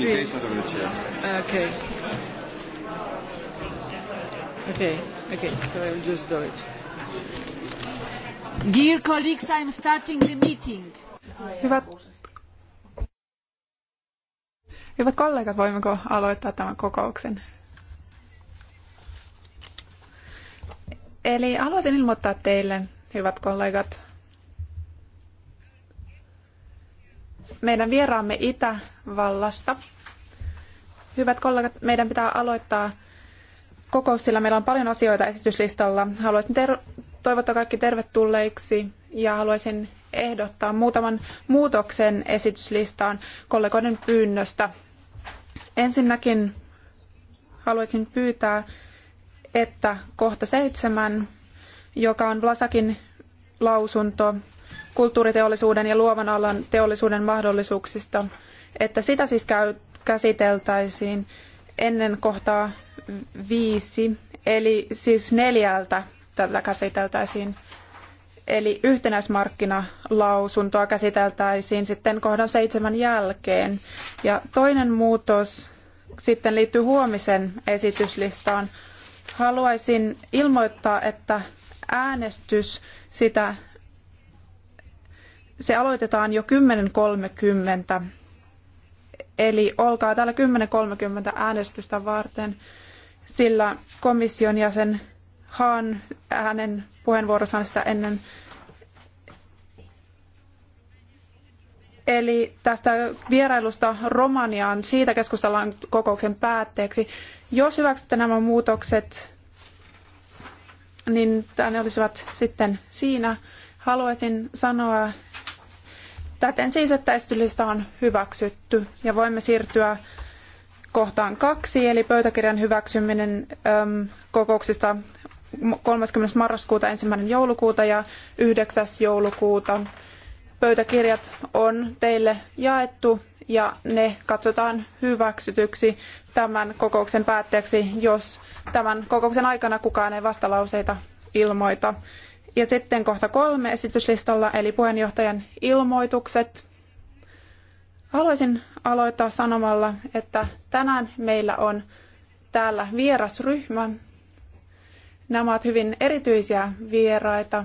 three. Okay. Okay. Okay. So I will just do it. Dear colleagues, I'm starting the meeting. Hyvät, hyvät kollegat, voimmeko aloittaa tämän kokouksen? Eli haluaisin ilmoittaa teille, hyvät kollegat, meidän vieraamme Itävallasta. Hyvät kollegat, meidän pitää aloittaa kokous, sillä meillä on paljon asioita esityslistalla. Haluaisin ter- toivottaa kaikki tervetulleiksi ja haluaisin ehdottaa muutaman muutoksen esityslistaan kollegoiden pyynnöstä. Ensinnäkin haluaisin pyytää, että kohta seitsemän, joka on Vlasakin lausunto kulttuuriteollisuuden ja luovan alan teollisuuden mahdollisuuksista, että sitä siis käy, käsiteltäisiin ennen kohtaa viisi, eli siis neljältä tätä käsiteltäisiin. Eli yhtenäismarkkinalausuntoa käsiteltäisiin sitten kohdan seitsemän jälkeen. Ja toinen muutos sitten liittyy huomisen esityslistaan. Haluaisin ilmoittaa, että äänestys sitä se aloitetaan jo 10.30. Eli olkaa täällä 10.30 äänestystä varten, sillä komission jäsen Haan hänen puheenvuorossa sitä ennen. Eli tästä vierailusta Romaniaan, siitä keskustellaan kokouksen päätteeksi. Jos hyväksytte nämä muutokset, niin ne olisivat sitten siinä. Haluaisin sanoa, Täten siis, että esityslista on hyväksytty ja voimme siirtyä kohtaan kaksi, eli pöytäkirjan hyväksyminen äm, kokouksista 30. marraskuuta, 1. joulukuuta ja 9. joulukuuta. Pöytäkirjat on teille jaettu ja ne katsotaan hyväksytyksi tämän kokouksen päätteeksi, jos tämän kokouksen aikana kukaan ei vastalauseita ilmoita. Ja sitten kohta kolme esityslistalla, eli puheenjohtajan ilmoitukset. Haluaisin aloittaa sanomalla, että tänään meillä on täällä vierasryhmä. Nämä ovat hyvin erityisiä vieraita.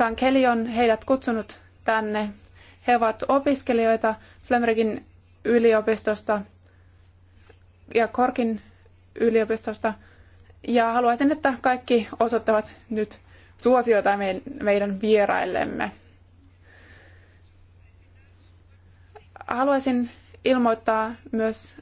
Jean Kelly on heidät kutsunut tänne. He ovat opiskelijoita Flemrikin yliopistosta ja Korkin yliopistosta. Ja haluaisin, että kaikki osoittavat nyt suosiota meidän vieraillemme. Haluaisin ilmoittaa myös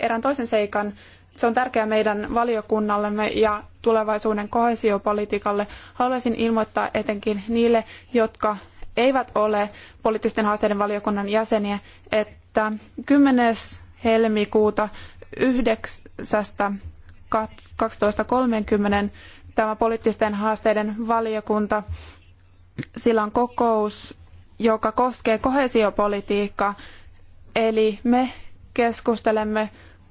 erään toisen seikan. Se on tärkeää meidän valiokunnallemme ja tulevaisuuden kohesiopolitiikalle. Haluaisin ilmoittaa etenkin niille, jotka eivät ole poliittisten haasteiden valiokunnan jäseniä, että 10. helmikuuta 9.12.30 tämä poliittisten haasteiden valiokunta. Sillä on kokous, joka koskee koheesiopolitiikkaa, eli me keskustelemme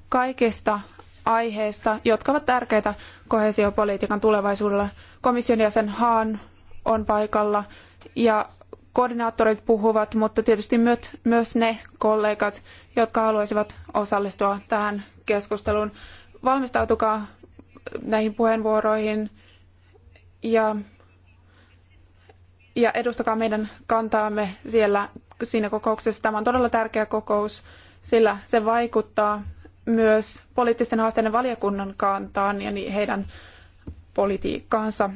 kaikista aiheista, jotka ovat tärkeitä koheesiopolitiikan tulevaisuudelle. Komission jäsen Haan on paikalla ja koordinaattorit puhuvat, mutta tietysti myös ne kollegat, jotka haluaisivat osallistua tähän keskusteluun. Valmistautukaa näihin puheenvuoroihin ja, ja edustakaa meidän kantaamme siellä siinä kokouksessa. Tämä on todella tärkeä kokous, sillä se vaikuttaa myös poliittisten haasteiden valiokunnan kantaan ja heidän politiikkaansa.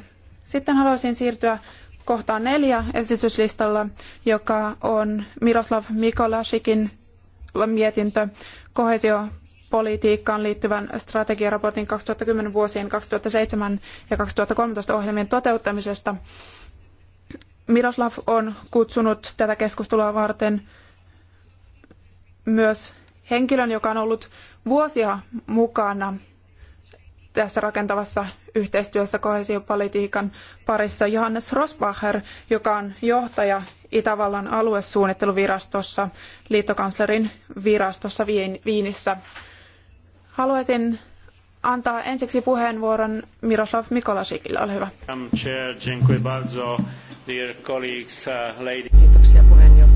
Sitten haluaisin siirtyä kohtaan neljä esityslistalla, joka on Miroslav Mikolasikin mietintö kohesio politiikkaan liittyvän strategiaraportin 2010 vuosien 2007 ja 2013 ohjelmien toteuttamisesta. Miroslav on kutsunut tätä keskustelua varten myös henkilön, joka on ollut vuosia mukana tässä rakentavassa yhteistyössä kohesiopolitiikan parissa Johannes Rosbacher, joka on johtaja Itävallan aluesuunnitteluvirastossa, liittokanslerin virastossa Viinissä. Haluaisin antaa ensiksi puheenvuoron Miroslav Mikolasikille. Ole hyvä. Uh, Kiitoksia puheenjohtaja.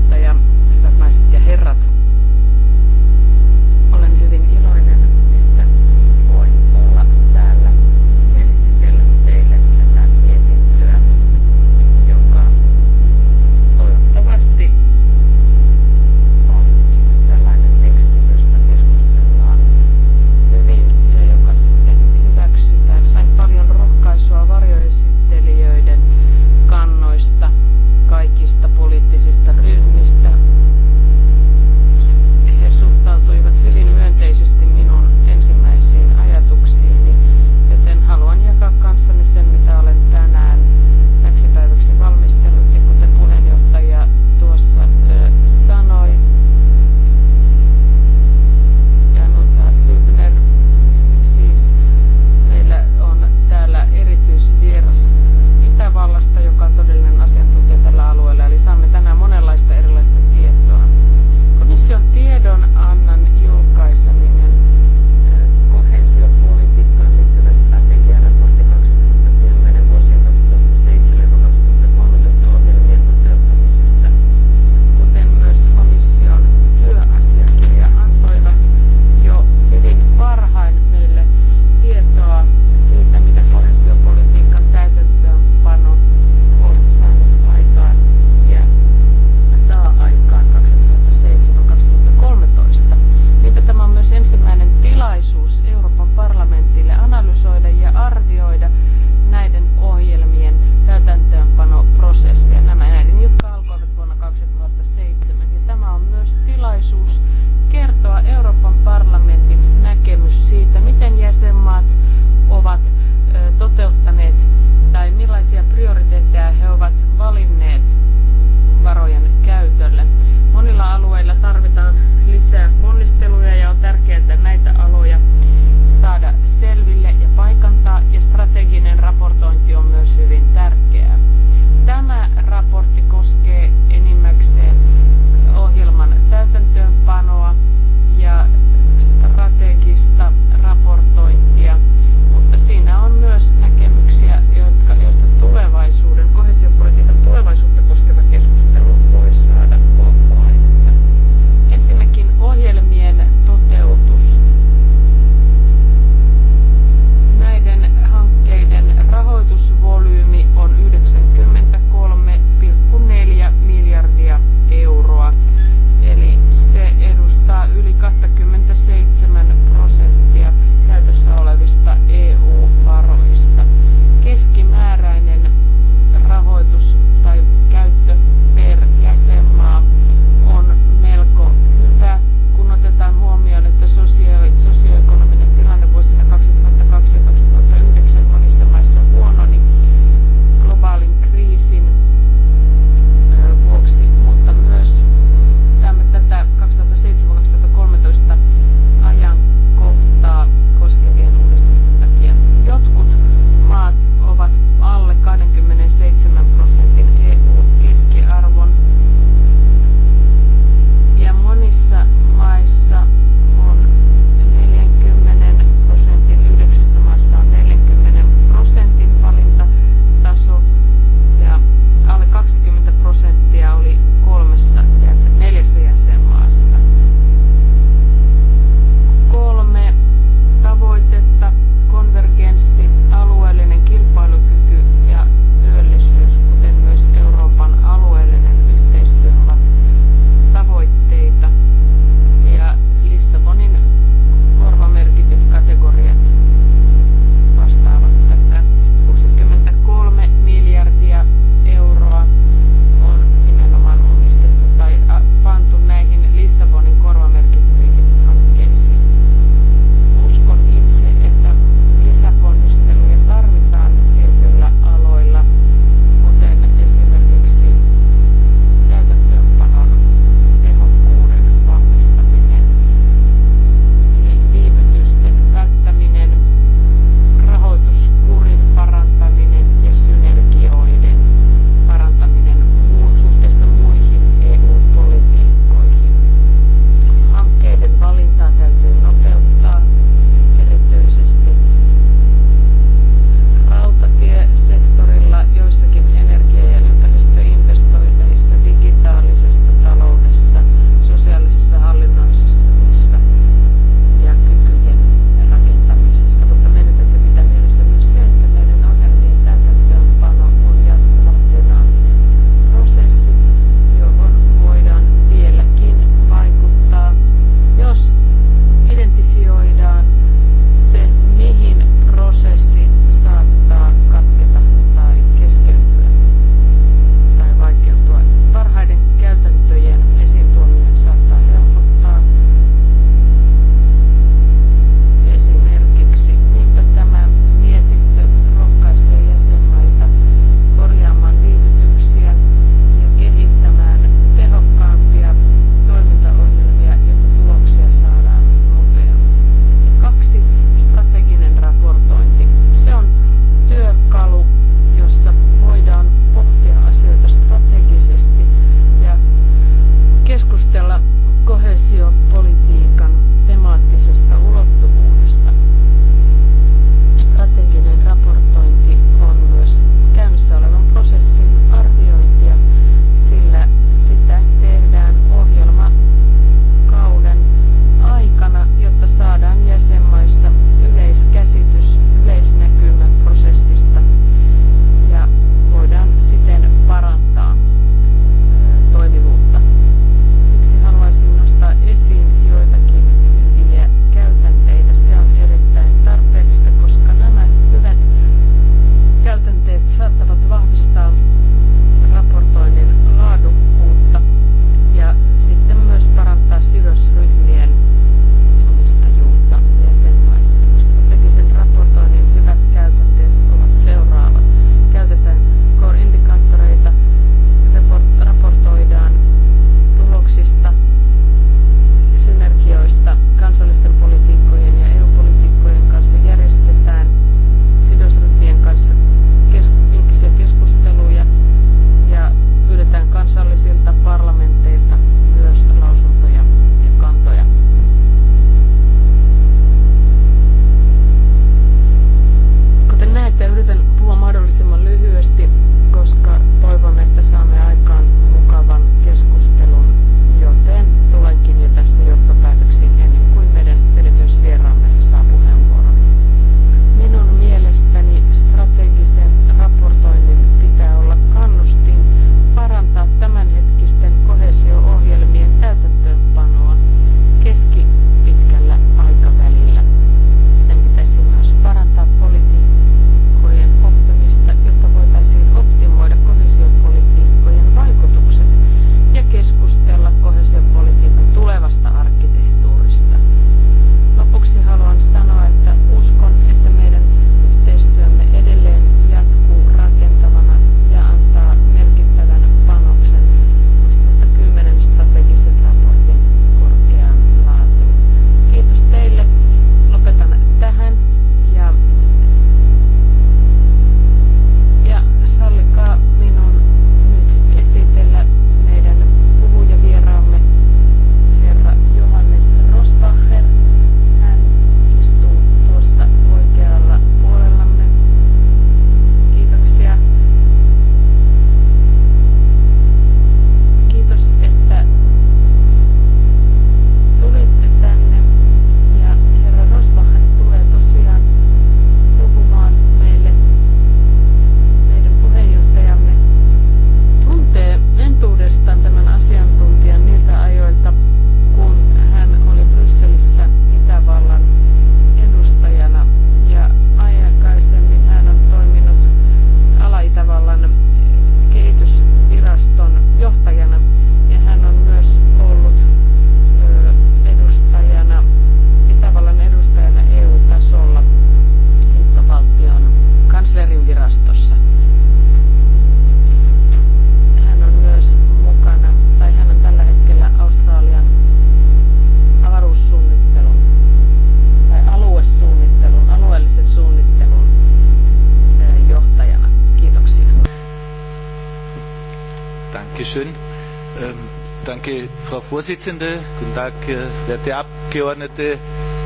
Vorsitzende, guten Tag, äh, werte Abgeordnete,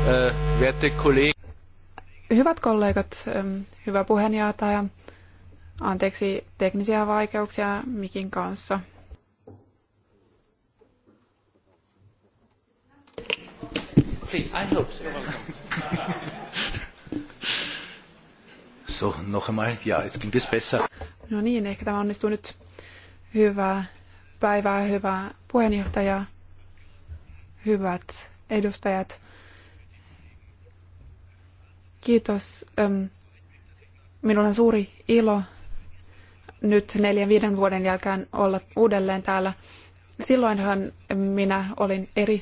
äh, werte Kollegen. Hyvät kollegat, ähm, hyvä puheenjohtaja. Anteeksi teknisiä vaikeuksia mikin kanssa. Please, I hope so. so, noch einmal. Ja, jetzt ging das besser. No niin, ehkä tämä onnistuu nyt. Hyvää päivää, hyvää puheenjohtaja, hyvät edustajat. Kiitos. Minulla on suuri ilo nyt neljän viiden vuoden jälkeen olla uudelleen täällä. Silloinhan minä olin eri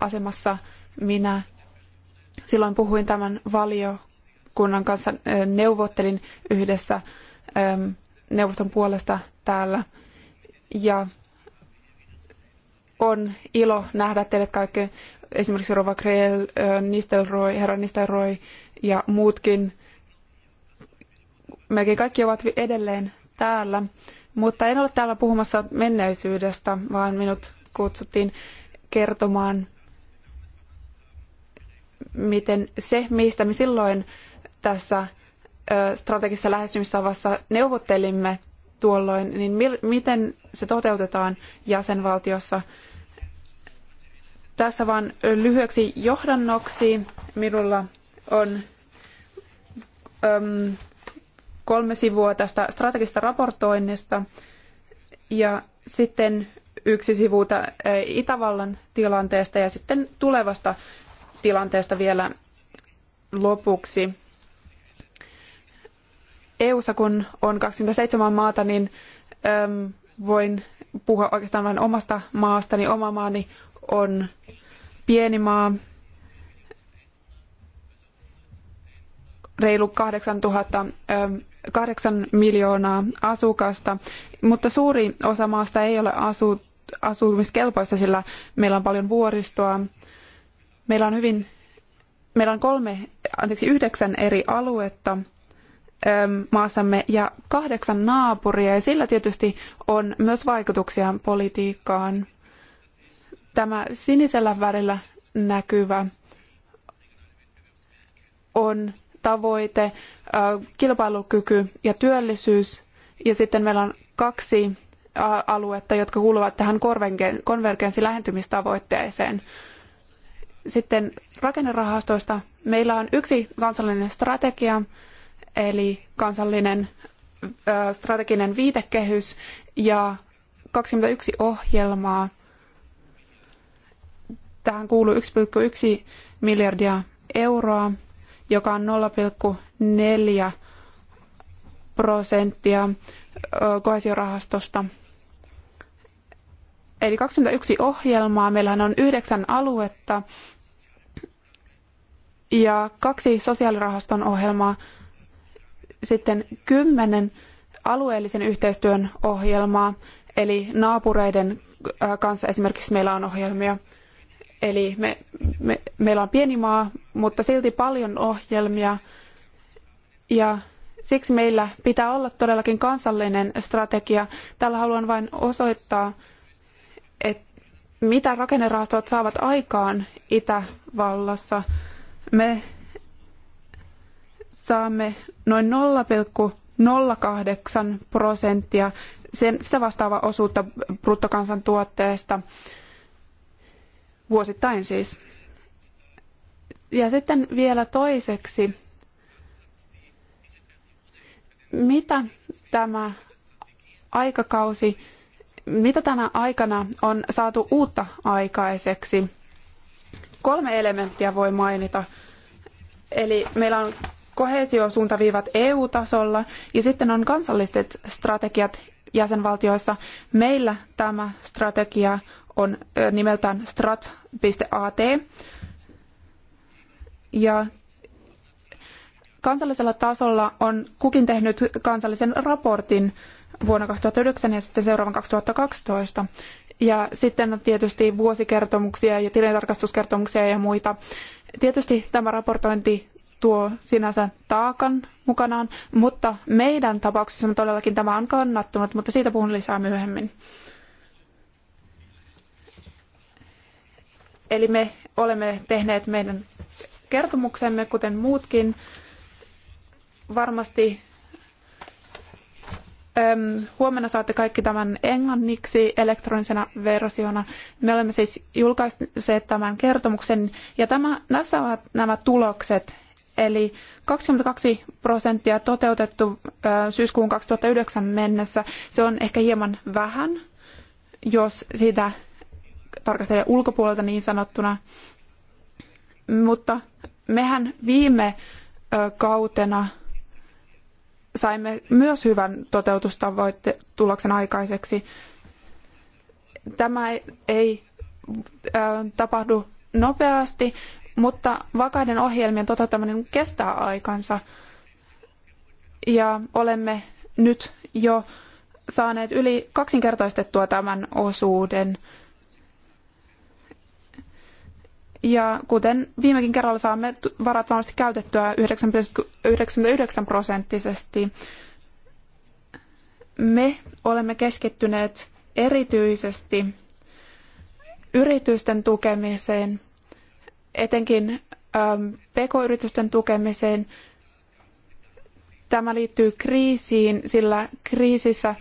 asemassa. Minä silloin puhuin tämän valiokunnan kanssa, neuvottelin yhdessä neuvoston puolesta täällä. Ja on ilo nähdä teidät kaikki, esimerkiksi Rova Kreel, Nistelrooy, herra Nistelrooy ja muutkin. Melkein kaikki ovat edelleen täällä, mutta en ole täällä puhumassa menneisyydestä, vaan minut kutsuttiin kertomaan, miten se, mistä me silloin tässä strategisessa lähestymistavassa neuvottelimme tuolloin, niin miten se toteutetaan jäsenvaltiossa – tässä vain lyhyeksi johdannoksi minulla on kolme sivua tästä strategista raportoinnista ja sitten yksi sivu Itävallan tilanteesta ja sitten tulevasta tilanteesta vielä lopuksi. EU-ssa kun on 27 maata, niin voin puhua oikeastaan vain omasta maastani. Oma maani on pieni maa, reilu 8000, 8 miljoonaa asukasta, mutta suuri osa maasta ei ole asu, asumiskelpoista, sillä meillä on paljon vuoristoa. Meillä on hyvin, meillä on kolme, anteeksi, yhdeksän eri aluetta maassamme ja kahdeksan naapuria ja sillä tietysti on myös vaikutuksia politiikkaan. Tämä sinisellä värillä näkyvä on tavoite, kilpailukyky ja työllisyys. Ja sitten meillä on kaksi aluetta, jotka kuuluvat tähän konvergenssilähentymistavoitteeseen. Sitten rakennerahastoista meillä on yksi kansallinen strategia, eli kansallinen strateginen viitekehys ja 21 ohjelmaa – Tähän kuuluu 1,1 miljardia euroa, joka on 0,4 prosenttia kohesiorahastosta. Eli 21 ohjelmaa. Meillähän on yhdeksän aluetta ja kaksi sosiaalirahaston ohjelmaa, sitten kymmenen alueellisen yhteistyön ohjelmaa, eli naapureiden kanssa esimerkiksi meillä on ohjelmia. Eli me, me, meillä on pieni maa, mutta silti paljon ohjelmia. Ja siksi meillä pitää olla todellakin kansallinen strategia. Tällä haluan vain osoittaa, että mitä rakennerahastot saavat aikaan Itävallassa. Me saamme noin 0,08 prosenttia sen, sitä vastaavaa osuutta bruttokansantuotteesta. tuotteesta vuosittain siis. Ja sitten vielä toiseksi, mitä tämä aikakausi, mitä tänä aikana on saatu uutta aikaiseksi? Kolme elementtiä voi mainita. Eli meillä on kohesiosuuntaviivat EU-tasolla ja sitten on kansalliset strategiat jäsenvaltioissa. Meillä tämä strategia on nimeltään strat.at. Ja kansallisella tasolla on kukin tehnyt kansallisen raportin vuonna 2009 ja sitten seuraavan 2012. Ja sitten on tietysti vuosikertomuksia ja tilintarkastuskertomuksia ja muita. Tietysti tämä raportointi tuo sinänsä taakan mukanaan, mutta meidän tapauksessamme todellakin tämä on kannattunut, mutta siitä puhun lisää myöhemmin. Eli me olemme tehneet meidän kertomuksemme, kuten muutkin. Varmasti Öm, huomenna saatte kaikki tämän englanniksi elektronisena versiona. Me olemme siis julkaisseet tämän kertomuksen ja tämä, tässä ovat nämä tulokset. Eli 22 prosenttia toteutettu ö, syyskuun 2009 mennessä. Se on ehkä hieman vähän, jos sitä tarkastajien ulkopuolelta niin sanottuna. Mutta mehän viime kautena saimme myös hyvän toteutustuloksen aikaiseksi. Tämä ei tapahdu nopeasti, mutta vakaiden ohjelmien toteuttaminen kestää aikansa. Ja olemme nyt jo saaneet yli kaksinkertaistettua tämän osuuden. Ja kuten viimekin kerralla saamme varat varmasti käytettyä 99 prosenttisesti. Me olemme keskittyneet erityisesti yritysten tukemiseen, etenkin ähm, pk-yritysten tukemiseen. Tämä liittyy kriisiin, sillä kriisissä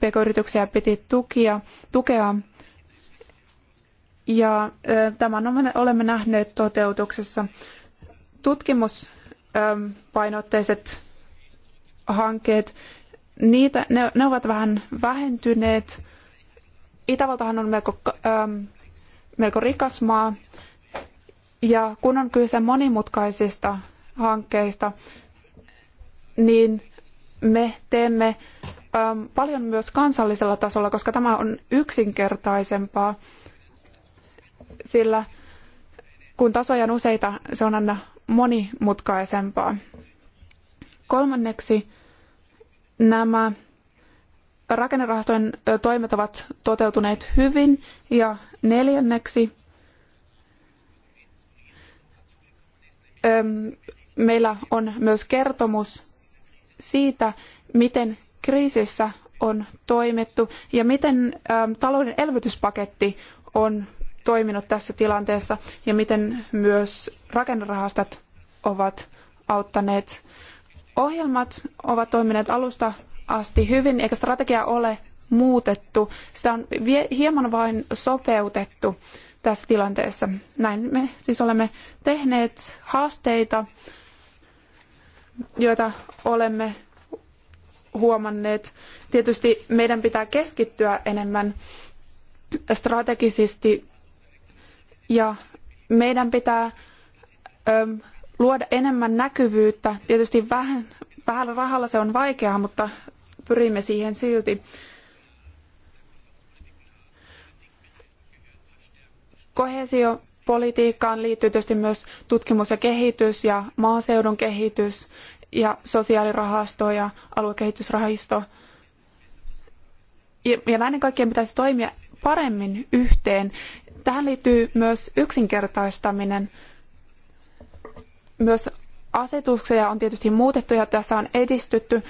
pk-yrityksiä piti tukia, tukea ja tämän olemme nähneet toteutuksessa. Tutkimuspainotteiset hankkeet, niitä, ne, ne ovat vähän vähentyneet. Itävaltahan on melko, ähm, melko rikas maa. Ja kun on kyse monimutkaisista hankkeista, niin me teemme ähm, paljon myös kansallisella tasolla, koska tämä on yksinkertaisempaa sillä kun tasoja on useita, se on aina monimutkaisempaa. Kolmanneksi nämä rakennerahastojen toimet ovat toteutuneet hyvin ja neljänneksi meillä on myös kertomus siitä, miten kriisissä on toimittu ja miten talouden elvytyspaketti on toiminut tässä tilanteessa ja miten myös rakennerahastot ovat auttaneet. Ohjelmat ovat toimineet alusta asti hyvin, eikä strategia ole muutettu. Sitä on hieman vain sopeutettu tässä tilanteessa. Näin me siis olemme tehneet haasteita, joita olemme huomanneet. Tietysti meidän pitää keskittyä enemmän strategisesti ja meidän pitää ö, luoda enemmän näkyvyyttä. Tietysti vähän, vähällä rahalla se on vaikeaa, mutta pyrimme siihen silti. Koheesiopolitiikkaan liittyy tietysti myös tutkimus ja kehitys ja maaseudun kehitys ja sosiaalirahasto ja aluekehitysrahasto. Ja, ja näiden kaikkien pitäisi toimia paremmin yhteen Tähän liittyy myös yksinkertaistaminen. Myös asetuksia on tietysti muutettu ja tässä on edistytty.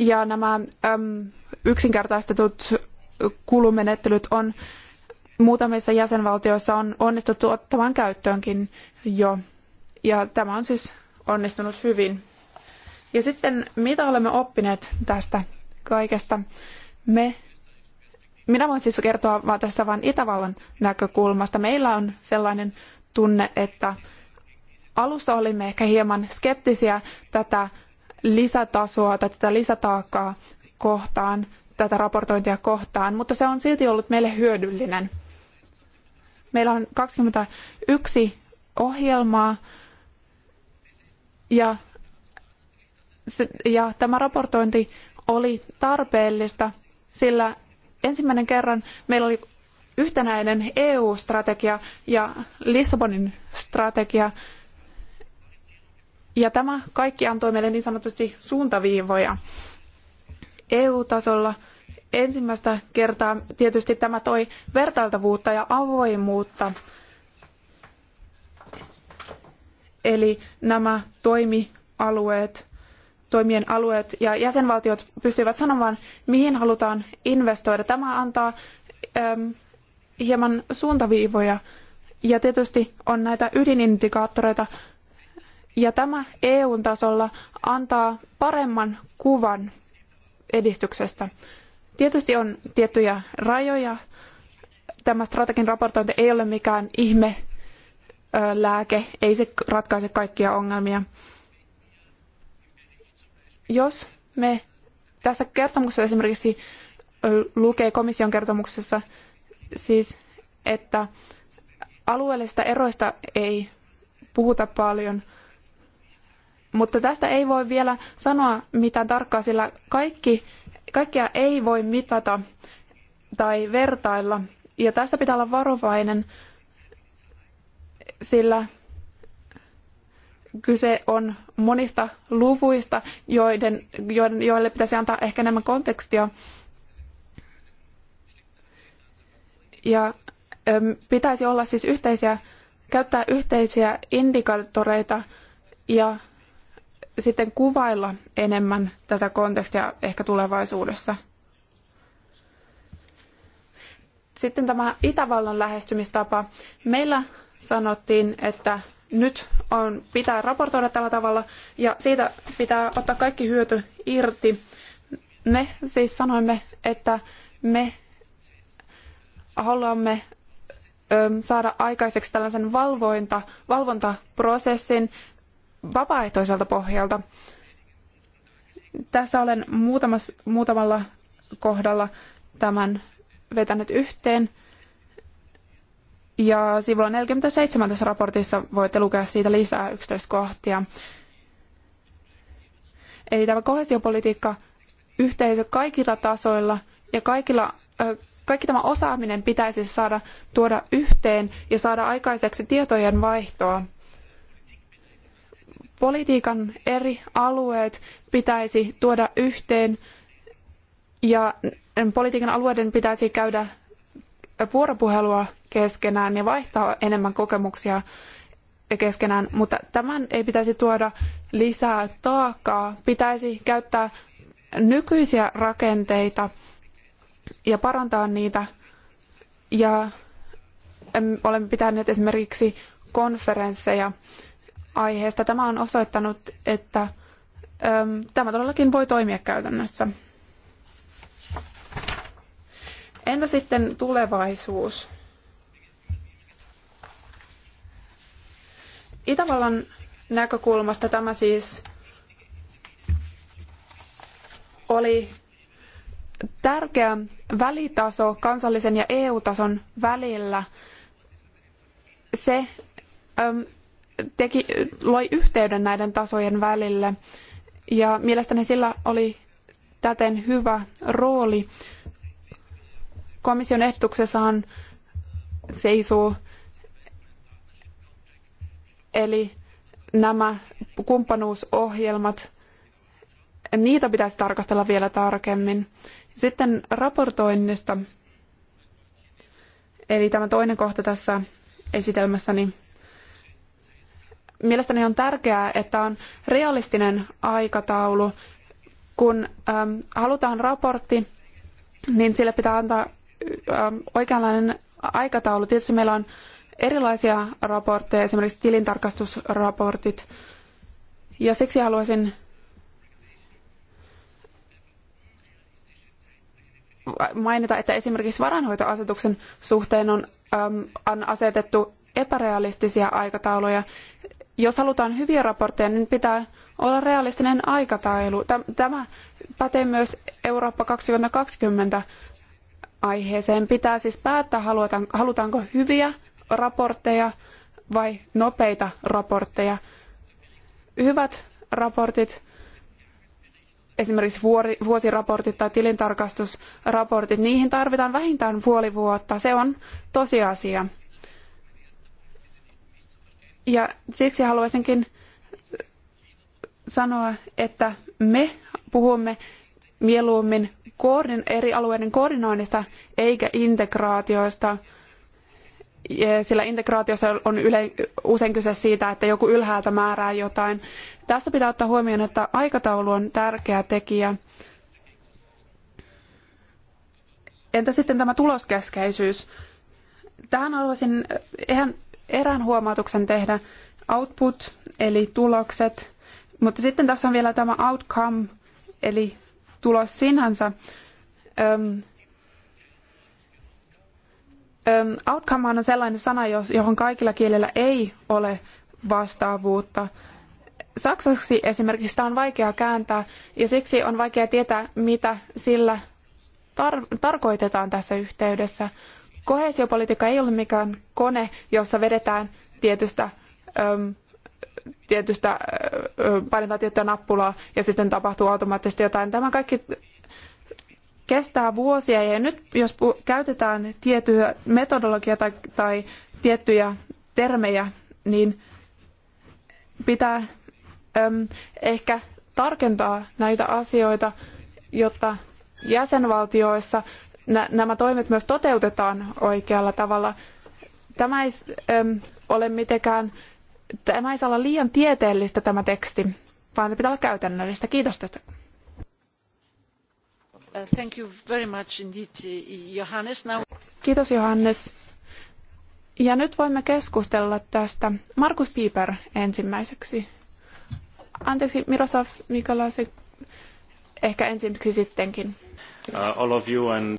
Ja nämä äm, yksinkertaistetut kulumenettelyt on muutamissa jäsenvaltioissa on onnistuttu ottamaan käyttöönkin jo. Ja tämä on siis onnistunut hyvin. Ja sitten mitä olemme oppineet tästä kaikesta? Me minä voin siis kertoa vaan tässä vain Itävallan näkökulmasta. Meillä on sellainen tunne, että alussa olimme ehkä hieman skeptisiä tätä lisätasoa tai tätä lisätaakkaa kohtaan, tätä raportointia kohtaan, mutta se on silti ollut meille hyödyllinen. Meillä on 21 ohjelmaa ja, ja tämä raportointi oli tarpeellista, sillä ensimmäinen kerran meillä oli yhtenäinen EU-strategia ja Lissabonin strategia. Ja tämä kaikki antoi meille niin sanotusti suuntaviivoja. EU-tasolla ensimmäistä kertaa tietysti tämä toi vertailtavuutta ja avoimuutta. Eli nämä toimialueet toimien alueet ja jäsenvaltiot pystyvät sanomaan, mihin halutaan investoida. Tämä antaa äm, hieman suuntaviivoja ja tietysti on näitä ydinindikaattoreita. Ja tämä eu tasolla antaa paremman kuvan edistyksestä. Tietysti on tiettyjä rajoja. Tämä strategin raportointi ei ole mikään ihme lääke, ei se ratkaise kaikkia ongelmia. Jos me tässä kertomuksessa esimerkiksi lukee komission kertomuksessa siis, että alueellisista eroista ei puhuta paljon, mutta tästä ei voi vielä sanoa mitään tarkkaa, sillä kaikki, kaikkia ei voi mitata tai vertailla. Ja tässä pitää olla varovainen, sillä kyse on monista luvuista, joiden, joiden, joille pitäisi antaa ehkä enemmän kontekstia. Ja pitäisi olla siis yhteisiä, käyttää yhteisiä indikaattoreita ja sitten kuvailla enemmän tätä kontekstia ehkä tulevaisuudessa. Sitten tämä Itävallan lähestymistapa. Meillä sanottiin, että nyt on, pitää raportoida tällä tavalla ja siitä pitää ottaa kaikki hyöty irti. Me siis sanoimme, että me haluamme saada aikaiseksi tällaisen valvonta, valvontaprosessin vapaaehtoiselta pohjalta. Tässä olen muutamalla kohdalla tämän vetänyt yhteen. Ja sivulla 47 tässä raportissa voitte lukea siitä lisää yksityiskohtia. Eli tämä kohesiopolitiikka yhteisö kaikilla tasoilla ja kaikilla, kaikki tämä osaaminen pitäisi saada tuoda yhteen ja saada aikaiseksi tietojen vaihtoa. Politiikan eri alueet pitäisi tuoda yhteen ja politiikan alueiden pitäisi käydä vuoropuhelua keskenään ja vaihtaa enemmän kokemuksia keskenään, mutta tämän ei pitäisi tuoda lisää taakkaa. Pitäisi käyttää nykyisiä rakenteita ja parantaa niitä. Ja olemme pitäneet esimerkiksi konferensseja aiheesta. Tämä on osoittanut, että tämä todellakin voi toimia käytännössä. Entä sitten tulevaisuus? Itävallan näkökulmasta tämä siis oli tärkeä välitaso kansallisen ja EU-tason välillä. Se äm, teki, loi yhteyden näiden tasojen välille ja mielestäni sillä oli täten hyvä rooli Komission ehdotuksessahan seisoo, eli nämä kumppanuusohjelmat, niitä pitäisi tarkastella vielä tarkemmin. Sitten raportoinnista, eli tämä toinen kohta tässä esitelmässäni. Mielestäni on tärkeää, että on realistinen aikataulu. Kun halutaan raportti, niin sille pitää antaa oikeanlainen aikataulu. Tietysti meillä on erilaisia raportteja, esimerkiksi tilintarkastusraportit. Ja siksi haluaisin mainita, että esimerkiksi varainhoitoasetuksen suhteen on, on asetettu epärealistisia aikatauluja. Jos halutaan hyviä raportteja, niin pitää olla realistinen aikataulu. Tämä pätee myös Eurooppa 2020 aiheeseen. Pitää siis päättää, halutaanko hyviä raportteja vai nopeita raportteja. Hyvät raportit, esimerkiksi vuosiraportit tai tilintarkastusraportit, niihin tarvitaan vähintään puoli vuotta. Se on tosiasia. Ja siksi haluaisinkin sanoa, että me puhumme mieluummin eri alueiden koordinoinnista eikä integraatioista, sillä integraatiossa on usein kyse siitä, että joku ylhäältä määrää jotain. Tässä pitää ottaa huomioon, että aikataulu on tärkeä tekijä. Entä sitten tämä tuloskeskeisyys? Tähän haluaisin ihan erään huomautuksen tehdä. Output, eli tulokset. Mutta sitten tässä on vielä tämä outcome, eli tulos sinänsä. Öm, outcome on sellainen sana, jos, johon kaikilla kielillä ei ole vastaavuutta. Saksaksi esimerkiksi sitä on vaikea kääntää ja siksi on vaikea tietää, mitä sillä tar- tarkoitetaan tässä yhteydessä. Koheesiopolitiikka ei ole mikään kone, jossa vedetään tietystä öm, tietystä, painetaan tiettyä nappulaa ja sitten tapahtuu automaattisesti jotain. Tämä kaikki kestää vuosia ja nyt jos käytetään tiettyä metodologiaa tai, tai tiettyjä termejä, niin pitää äm, ehkä tarkentaa näitä asioita, jotta jäsenvaltioissa nämä toimet myös toteutetaan oikealla tavalla. Tämä ei äm, ole mitenkään tämä ei saa olla liian tieteellistä tämä teksti, vaan se pitää olla käytännöllistä. Kiitos tästä. Uh, thank you very much indeed, uh, Johannes. Now... Kiitos Johannes. Ja nyt voimme keskustella tästä. Markus Pieper ensimmäiseksi. Anteeksi, Miroslav Mikolasi, ehkä ensiksi sittenkin. Uh, all of you and...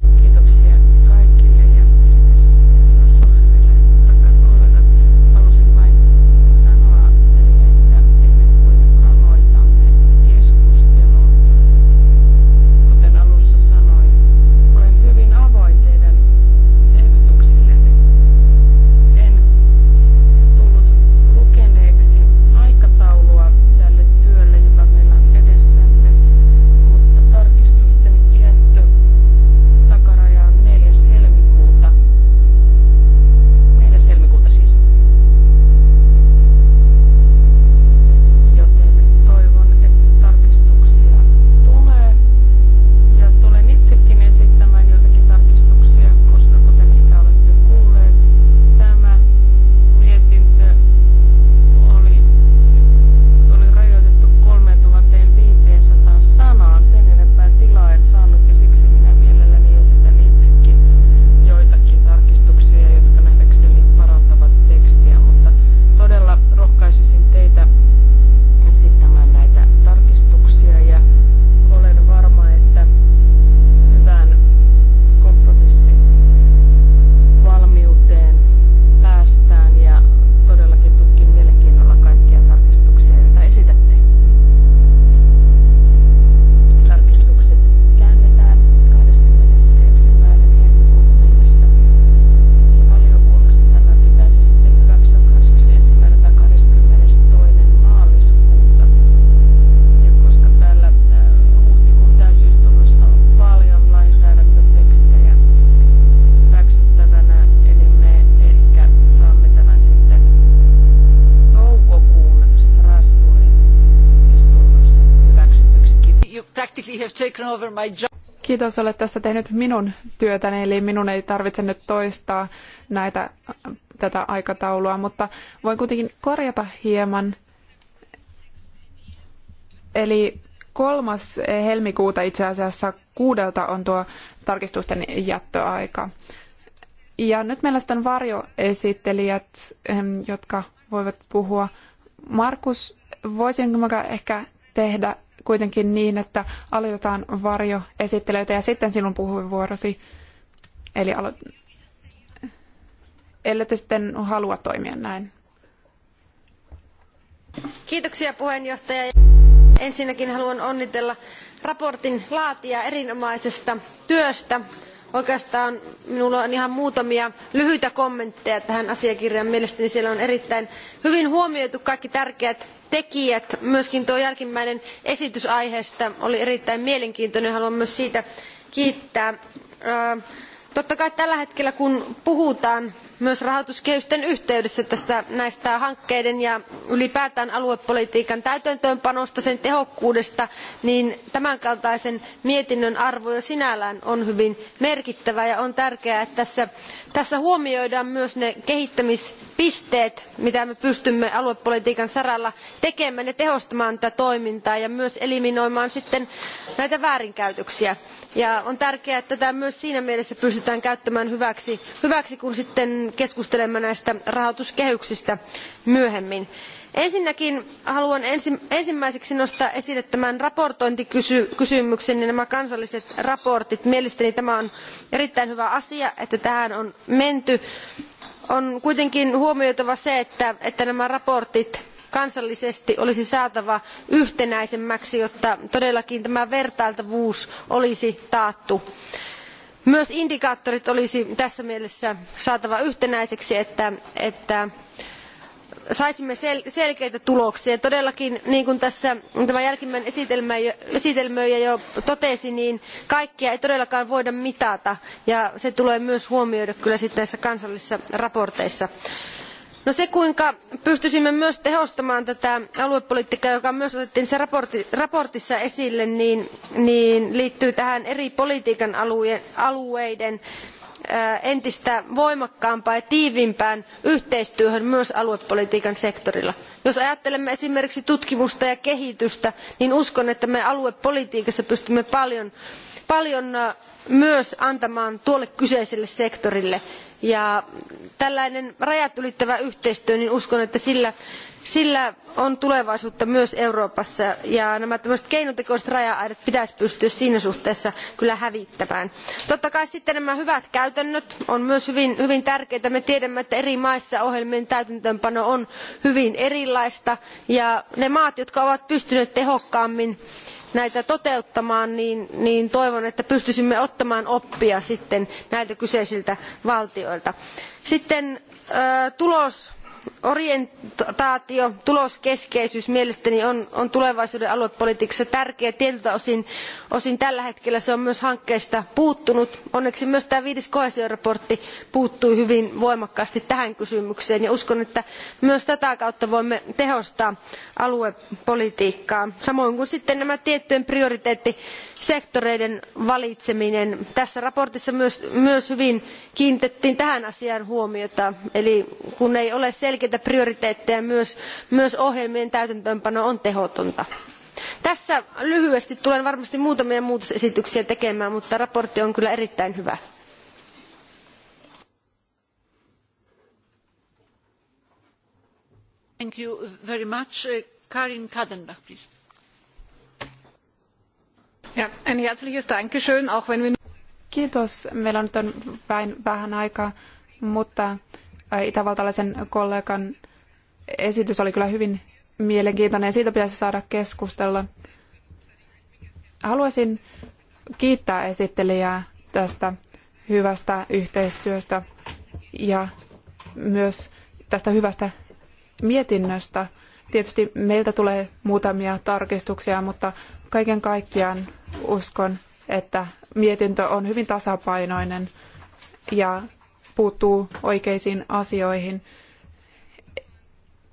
Kiitos, olet tässä tehnyt minun työtäni, eli minun ei tarvitse nyt toistaa näitä, tätä aikataulua, mutta voin kuitenkin korjata hieman. Eli kolmas helmikuuta itse asiassa kuudelta on tuo tarkistusten jättöaika. Ja nyt meillä sitten varjoesittelijät, ehm, jotka voivat puhua. Markus, voisinko mä ehkä tehdä kuitenkin niin, että aloitetaan varjo esittelijöitä ja sitten sinun puheenvuorosi. Eli alo- ellette sitten halua toimia näin. Kiitoksia puheenjohtaja. Ensinnäkin haluan onnitella raportin laatia erinomaisesta työstä Oikeastaan minulla on ihan muutamia lyhyitä kommentteja tähän asiakirjaan. Mielestäni siellä on erittäin hyvin huomioitu kaikki tärkeät tekijät. Myöskin tuo jälkimmäinen esitys aiheesta oli erittäin mielenkiintoinen. Haluan myös siitä kiittää. Totta kai tällä hetkellä, kun puhutaan myös rahoituskehysten yhteydessä näistä hankkeiden ja ylipäätään aluepolitiikan täytäntöönpanosta sen tehokkuudesta niin tämän kaltaisen mietinnön arvo jo sinällään on hyvin merkittävä ja on tärkeää että tässä, tässä huomioidaan myös ne kehittämispisteet mitä me pystymme aluepolitiikan saralla tekemään ja tehostamaan tätä toimintaa ja myös eliminoimaan sitten näitä väärinkäytöksiä. Ja on tärkeää että tätä myös siinä mielessä pystytään käyttämään hyväksi, hyväksi kun sitten keskustelemme näistä rahoituskehyksistä myöhemmin. ensinnäkin haluan ensimmäiseksi nostaa esille tämän raportointikysymyksen ja nämä kansalliset raportit. mielestäni tämä on erittäin hyvä asia että tähän on menty. on kuitenkin huomioitava se että, nämä raportit kansallisesti olisi saatava yhtenäisemmiksi jotta todellakin tämä vertailtavuus olisi taattu myös indikaattorit olisi tässä mielessä saatava yhtenäisiksi että, saisimme selkeitä tuloksia. todellakin niin kuin tässä tämä jälkimmäinen esitelmöijä jo totesi niin kaikkea ei todellakaan voida mitata ja se tulee myös huomioida kyllä sitten näissä kansallisissa raporteissa no se kuinka pystyisimme myös tehostamaan tätä aluepolitiikkaa joka myös otettiin tässä mietinnössä esille niin, niin liittyy tähän eri politiikan alueiden äh, entistä voimakkaampaan ja tiiviimpään yhteistyöhön myös aluepolitiikan sektorilla. jos ajattelemme esimerkiksi tutkimusta ja kehitystä niin uskon että me aluepolitiikassa pystymme paljon paljon myös antamaan tuolle kyseiselle sektorille. Ja tällainen rajat ylittävä yhteistyö, niin uskon, että sillä, sillä on tulevaisuutta myös Euroopassa. Ja nämä tämmöiset keinotekoiset raja-aidat pitäisi pystyä siinä suhteessa kyllä hävittämään. Totta kai sitten nämä hyvät käytännöt on myös hyvin, hyvin tärkeitä. Me tiedämme, että eri maissa ohjelmien täytäntöönpano on hyvin erilaista. Ja ne maat, jotka ovat pystyneet tehokkaammin näitä toteuttamaan niin, niin, toivon että pystyisimme ottamaan oppia sitten näiltä kyseisiltä valtioilta. sitten tulos orientaatio tuloskeskeisyys mielestäni on, tulevaisuuden aluepolitiikassa tärkeä tietyltä osin, osin tällä hetkellä se on myös hankkeista puuttunut. onneksi myös tämä viides koheesioraportti puuttui hyvin voimakkaasti tähän kysymykseen ja uskon että myös tätä kautta voimme tehostaa aluepolitiikkaa samoin kuin sitten nämä tiettyjen prioriteettisektoreiden valitseminen. tässä raportissa myös, myös hyvin kiinnitettiin tähän asiaan huomiota eli kun ei ole selkeitä prioriteetteja myös, myös ohjelmien täytäntöönpano on tehotonta. tässä lyhyesti tulen varmasti muutamia muutosesityksiä tekemään mutta mietintö on kyllä erittäin hyvä. Thank you very much. Uh, Karin Kadenbach, please. Ja, ein herzliches Dankeschön, auch Kiitos. Meillä nyt on vain vähän aikaa, mutta itävaltalaisen kollegan esitys oli kyllä hyvin mielenkiintoinen ja siitä pitäisi saada keskustella. Haluaisin kiittää esittelijää tästä hyvästä yhteistyöstä ja myös tästä hyvästä mietinnöstä. Tietysti meiltä tulee muutamia tarkistuksia, mutta kaiken kaikkiaan uskon, että mietintö on hyvin tasapainoinen ja puuttuu oikeisiin asioihin.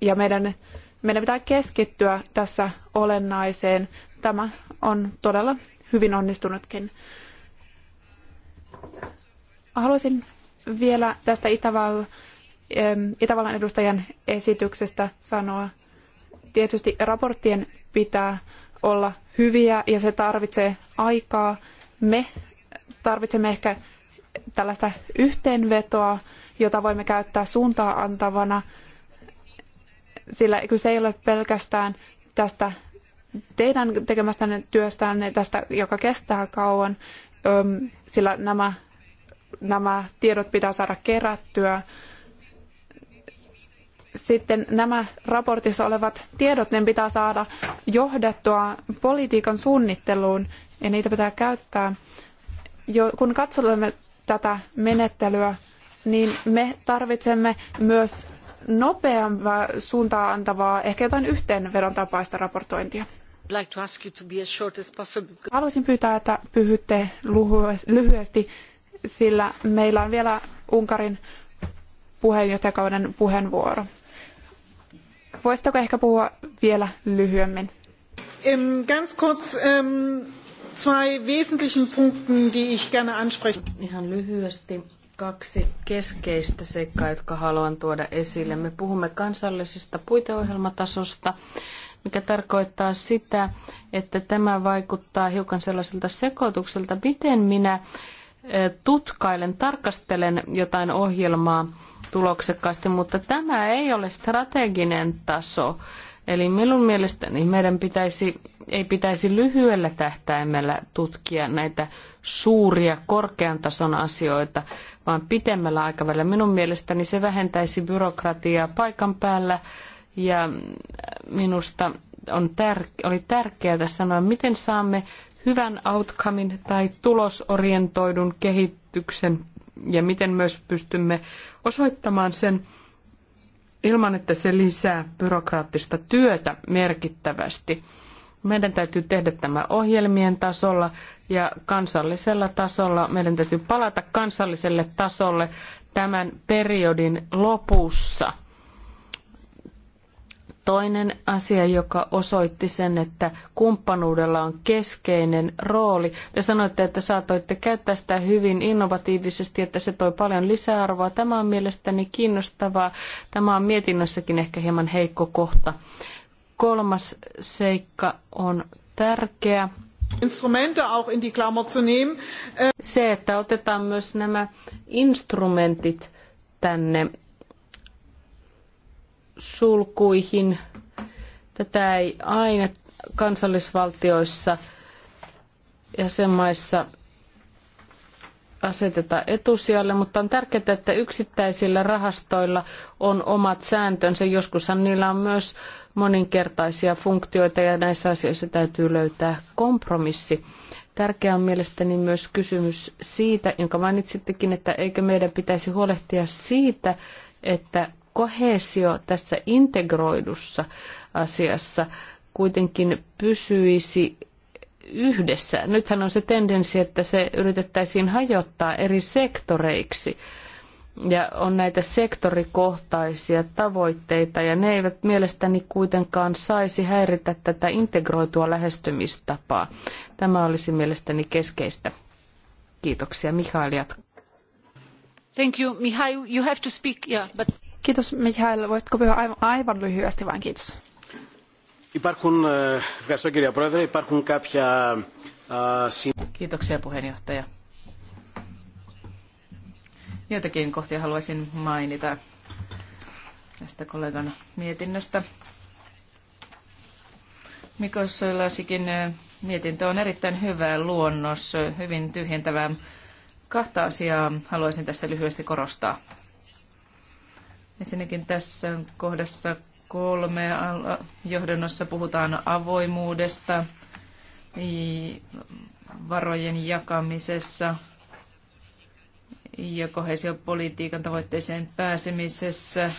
Ja meidän, meidän pitää keskittyä tässä olennaiseen. Tämä on todella hyvin onnistunutkin. Haluaisin vielä tästä Itäval, Itävallan edustajan esityksestä sanoa. Tietysti raporttien pitää olla hyviä ja se tarvitsee aikaa. Me tarvitsemme ehkä tällaista yhteenvetoa, jota voimme käyttää suuntaa antavana, sillä kyse ei ole pelkästään tästä teidän tekemästänne työstänne, tästä, joka kestää kauan, sillä nämä, nämä tiedot pitää saada kerättyä. Sitten nämä raportissa olevat tiedot, ne pitää saada johdettua politiikan suunnitteluun ja niitä pitää käyttää. Jo, kun katsomme tätä menettelyä, niin me tarvitsemme myös nopeampaa suuntaa antavaa, ehkä jotain yhteenvedon tapaista raportointia. Haluaisin pyytää, että pyhytte lyhyesti, sillä meillä on vielä Unkarin puheenjohtajakauden puheenvuoro. Voisitteko ehkä puhua vielä lyhyemmin? Ganz kurz, zwei wesentlichen Punkten, die ich gerne ansprechen. Ihan lyhyesti kaksi keskeistä seikkaa, jotka haluan tuoda esille. Me puhumme kansallisesta puiteohjelmatasosta, mikä tarkoittaa sitä, että tämä vaikuttaa hiukan sellaiselta sekoitukselta, miten minä eh, tutkailen, tarkastelen jotain ohjelmaa tuloksekkaasti, mutta tämä ei ole strateginen taso. Eli minun mielestäni meidän pitäisi ei pitäisi lyhyellä tähtäimellä tutkia näitä suuria korkean tason asioita, vaan pitemmällä aikavälillä. Minun mielestäni se vähentäisi byrokratiaa paikan päällä ja minusta on tär- oli tärkeää sanoa, miten saamme hyvän outcomein tai tulosorientoidun kehityksen ja miten myös pystymme osoittamaan sen ilman, että se lisää byrokraattista työtä merkittävästi. Meidän täytyy tehdä tämä ohjelmien tasolla ja kansallisella tasolla. Meidän täytyy palata kansalliselle tasolle tämän periodin lopussa. Toinen asia, joka osoitti sen, että kumppanuudella on keskeinen rooli. Te sanoitte, että saatoitte käyttää sitä hyvin innovatiivisesti, että se toi paljon lisäarvoa. Tämä on mielestäni kiinnostavaa. Tämä on mietinnössäkin ehkä hieman heikko kohta. Kolmas seikka on tärkeä. Instrumente auch in die Klammer zu nehmen. Se, että otetaan myös nämä instrumentit tänne sulkuihin. Tätä ei aina kansallisvaltioissa jäsenmaissa aseteta etusijalle, mutta on tärkeää, että yksittäisillä rahastoilla on omat sääntönsä. Joskushan niillä on myös moninkertaisia funktioita ja näissä asioissa täytyy löytää kompromissi. Tärkeä on mielestäni myös kysymys siitä, jonka mainitsittekin, että eikö meidän pitäisi huolehtia siitä, että kohesio tässä integroidussa asiassa kuitenkin pysyisi yhdessä. Nythän on se tendenssi, että se yritettäisiin hajottaa eri sektoreiksi ja on näitä sektorikohtaisia tavoitteita ja ne eivät mielestäni kuitenkaan saisi häiritä tätä integroitua lähestymistapaa. Tämä olisi mielestäni keskeistä. Kiitoksia. Mihail Thank you. Mihail, you have to speak. Yeah, but... Kiitos Mihail. Voisitko puhua aivan, aivan lyhyesti vain? Kiitos. Υπάρχουν, ευχαριστώ κυρία Πρόεδρε, υπάρχουν κάποια... Kiitoksia puheenjohtaja Joitakin kohtia haluaisin mainita tästä kollegan mietinnöstä. Mikos Lasikin eh, mietintö on erittäin hyvä luonnos, hyvin tyhjentävä. Kahta asiaa haluaisin tässä lyhyesti korostaa. Ensinnäkin tässä kohdassa kolme johdannossa puhutaan avoimuudesta varojen jakamisessa ja kohesiopolitiikan tavoitteeseen pääsemisessä.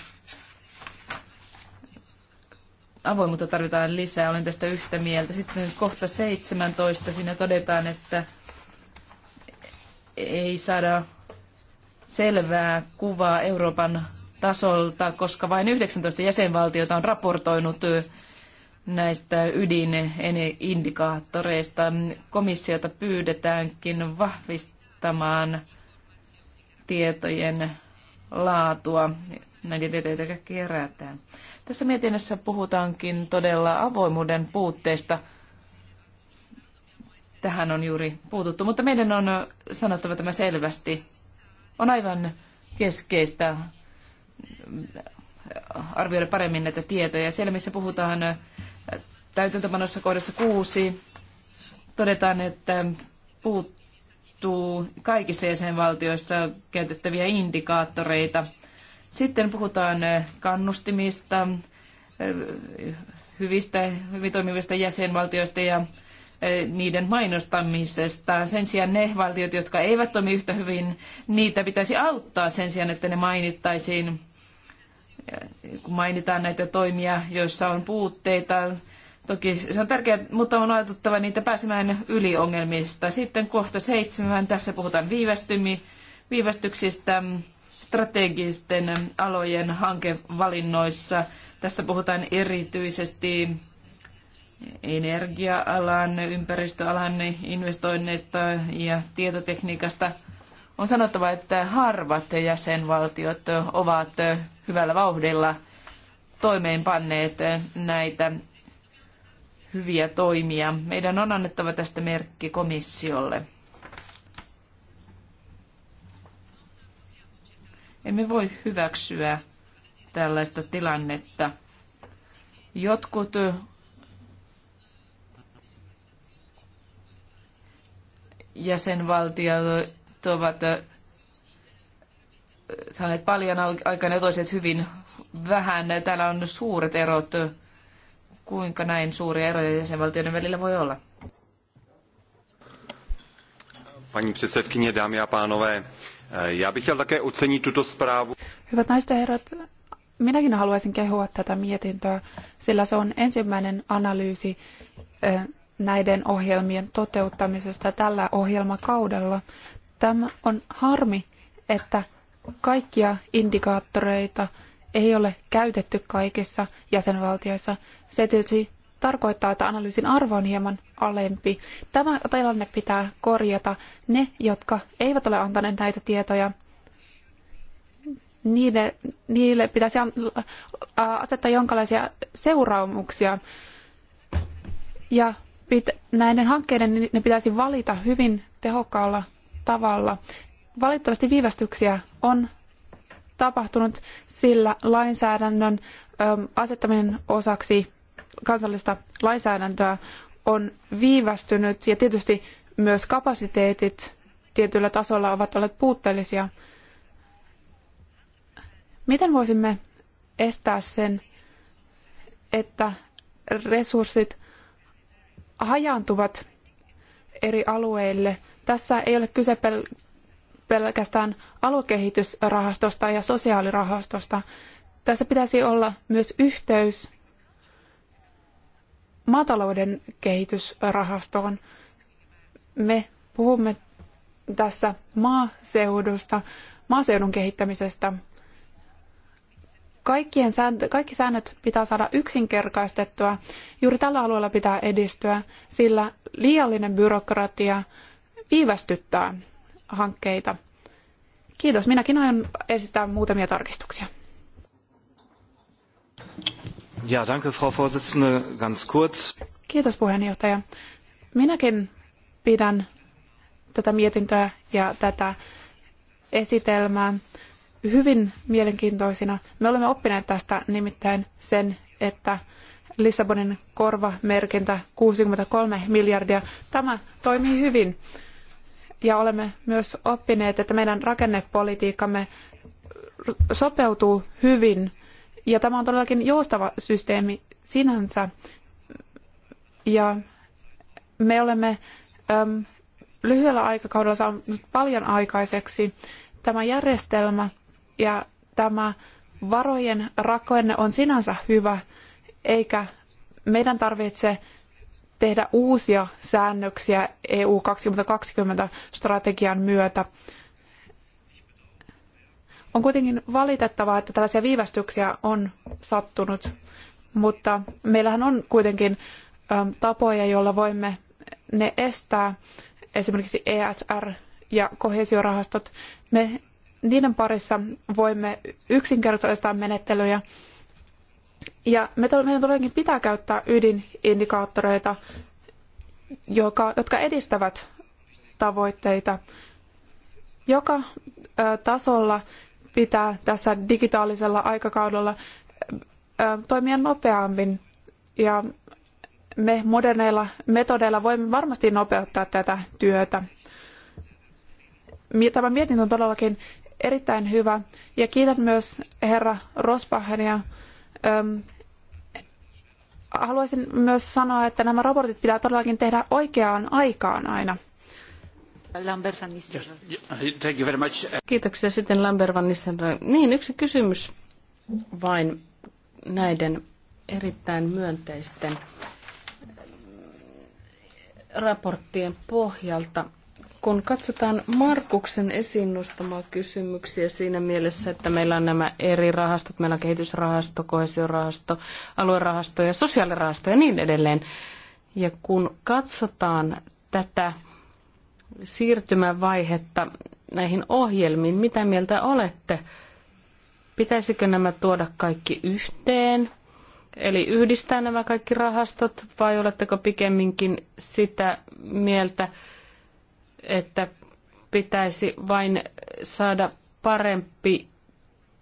Avoimuutta tarvitaan lisää, olen tästä yhtä mieltä. Sitten kohta 17 siinä todetaan, että ei saada selvää kuvaa Euroopan tasolta, koska vain 19 jäsenvaltiota on raportoinut näistä ydinindikaattoreista. Komissiota pyydetäänkin vahvistamaan tietojen laatua, näiden tietoja kerätään. Tässä mietinnössä puhutaankin todella avoimuuden puutteesta. Tähän on juuri puututtu, mutta meidän on sanottava tämä selvästi. On aivan keskeistä arvioida paremmin näitä tietoja. Siellä, missä puhutaan täytäntöpanossa kohdassa kuusi, todetaan, että puut puuttuu kaikissa jäsenvaltioissa käytettäviä indikaattoreita. Sitten puhutaan kannustimista, hyvistä, hyvin toimivista jäsenvaltioista ja niiden mainostamisesta. Sen sijaan ne valtiot, jotka eivät toimi yhtä hyvin, niitä pitäisi auttaa sen sijaan, että ne mainittaisiin. Kun mainitaan näitä toimia, joissa on puutteita, Toki se on tärkeää, mutta on ajatuttava niitä pääsemään yli ongelmista. Sitten kohta seitsemän, tässä puhutaan viivästymi, viivästyksistä strategisten alojen hankevalinnoissa. Tässä puhutaan erityisesti energia-alan, ympäristöalan investoinneista ja tietotekniikasta. On sanottava, että harvat jäsenvaltiot ovat hyvällä vauhdilla toimeenpanneet näitä hyviä toimia. Meidän on annettava tästä merkki komissiolle. Emme voi hyväksyä tällaista tilannetta. Jotkut jäsenvaltiot ovat saaneet paljon aikana toiset hyvin vähän. Täällä on suuret erot kuinka näin suuria eroja jäsenvaltioiden välillä voi olla? Pani předsedkyně, dámy a pánové, eh, já bych chtěl také ocenit tuto zprávu. Hyvät naiset ja herrat, minäkin haluaisin kehua tätä mietintöä, sillä se on ensimmäinen analyysi eh, näiden ohjelmien toteuttamisesta tällä ohjelmakaudella. Tämä on harmi, että kaikkia indikaattoreita – ei ole käytetty kaikissa jäsenvaltioissa. Se tietysti tarkoittaa, että analyysin arvo on hieman alempi. Tämä tilanne pitää korjata. Ne, jotka eivät ole antaneet näitä tietoja, niille, niille pitäisi asettaa jonkinlaisia seuraamuksia. Ja näiden hankkeiden niin ne pitäisi valita hyvin tehokkaalla tavalla. Valitettavasti viivästyksiä on tapahtunut, sillä lainsäädännön asettaminen osaksi kansallista lainsäädäntöä on viivästynyt ja tietysti myös kapasiteetit tietyllä tasolla ovat olleet puutteellisia. Miten voisimme estää sen, että resurssit hajaantuvat eri alueille? Tässä ei ole kyse pelkästään aluekehitysrahastosta ja sosiaalirahastosta. Tässä pitäisi olla myös yhteys maatalouden kehitysrahastoon. Me puhumme tässä maaseudusta, maaseudun kehittämisestä. Kaikkien kaikki säännöt pitää saada yksinkertaistettua. Juuri tällä alueella pitää edistyä, sillä liiallinen byrokratia viivästyttää hankkeita. Kiitos. Minäkin aion esittää muutamia tarkistuksia. Ja, danke, Frau Vorsitzende. Ganz kurz. Kiitos puheenjohtaja. Minäkin pidän tätä mietintöä ja tätä esitelmää hyvin mielenkiintoisina. Me olemme oppineet tästä nimittäin sen, että Lissabonin korvamerkintä 63 miljardia, tämä toimii hyvin ja olemme myös oppineet, että meidän rakennepolitiikkamme sopeutuu hyvin. Ja tämä on todellakin joustava systeemi sinänsä. Ja me olemme äm, lyhyellä aikakaudella saaneet paljon aikaiseksi. Tämä järjestelmä ja tämä varojen rakenne on sinänsä hyvä, eikä meidän tarvitse tehdä uusia säännöksiä EU 2020 strategian myötä. On kuitenkin valitettavaa, että tällaisia viivästyksiä on sattunut, mutta meillähän on kuitenkin ähm, tapoja, joilla voimme ne estää, esimerkiksi ESR ja kohesiorahastot. Me niiden parissa voimme yksinkertaistaa menettelyjä ja meidän todellakin pitää käyttää ydinindikaattoreita, joka, jotka edistävät tavoitteita. Joka ö, tasolla pitää tässä digitaalisella aikakaudella ö, toimia nopeammin. Ja me moderneilla metodeilla voimme varmasti nopeuttaa tätä työtä. Tämä mietintö on todellakin erittäin hyvä. Ja kiitän myös herra Rosbachenia haluaisin myös sanoa, että nämä raportit pitää todellakin tehdä oikeaan aikaan aina. Thank you very much. Kiitoksia sitten Lambert van Niin, yksi kysymys vain näiden erittäin myönteisten raporttien pohjalta kun katsotaan Markuksen esiin nostamaa kysymyksiä siinä mielessä, että meillä on nämä eri rahastot, meillä on kehitysrahasto, kohesiorahasto, aluerahasto ja sosiaalirahasto ja niin edelleen. Ja kun katsotaan tätä siirtymävaihetta näihin ohjelmiin, mitä mieltä olette? Pitäisikö nämä tuoda kaikki yhteen? Eli yhdistää nämä kaikki rahastot vai oletteko pikemminkin sitä mieltä, että pitäisi vain saada parempi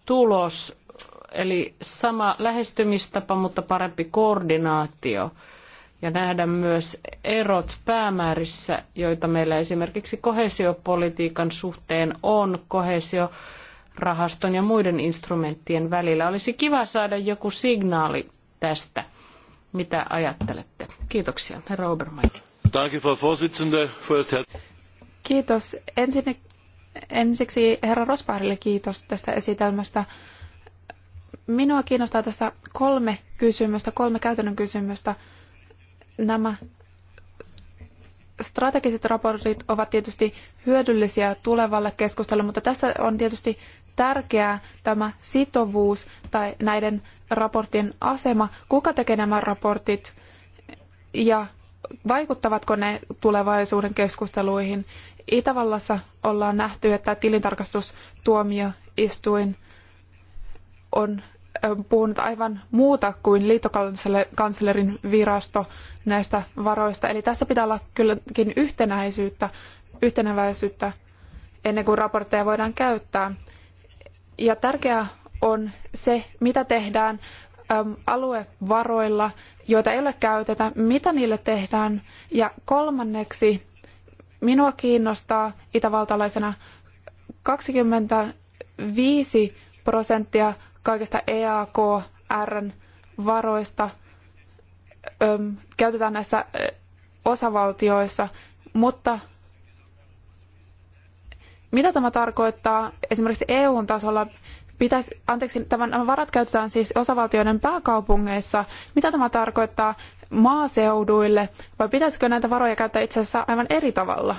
tulos, eli sama lähestymistapa, mutta parempi koordinaatio ja nähdä myös erot päämäärissä, joita meillä esimerkiksi kohesiopolitiikan suhteen on kohesiorahaston ja muiden instrumenttien välillä. Olisi kiva saada joku signaali tästä. Mitä ajattelette? Kiitoksia, herra Obermeier. Danke, Frau Vorsitzende. Kiitos. Ensin, ensiksi herra Rosbaarille kiitos tästä esitelmästä. Minua kiinnostaa tässä kolme kysymystä, kolme käytännön kysymystä. Nämä strategiset raportit ovat tietysti hyödyllisiä tulevalle keskustelulle, mutta tässä on tietysti tärkeää tämä sitovuus tai näiden raporttien asema. Kuka tekee nämä raportit ja vaikuttavatko ne tulevaisuuden keskusteluihin? Itävallassa ollaan nähty, että tilintarkastustuomioistuin on puhunut aivan muuta kuin liittokanslerin virasto näistä varoista. Eli tässä pitää olla kylläkin yhtenäisyyttä, yhteneväisyyttä ennen kuin raportteja voidaan käyttää. Ja tärkeää on se, mitä tehdään aluevaroilla, joita ei ole käytetä, mitä niille tehdään. Ja kolmanneksi Minua kiinnostaa itävaltalaisena 25 prosenttia kaikista EAKRn varoista käytetään näissä osavaltioissa, mutta mitä tämä tarkoittaa esimerkiksi EU-tasolla? Pitäisi, anteeksi, tämän, nämä varat käytetään siis osavaltioiden pääkaupungeissa. Mitä tämä tarkoittaa maaseuduille, vai pitäisikö näitä varoja käyttää itse asiassa aivan eri tavalla?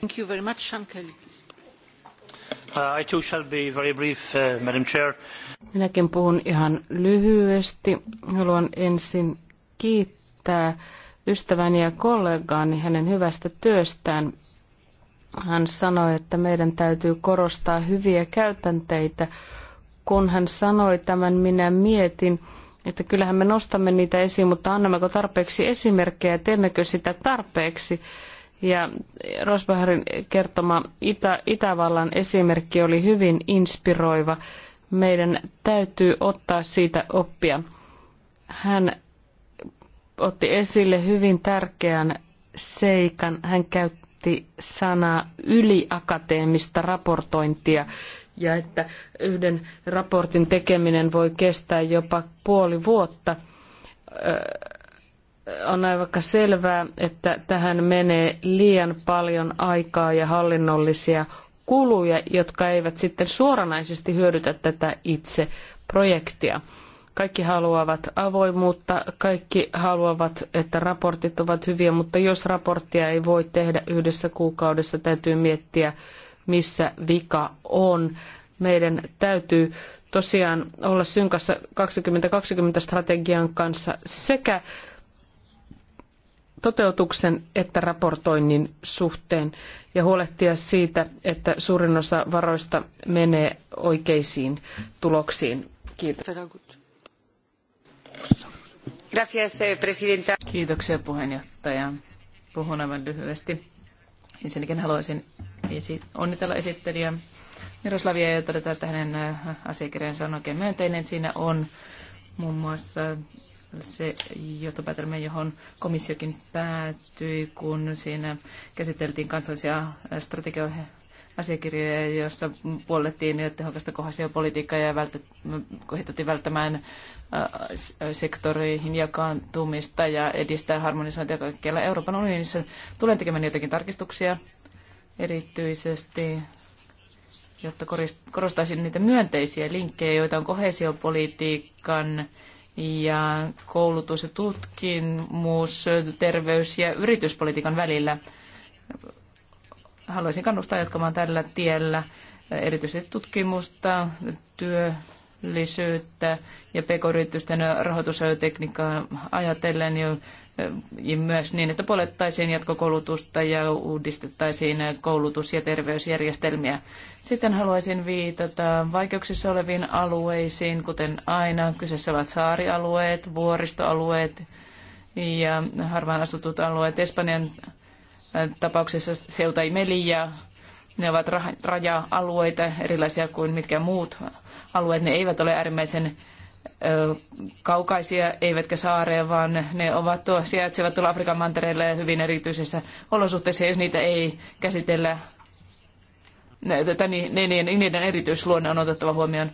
Thank you very much, Shankel. Uh, I too shall be very brief, uh, Madam Chair. Minäkin puhun ihan lyhyesti. Haluan ensin kiittää ystäväni ja kollegaani hänen hyvästä työstään. Hän sanoi, että meidän täytyy korostaa hyviä käytänteitä kun hän sanoi tämän, minä mietin, että kyllähän me nostamme niitä esiin, mutta annammeko tarpeeksi esimerkkejä ja teemmekö sitä tarpeeksi? Ja Rosbaharin kertoma Itä, Itävallan esimerkki oli hyvin inspiroiva. Meidän täytyy ottaa siitä oppia. Hän otti esille hyvin tärkeän seikan. Hän käytti sanaa yliakateemista raportointia ja että yhden raportin tekeminen voi kestää jopa puoli vuotta. On aivan selvää, että tähän menee liian paljon aikaa ja hallinnollisia kuluja, jotka eivät sitten suoranaisesti hyödytä tätä itse projektia. Kaikki haluavat avoimuutta, kaikki haluavat, että raportit ovat hyviä, mutta jos raporttia ei voi tehdä yhdessä kuukaudessa, täytyy miettiä missä vika on. Meidän täytyy tosiaan olla synkassa 2020-strategian kanssa sekä toteutuksen että raportoinnin suhteen ja huolehtia siitä, että suurin osa varoista menee oikeisiin tuloksiin. Kiitos. Gracias, eh, Kiitoksia puheenjohtaja. Puhun aivan lyhyesti. Ensinnäkin haluaisin esi- onnitella esittelijä Miroslavia ja todeta, että hänen äh, asiakirjansa on oikein myönteinen. Siinä on muun muassa se johtopäätelmä, johon komissiokin päätyi, kun siinä käsiteltiin kansallisia strategioita asiakirjoja, joissa puollettiin tehokasta kohesiopolitiikkaa ja välttä, kohitettiin välttämään sektoreihin jakaantumista ja edistää harmonisointia kaikkialla Euroopan unionissa. Tulen tekemään jotakin tarkistuksia erityisesti, jotta korostaisin niitä myönteisiä linkkejä, joita on kohesiopolitiikan ja koulutus ja tutkimus, terveys ja yrityspolitiikan välillä haluaisin kannustaa jatkamaan tällä tiellä erityisesti tutkimusta, työllisyyttä ja pk-yritysten rahoitustekniikkaa ajatellen jo, ja myös niin, että polettaisiin jatkokoulutusta ja uudistettaisiin koulutus- ja terveysjärjestelmiä. Sitten haluaisin viitata vaikeuksissa oleviin alueisiin, kuten aina. Kyseessä ovat saarialueet, vuoristoalueet ja harvaan asutut alueet. Espanjan tapauksessa Seuta Imeli ja ne ovat raja-alueita erilaisia kuin mitkä muut alueet. Ne eivät ole äärimmäisen kaukaisia eivätkä saareen, vaan ne ovat tuo, sijaitsevat tuolla Afrikan mantereella ja hyvin erityisissä olosuhteissa, jos niitä ei käsitellä, tätä, niin, niiden erityisluonne on otettava huomioon.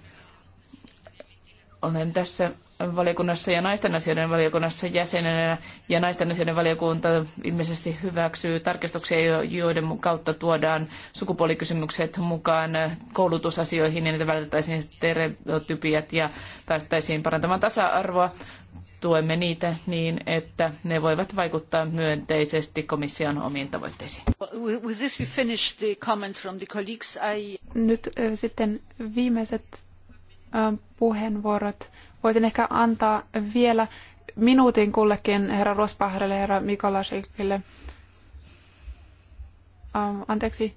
Olen tässä valiokunnassa ja naisten asioiden valiokunnassa jäsenenä, ja naisten asioiden valiokunta ilmeisesti hyväksyy tarkistuksia, joiden kautta tuodaan sukupuolikysymykset mukaan koulutusasioihin, ja niitä vältettäisiin stereotypiat ja päästäisiin parantamaan tasa-arvoa. Tuemme niitä niin, että ne voivat vaikuttaa myönteisesti komission omiin tavoitteisiin. Nyt sitten viimeiset puheenvuorot Voisin ehkä antaa vielä minuutin kullekin herra Rospahdelle ja herra Mikolasikille. Um, ähm, anteeksi.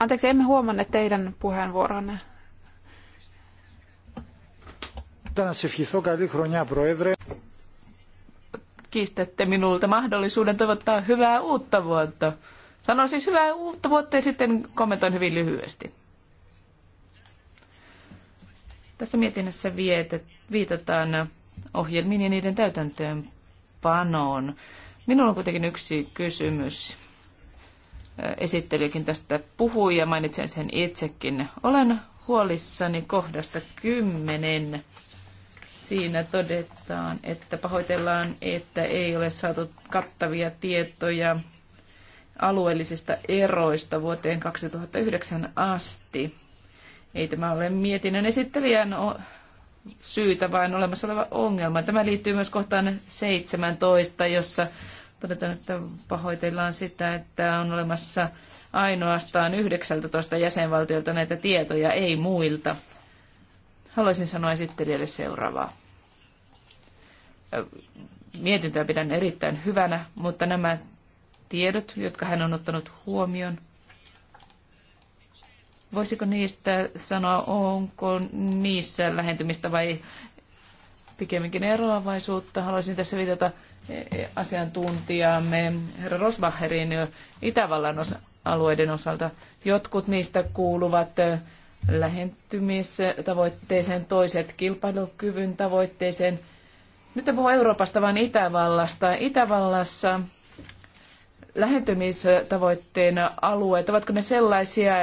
Anteeksi, emme huomanne teidän puheenvuoronne. Kiistätte minulta mahdollisuuden toivottaa hyvää uutta vuotta. Sanon siis hyvää uutta vuotta ja sitten kommentoin hyvin lyhyesti. Tässä mietinnössä viitataan ohjelmiin ja niiden panoon. Minulla on kuitenkin yksi kysymys. Äh, Esittelijäkin tästä puhui ja mainitsen sen itsekin. Olen huolissani kohdasta kymmenen Siinä todetaan, että pahoitellaan, että ei ole saatu kattavia tietoja alueellisista eroista vuoteen 2009 asti ei tämä ole mietinnön esittelijän syytä, vaan olemassa oleva ongelma. Tämä liittyy myös kohtaan 17, jossa todetaan, että pahoitellaan sitä, että on olemassa ainoastaan 19 jäsenvaltiolta näitä tietoja, ei muilta. Haluaisin sanoa esittelijälle seuraavaa. Mietintöä pidän erittäin hyvänä, mutta nämä tiedot, jotka hän on ottanut huomioon, Voisiko niistä sanoa, onko niissä lähentymistä vai pikemminkin eroavaisuutta? Haluaisin tässä viitata eh, eh, asiantuntijamme herra Rosbacherin eh, Itävallan osa- alueiden osalta. Jotkut niistä kuuluvat lähentymistavoitteeseen, toiset kilpailukyvyn tavoitteeseen. Nyt en puhu Euroopasta, vaan Itävallasta. Itävallassa lähentymistavoitteen alueet, ovatko ne sellaisia,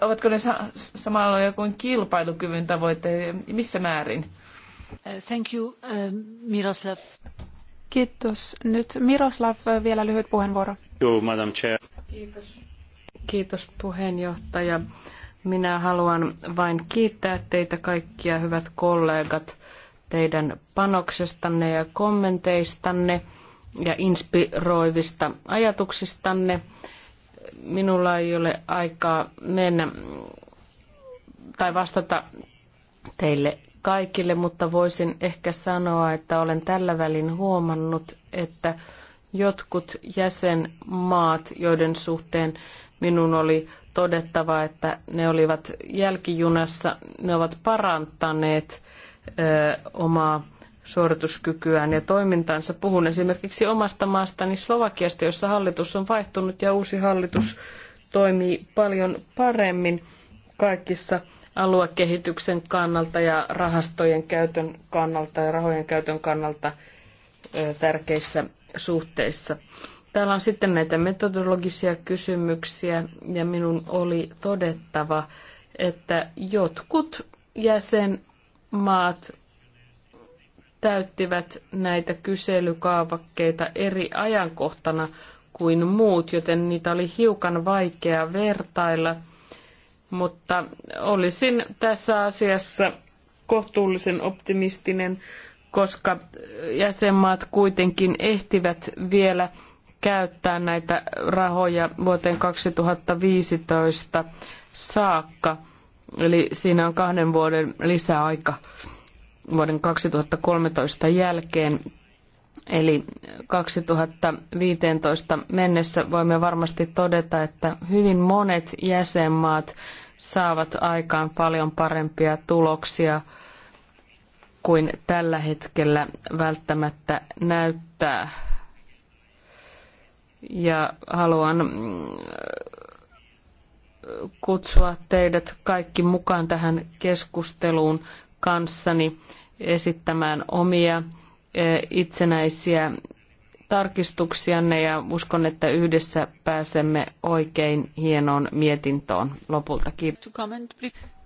ovatko ne sa- samalla kuin kilpailukyvyn tavoitteet, missä määrin? Thank you, um, Miroslav. Kiitos. Nyt Miroslav, äh, vielä lyhyt puheenvuoro. Joo, Madam Chair. Kiitos. Kiitos puheenjohtaja. Minä haluan vain kiittää teitä kaikkia, hyvät kollegat, teidän panoksestanne ja kommenteistanne ja inspiroivista ajatuksistanne. Minulla ei ole aikaa mennä tai vastata teille kaikille, mutta voisin ehkä sanoa, että olen tällä välin huomannut, että jotkut jäsenmaat, joiden suhteen minun oli todettava, että ne olivat jälkijunassa, ne ovat parantaneet ö, omaa suorituskykyään ja toimintansa. Puhun esimerkiksi omasta maastani Slovakiasta, jossa hallitus on vaihtunut ja uusi hallitus toimii paljon paremmin kaikissa aluekehityksen kannalta ja rahastojen käytön kannalta ja rahojen käytön kannalta tärkeissä suhteissa. Täällä on sitten näitä metodologisia kysymyksiä ja minun oli todettava, että jotkut jäsenmaat täyttivät näitä kyselykaavakkeita eri ajankohtana kuin muut, joten niitä oli hiukan vaikea vertailla. Mutta olisin tässä asiassa kohtuullisen optimistinen, koska jäsenmaat kuitenkin ehtivät vielä käyttää näitä rahoja vuoteen 2015 saakka. Eli siinä on kahden vuoden lisäaika. aika vuoden 2013 jälkeen. Eli 2015 mennessä voimme varmasti todeta, että hyvin monet jäsenmaat saavat aikaan paljon parempia tuloksia kuin tällä hetkellä välttämättä näyttää. Ja haluan mm, kutsua teidät kaikki mukaan tähän keskusteluun kanssani esittämään omia e, itsenäisiä tarkistuksianne ja uskon, että yhdessä pääsemme oikein hienoon mietintoon lopulta.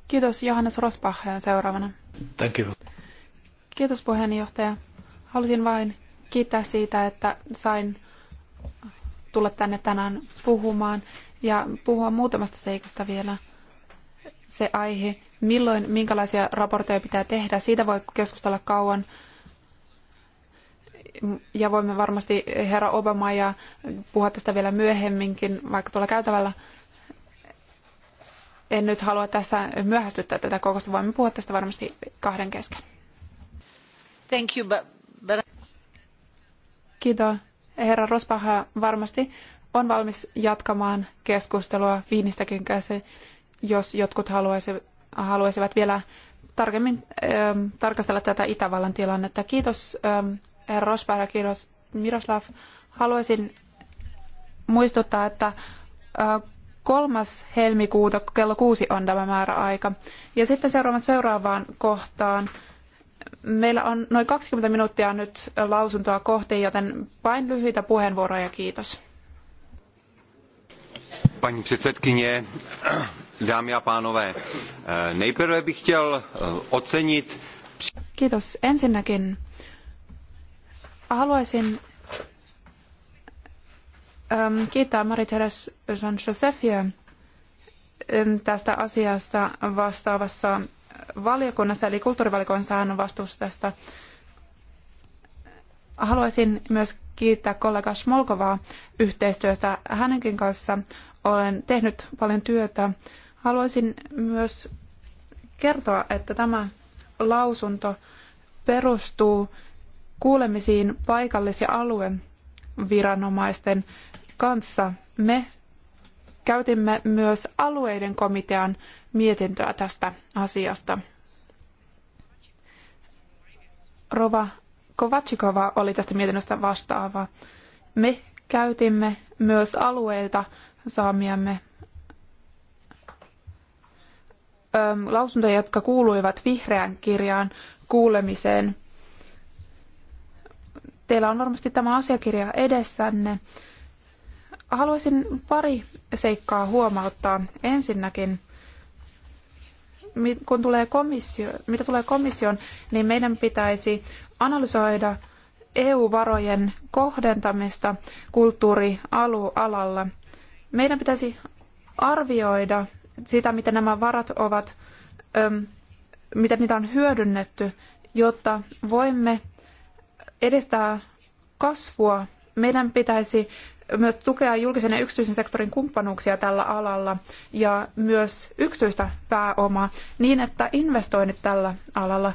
Kiitos Johannes Rosbach seuraavana. Thank you. Kiitos puheenjohtaja. Halusin vain kiittää siitä, että sain tulla tänne tänään puhumaan ja puhua muutamasta seikasta vielä se aihe, milloin minkälaisia raportteja pitää tehdä. Siitä voi keskustella kauan. Ja voimme varmasti herra Obama ja puhua tästä vielä myöhemminkin, vaikka tuolla käytävällä. En nyt halua tässä myöhästyttää tätä kokousta. Voimme puhua tästä varmasti kahden kesken. Thank you, but, Kiitos. Herra Rospaha varmasti on valmis jatkamaan keskustelua Viinistäkin käsin jos jotkut haluaisivat, haluaisivat vielä tarkemmin ö, ähm, tarkastella tätä Itävallan tilannetta. Kiitos ö, ähm, herra Rosberg ja kiitos Miroslav. Haluaisin muistuttaa, että ö, äh, helmikuuta kello kuusi on tämä määräaika. Ja sitten seuraavan seuraavaan kohtaan. Meillä on noin 20 minuuttia nyt lausuntoa kohti, joten vain lyhyitä puheenvuoroja, kiitos. Pani předsedkyně, Dámy a pánové, eh, nejprve bych chtěl eh, ocenit... Kiitos. Ensinnäkin haluaisin ehm, kiittää Marie-Therese Jean-Josephia ehm, tästä asiasta vastaavassa eh, valiokunnassa, eli kulttuurivaliokunnassa hän on vastuussa tästä. Haluaisin myös kiittää kollega Smolkovaa yhteistyöstä hänenkin kanssa. Olen tehnyt paljon työtä Haluaisin myös kertoa, että tämä lausunto perustuu kuulemisiin paikallis- ja alueviranomaisten kanssa. Me käytimme myös alueiden komitean mietintöä tästä asiasta. Rova Kovatsikova oli tästä mietinnöstä vastaava. Me käytimme myös alueilta saamiamme lausuntoja, jotka kuuluivat vihreään kirjaan kuulemiseen. Teillä on varmasti tämä asiakirja edessänne. Haluaisin pari seikkaa huomauttaa. Ensinnäkin, kun tulee komissio, mitä tulee komission, niin meidän pitäisi analysoida EU-varojen kohdentamista kulttuurialalla. Meidän pitäisi arvioida sitä, miten nämä varat ovat, miten niitä on hyödynnetty, jotta voimme edistää kasvua. Meidän pitäisi myös tukea julkisen ja yksityisen sektorin kumppanuuksia tällä alalla ja myös yksityistä pääomaa niin, että investoinnit tällä alalla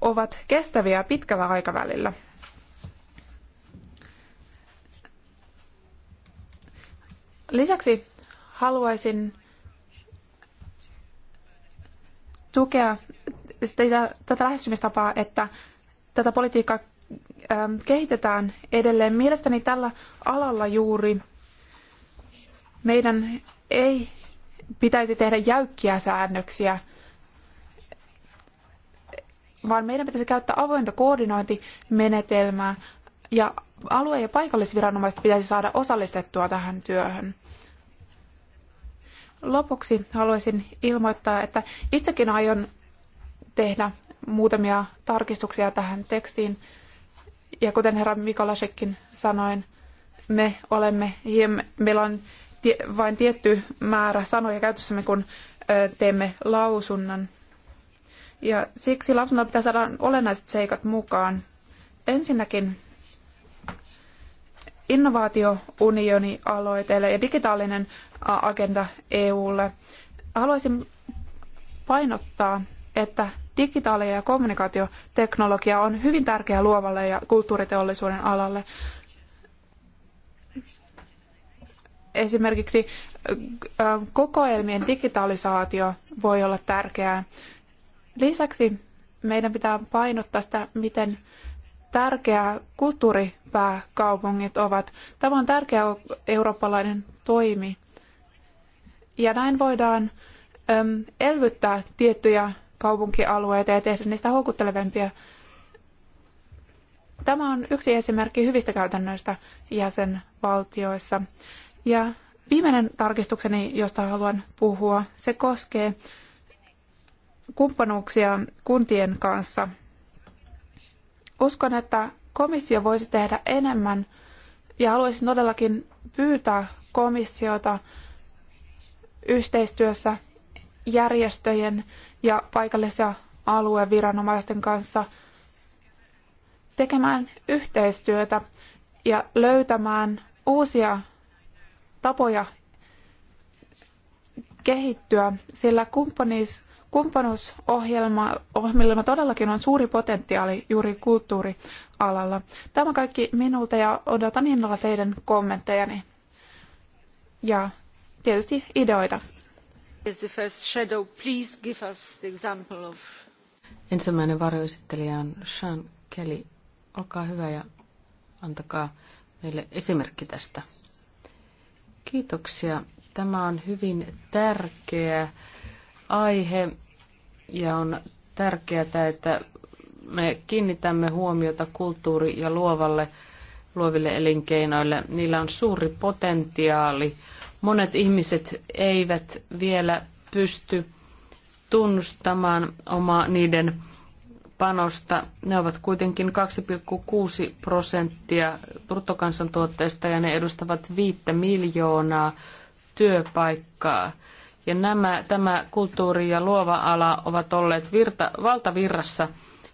ovat kestäviä pitkällä aikavälillä. Lisäksi haluaisin tukea sitä, tätä lähestymistapaa, että tätä politiikkaa ähm, kehitetään edelleen. Mielestäni tällä alalla juuri meidän ei pitäisi tehdä jäykkiä säännöksiä, vaan meidän pitäisi käyttää avointa koordinointimenetelmää ja alue- ja paikallisviranomaiset pitäisi saada osallistettua tähän työhön. Lopuksi haluaisin ilmoittaa, että itsekin aion tehdä muutamia tarkistuksia tähän tekstiin. Ja kuten herra Mikolasekin sanoin, me olemme, meillä on vain tietty määrä sanoja käytössämme, kun teemme lausunnon. Ja siksi lausunnolla pitää saada olennaiset seikat mukaan. Ensinnäkin innovaatiounioni aloitteelle ja digitaalinen agenda EUlle. Haluaisin painottaa, että digitaali- ja kommunikaatioteknologia on hyvin tärkeä luovalle ja kulttuuriteollisuuden alalle. Esimerkiksi kokoelmien digitalisaatio voi olla tärkeää. Lisäksi meidän pitää painottaa sitä, miten tärkeä kulttuuripääkaupungit ovat. Tämä on tärkeä eurooppalainen toimi. Ja näin voidaan elvyttää tiettyjä kaupunkialueita ja tehdä niistä houkuttelevampia. Tämä on yksi esimerkki hyvistä käytännöistä jäsenvaltioissa. Ja viimeinen tarkistukseni, josta haluan puhua, se koskee kumppanuuksia kuntien kanssa – Uskon, että komissio voisi tehdä enemmän ja haluaisin todellakin pyytää komissiota yhteistyössä järjestöjen ja paikallisia alueviranomaisten kanssa tekemään yhteistyötä ja löytämään uusia tapoja kehittyä, sillä kumppanis, Kumppanuusohjelmilla todellakin on suuri potentiaali juuri kulttuurialalla. Tämä kaikki minulta ja odotan innolla teidän kommenttejani ja tietysti ideoita. Ensimmäinen varjoesittelijä on Sean Kelly. Olkaa hyvä ja antakaa meille esimerkki tästä. Kiitoksia. Tämä on hyvin tärkeä aihe ja on tärkeää, että me kiinnitämme huomiota kulttuuri- ja luovalle, luoville elinkeinoille. Niillä on suuri potentiaali. Monet ihmiset eivät vielä pysty tunnustamaan omaa niiden panosta. Ne ovat kuitenkin 2,6 prosenttia bruttokansantuotteesta ja ne edustavat 5 miljoonaa työpaikkaa. Ja nämä, tämä kulttuuri ja luova ala ovat olleet virta, valtavirrassa,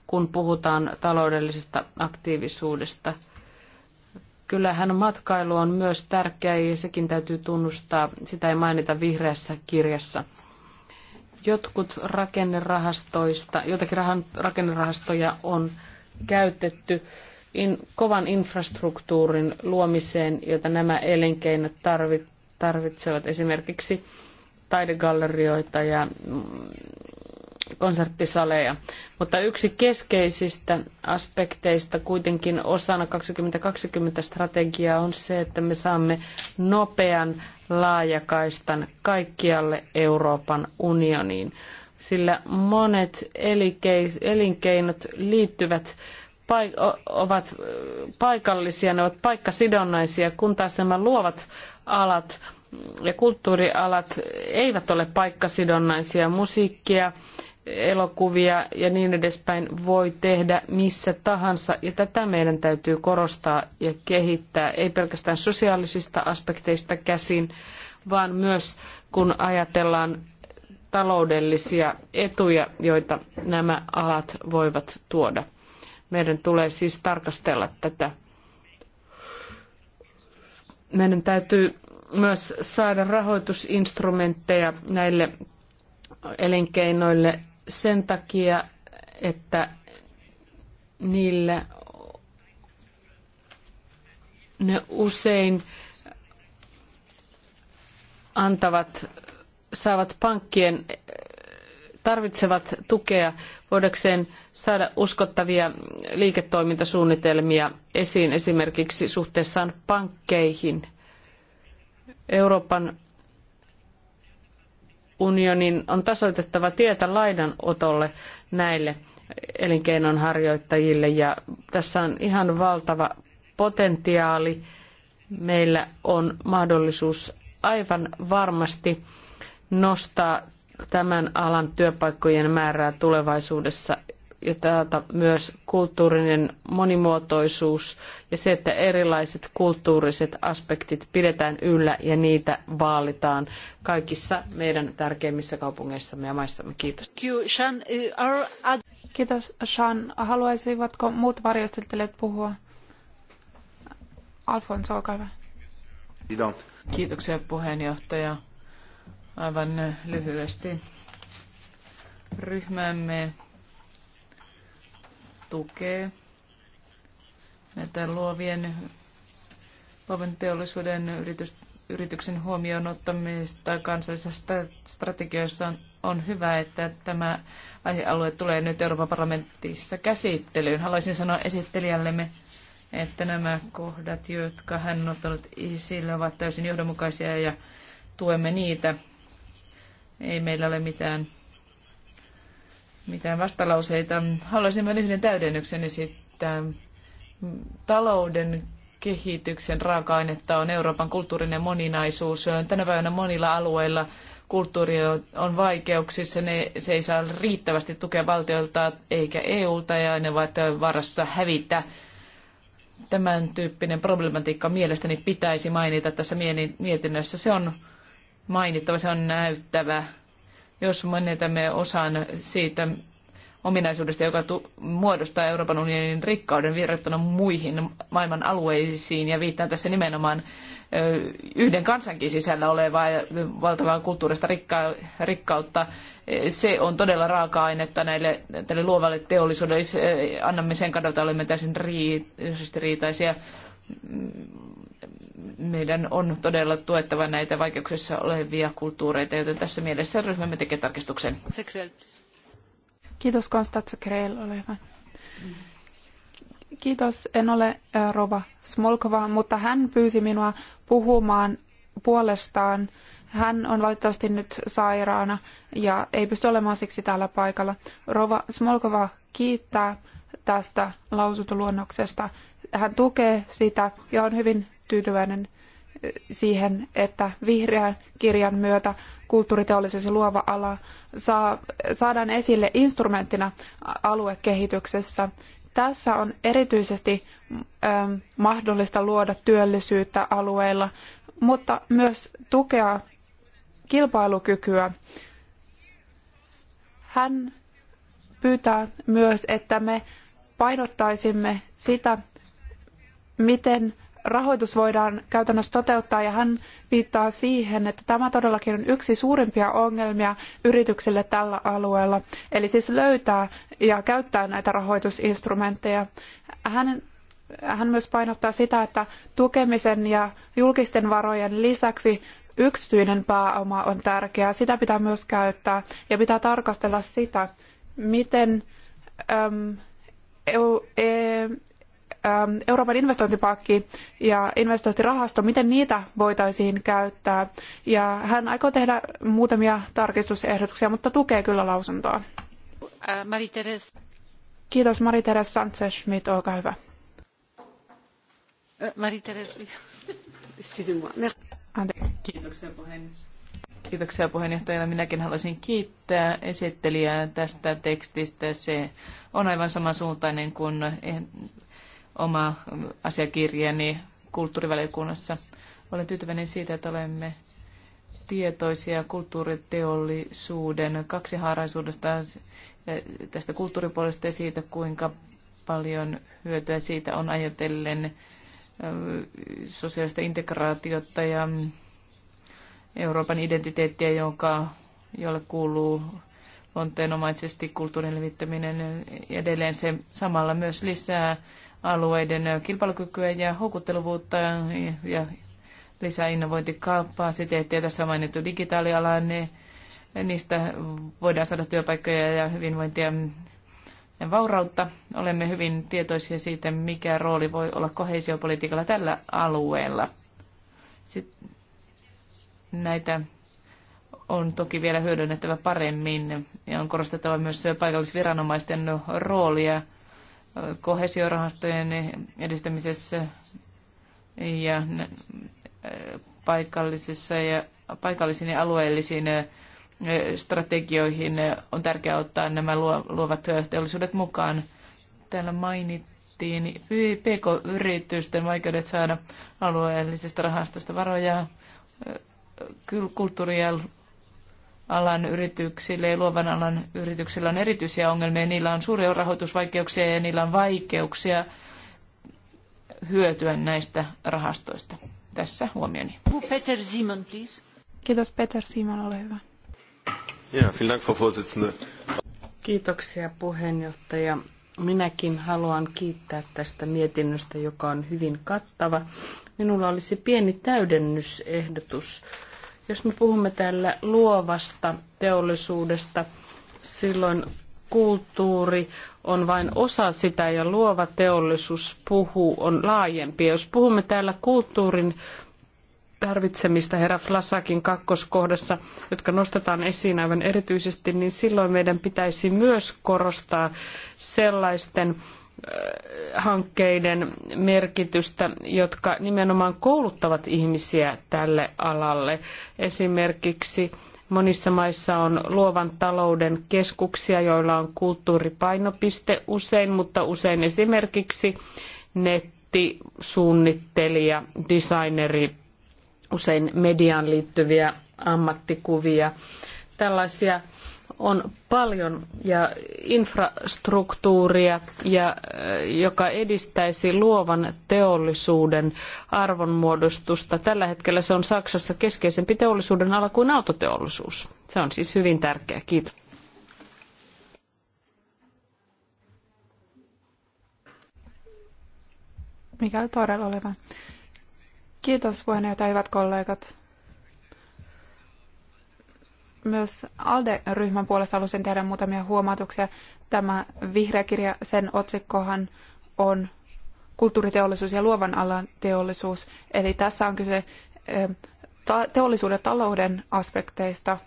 kun puhutaan taloudellisesta aktiivisuudesta. Kyllähän matkailu on myös tärkeä ja sekin täytyy tunnustaa. Sitä ei mainita vihreässä kirjassa jotkut rakennerahastoista, jotakin rakennerahastoja on käytetty in, kovan infrastruktuurin luomiseen, jota nämä elinkeinot tarvitsevat. Esimerkiksi taidegallerioita ja konserttisaleja. Mutta yksi keskeisistä aspekteista kuitenkin osana 2020-strategiaa on se, että me saamme nopean laajakaistan kaikkialle Euroopan unioniin. Sillä monet elinkeinot liittyvät ovat paikallisia, ne ovat paikkasidonnaisia, kun taas nämä luovat alat ja kulttuurialat eivät ole paikkasidonnaisia musiikkia, elokuvia ja niin edespäin voi tehdä missä tahansa. Ja tätä meidän täytyy korostaa ja kehittää, ei pelkästään sosiaalisista aspekteista käsin, vaan myös kun ajatellaan taloudellisia etuja, joita nämä alat voivat tuoda. Meidän tulee siis tarkastella tätä. Meidän täytyy myös saada rahoitusinstrumentteja näille elinkeinoille sen takia, että niillä ne usein antavat, saavat pankkien, tarvitsevat tukea voidakseen saada uskottavia liiketoimintasuunnitelmia esiin esimerkiksi suhteessaan pankkeihin – Euroopan unionin on tasoitettava tietä laidanotolle näille elinkeinonharjoittajille ja tässä on ihan valtava potentiaali. Meillä on mahdollisuus aivan varmasti nostaa tämän alan työpaikkojen määrää tulevaisuudessa ja täältä myös kulttuurinen monimuotoisuus ja se, että erilaiset kulttuuriset aspektit pidetään yllä ja niitä vaalitaan kaikissa meidän tärkeimmissä kaupungeissamme ja maissamme. Kiitos. Uh, Kiitos Sean. Haluaisivatko muut varjostelijat puhua? Alfonso, olkaa hyvä. Kiitoksia puheenjohtaja. Aivan lyhyesti ryhmämme tukee näitä luovien, luovan teollisuuden yritys, yrityksen huomioon ottamista kansallisessa strategioissa on, on hyvä, että tämä aihealue tulee nyt Euroopan parlamentissa käsittelyyn. Haluaisin sanoa esittelijällemme, että nämä kohdat, jotka hän on ottanut esille, ovat täysin johdonmukaisia ja tuemme niitä. Ei meillä ole mitään mitään vastalauseita. Haluaisin vain yhden täydennyksen esittää. Talouden kehityksen raaka-ainetta on Euroopan kulttuurinen moninaisuus. Tänä päivänä monilla alueilla kulttuuri on vaikeuksissa, ne, se ei saa riittävästi tukea valtiolta eikä EUlta ja ne ovat varassa hävitä. Tämän tyyppinen problematiikka mielestäni pitäisi mainita tässä mietinnössä. Se on mainittava, se on näyttävä jos menetämme osan siitä ominaisuudesta, joka muodostaa Euroopan unionin rikkauden verrattuna muihin maailman alueisiin, ja viittaan tässä nimenomaan yhden kansankin sisällä olevaa valtavaa kulttuurista rikka- rikkautta. Se on todella raaka-ainetta näille, tälle luovalle teollisuudelle. Jos annamme sen kadota, olemme täysin ri- ristiriitaisia meidän on todella tuettava näitä vaikeuksissa olevia kulttuureita, joten tässä mielessä ryhmämme tekee tarkistuksen. Kiitos Konstantse Kreel, ole hyvä. Kiitos, en ole Rova Smolkova, mutta hän pyysi minua puhumaan puolestaan. Hän on valitettavasti nyt sairaana ja ei pysty olemaan siksi täällä paikalla. Rova Smolkova kiittää tästä lausuntoluonnoksesta. Hän tukee sitä ja on hyvin tyytyväinen eh, siihen, että vihreän kirjan myötä kulttuuriteollisuus ja luova ala saa, saadaan esille instrumenttina aluekehityksessä. Tässä on erityisesti ö, eh, mahdollista luoda työllisyyttä alueilla, mutta myös tukea kilpailukykyä. Hän pyytää myös, että me painottaisimme sitä, miten rahoitus voidaan käytännössä toteuttaa ja hän viittaa siihen, että tämä todellakin on yksi suurimpia ongelmia yrityksille tällä alueella, eli siis löytää ja käyttää näitä rahoitusinstrumentteja. Hän, hän myös painottaa sitä, että tukemisen ja julkisten varojen lisäksi yksityinen pääoma on tärkeää, sitä pitää myös käyttää ja pitää tarkastella sitä, miten e, Ähm, Euroopan investointipankki ja investointirahasto, miten niitä voitaisiin käyttää. Ja hän aikoo tehdä muutamia tarkistusehdotuksia, mutta tukee kyllä lausuntoa. Äh, Marie-Therese. Kiitos Marie-Therese Sanchez-Schmidt, olkaa hyvä. Äh, Marie-Therese, excusez-moi. Kiitoksia puheenjohtaja. Kiitoksia puheenjohtajana. Minäkin haluaisin kiittää esittelijää tästä tekstistä. Se on aivan samansuuntainen kuin oma asiakirjani kulttuurivaliokunnassa. Olen tyytyväinen siitä, että olemme tietoisia kulttuuriteollisuuden kaksihaaraisuudesta, tästä kulttuuripuolesta ja siitä, kuinka paljon hyötyä siitä on ajatellen sosiaalista integraatiota ja Euroopan identiteettiä, joka, jolle kuuluu luonteenomaisesti kulttuurin levittäminen edelleen se samalla myös lisää alueiden kilpailukykyä ja houkutteluvuutta ja lisää innovointikapasiteettia. Tässä on mainittu digitaaliala, niin niistä voidaan saada työpaikkoja ja hyvinvointia ja vaurautta. Olemme hyvin tietoisia siitä, mikä rooli voi olla kohesiopolitiikalla tällä alueella. Sitten näitä on toki vielä hyödynnettävä paremmin ja on korostettava myös paikallisviranomaisten roolia kohesiorahastojen edistämisessä ja paikallisissa ja paikallisiin ja alueellisiin strategioihin on tärkeää ottaa nämä luovat teollisuudet mukaan. Täällä mainittiin PK-yritysten vaikeudet saada alueellisesta rahastosta varoja, kulttuuri- ja alan yrityksille ja luovan alan yrityksillä on erityisiä ongelmia. Niillä on suuria rahoitusvaikeuksia ja niillä on vaikeuksia hyötyä näistä rahastoista. Tässä huomioni. Peter Simon, please. Kiitos Peter Simon, ole hyvä. Ja, vielen Frau Kiitoksia puheenjohtaja. Minäkin haluan kiittää tästä mietinnöstä, joka on hyvin kattava. Minulla olisi pieni täydennysehdotus jos me puhumme täällä luovasta teollisuudesta, silloin kulttuuri on vain osa sitä ja luova teollisuus puhuu, on laajempi. Ja jos puhumme täällä kulttuurin tarvitsemista herra Flasakin kakkoskohdassa, jotka nostetaan esiin aivan erityisesti, niin silloin meidän pitäisi myös korostaa sellaisten hankkeiden merkitystä, jotka nimenomaan kouluttavat ihmisiä tälle alalle. Esimerkiksi monissa maissa on luovan talouden keskuksia, joilla on kulttuuripainopiste usein, mutta usein esimerkiksi nettisuunnittelija, designeri, usein mediaan liittyviä ammattikuvia. Tällaisia on paljon ja infrastruktuuria, ja, eh, joka edistäisi luovan teollisuuden arvonmuodostusta. Tällä hetkellä se on Saksassa keskeisempi teollisuuden ala kuin autoteollisuus. Se on siis hyvin tärkeä. Kiitos. Mikael Torel oleva. Kiitos puheenjohtaja, hyvät kollegat. Myös ALDE-ryhmän puolesta halusin tehdä muutamia huomautuksia. Tämä vihreä kirja, sen otsikkohan on kulttuuriteollisuus ja luovan alan teollisuus. Eli tässä on kyse eh, teollisuuden talouden aspekteista.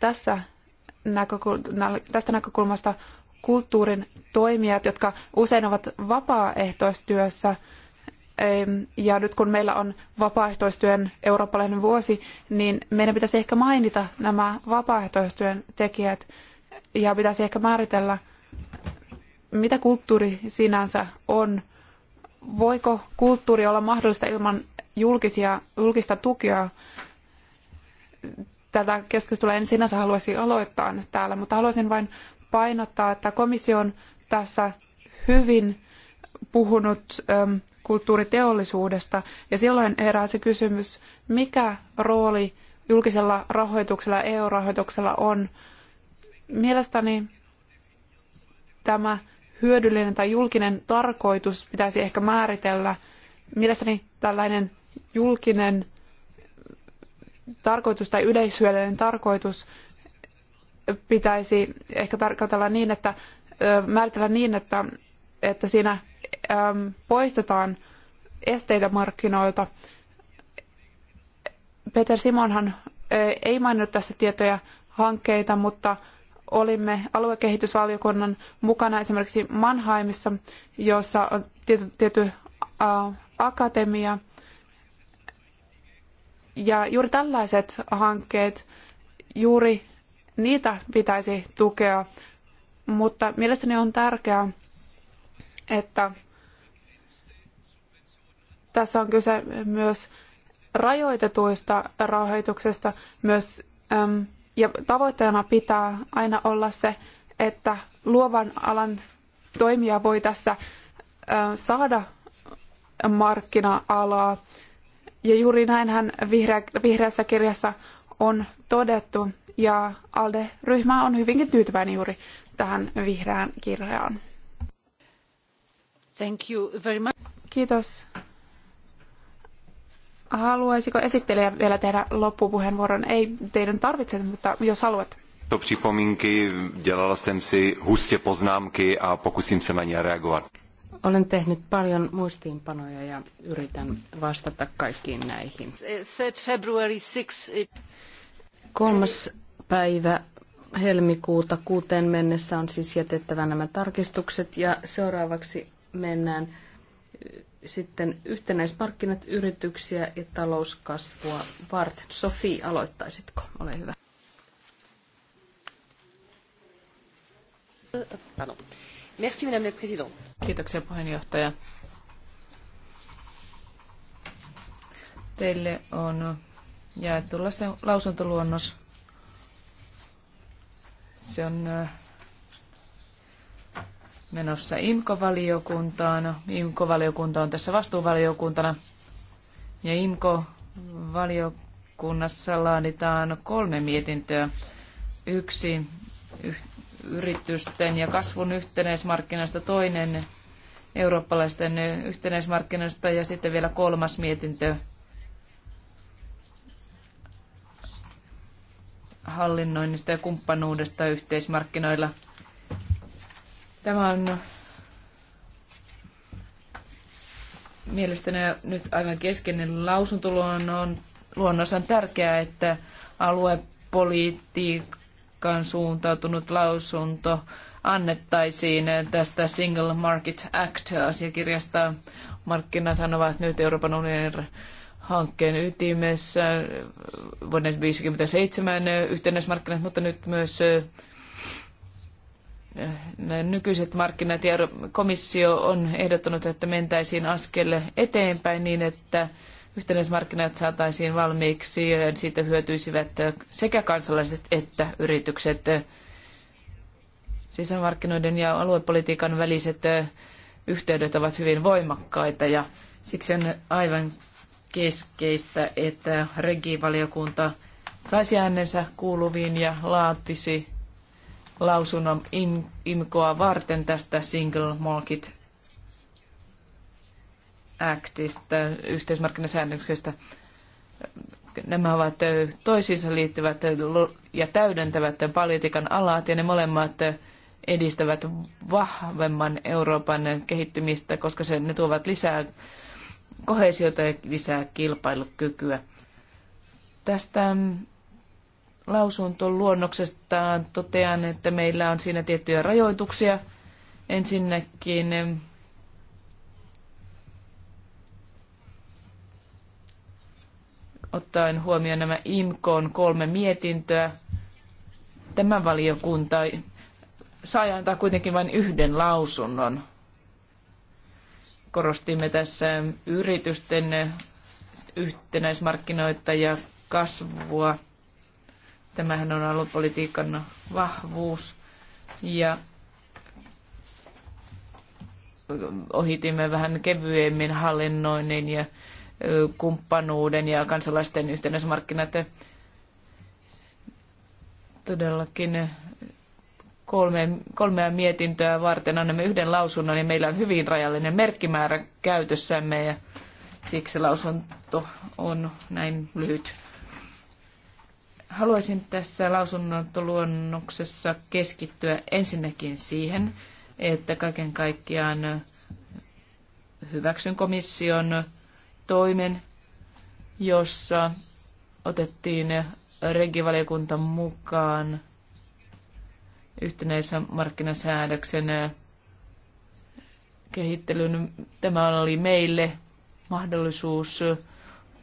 Tässä tästä näkökulmasta kulttuurin toimijat, jotka usein ovat vapaaehtoistyössä, ja nyt kun meillä on vapaaehtoistyön eurooppalainen vuosi, niin meidän pitäisi ehkä mainita nämä vapaaehtoistyön tekijät ja pitäisi ehkä määritellä, mitä kulttuuri sinänsä on. Voiko kulttuuri olla mahdollista ilman julkisia, julkista tukea? Tätä keskustelua en sinänsä haluaisi aloittaa nyt täällä, mutta haluaisin vain painottaa, että komissio on tässä hyvin puhunut ähm, kulttuuriteollisuudesta. Ja silloin herää se kysymys, mikä rooli julkisella rahoituksella, EU-rahoituksella on. Mielestäni tämä hyödyllinen tai julkinen tarkoitus pitäisi ehkä määritellä. Mielestäni tällainen julkinen tarkoitus tai yleishyödyllinen tarkoitus pitäisi ehkä tarkoitella niin, että määritellä niin, että, että siinä Ähm, poistetaan esteitä markkinoilta. Peter Simonhan ei maininnut tässä tietoja hankkeita, mutta olimme aluekehitysvaliokunnan mukana esimerkiksi Mannheimissa, jossa on tietty, tietty akatemia. Ja juuri tällaiset hankkeet, juuri niitä pitäisi tukea, mutta mielestäni on tärkeää, että tässä on kyse myös rajoitetuista rahoituksesta myös, ja tavoitteena pitää aina olla se, että luovan alan toimija voi tässä saada markkina-alaa. Ja juuri näinhän vihreä, vihreässä kirjassa on todettu, ja ALDE-ryhmä on hyvinkin tyytyväinen juuri tähän vihreään kirjaan. Thank you very much. Kiitos Haluaisiko esittelijä vielä tehdä loppupuheenvuoron? Ei teidän tarvitse, mutta jos haluat. To připomínky, dělala jsem si hustě poznámky a pokusím se na ně reagovat. Olen tehnyt paljon muistiinpanoja ja yritän vastata kaikkiin näihin. 3. päivä helmikuuta kuuteen mennessä on siis jätettävä nämä tarkistukset ja seuraavaksi mennään sitten yhtenäismarkkinat, yrityksiä ja talouskasvua varten. Sofi, aloittaisitko? Ole hyvä. Euh, Merci, madame Kiitoksia puheenjohtaja. Teille on jaettu lausuntoluonnos. Se on äh, menossa IMKO-valiokuntaan. IMKO-valiokunta on tässä vastuuvaliokuntana. Ja IMKO-valiokunnassa laaditaan kolme mietintöä. Yksi yritysten ja kasvun yhtenäismarkkinoista, toinen eurooppalaisten yhtenäismarkkinoista ja sitten vielä kolmas mietintö hallinnoinnista ja kumppanuudesta yhteismarkkinoilla – Tämä on mielestäni nyt aivan keskeinen lausuntoluonnon luonnos on tärkeää, että aluepolitiikan suuntautunut lausunto annettaisiin tästä Single Market Act-asiakirjasta. Markkinathan ovat nyt Euroopan unionin hankkeen ytimessä vuoden 1957 yhtenäismarkkinat, mutta nyt myös nykyiset markkinat ja komissio on ehdottanut, että mentäisiin askelle eteenpäin niin, että yhtenäismarkkinat saataisiin valmiiksi ja siitä hyötyisivät sekä kansalaiset että yritykset. Sisämarkkinoiden ja aluepolitiikan väliset yhteydet ovat hyvin voimakkaita ja siksi on aivan keskeistä, että regivaliokunta saisi äänensä kuuluviin ja laatisi lausunnon IMKOa varten tästä Single Market Actista, yhteismarkkinasäännöksestä. Nämä ovat toisiinsa liittyvät ja täydentävät politiikan alat ja ne molemmat edistävät vahvemman Euroopan kehittymistä, koska se, ne tuovat lisää kohesiota ja lisää kilpailukykyä. Tästä lausuntoluonnoksestaan totean, että meillä on siinä tiettyjä rajoituksia. Ensinnäkin ottaen huomioon nämä IMKOn kolme mietintöä, tämä valiokunta sai antaa kuitenkin vain yhden lausunnon. Korostimme tässä yritysten yhtenäismarkkinoita ja kasvua – Tämähän on ollut politiikan vahvuus ja ohitimme vähän kevyemmin hallinnoinnin ja kumppanuuden ja kansalaisten yhtenäismarkkinat. Todellakin kolme, kolmea mietintöä varten annamme yhden lausunnon, niin meillä on hyvin rajallinen merkkimäärä käytössämme ja siksi lausunto on näin lyhyt. Haluaisin tässä lausunnontoluonnoksessa keskittyä ensinnäkin siihen, että kaiken kaikkiaan hyväksyn komission toimen, jossa otettiin regivaliokunta mukaan yhtenäisen markkinasäädöksen kehittelyn. Tämä oli meille mahdollisuus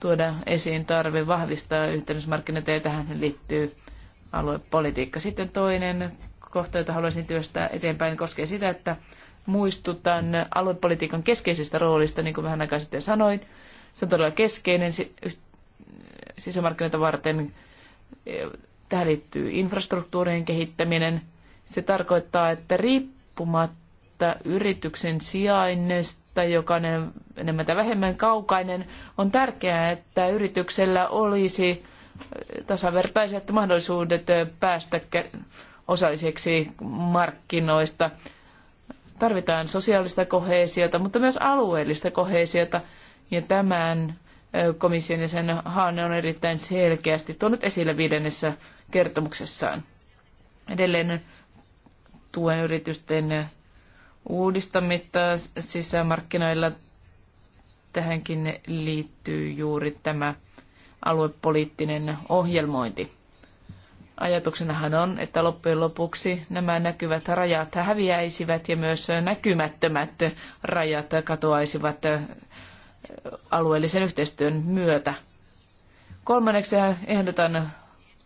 tuoda esiin tarve vahvistaa yhtenäismarkkinoita ja tähän liittyy aluepolitiikka. Sitten toinen kohta, jota haluaisin työstää eteenpäin, koskee sitä, että muistutan aluepolitiikan keskeisestä roolista, niin kuin vähän aikaa sitten sanoin. Se on todella keskeinen sisämarkkinoita varten. Tähän liittyy infrastruktuurien kehittäminen. Se tarkoittaa, että riippumatta yrityksen sijainnesta, tai joka on enemmän tai vähemmän kaukainen, on tärkeää, että yrityksellä olisi tasavertaiset mahdollisuudet päästä osalliseksi markkinoista. Tarvitaan sosiaalista koheesiota, mutta myös alueellista koheesiota, ja tämän komission ja sen Haanne on erittäin selkeästi tuonut esille viidennessä kertomuksessaan. Edelleen tuen yritysten uudistamista sisämarkkinoilla. Tähänkin liittyy juuri tämä aluepoliittinen ohjelmointi. Ajatuksenahan on, että loppujen lopuksi nämä näkyvät rajat häviäisivät ja myös näkymättömät rajat katoaisivat alueellisen yhteistyön myötä. Kolmanneksi ehdotan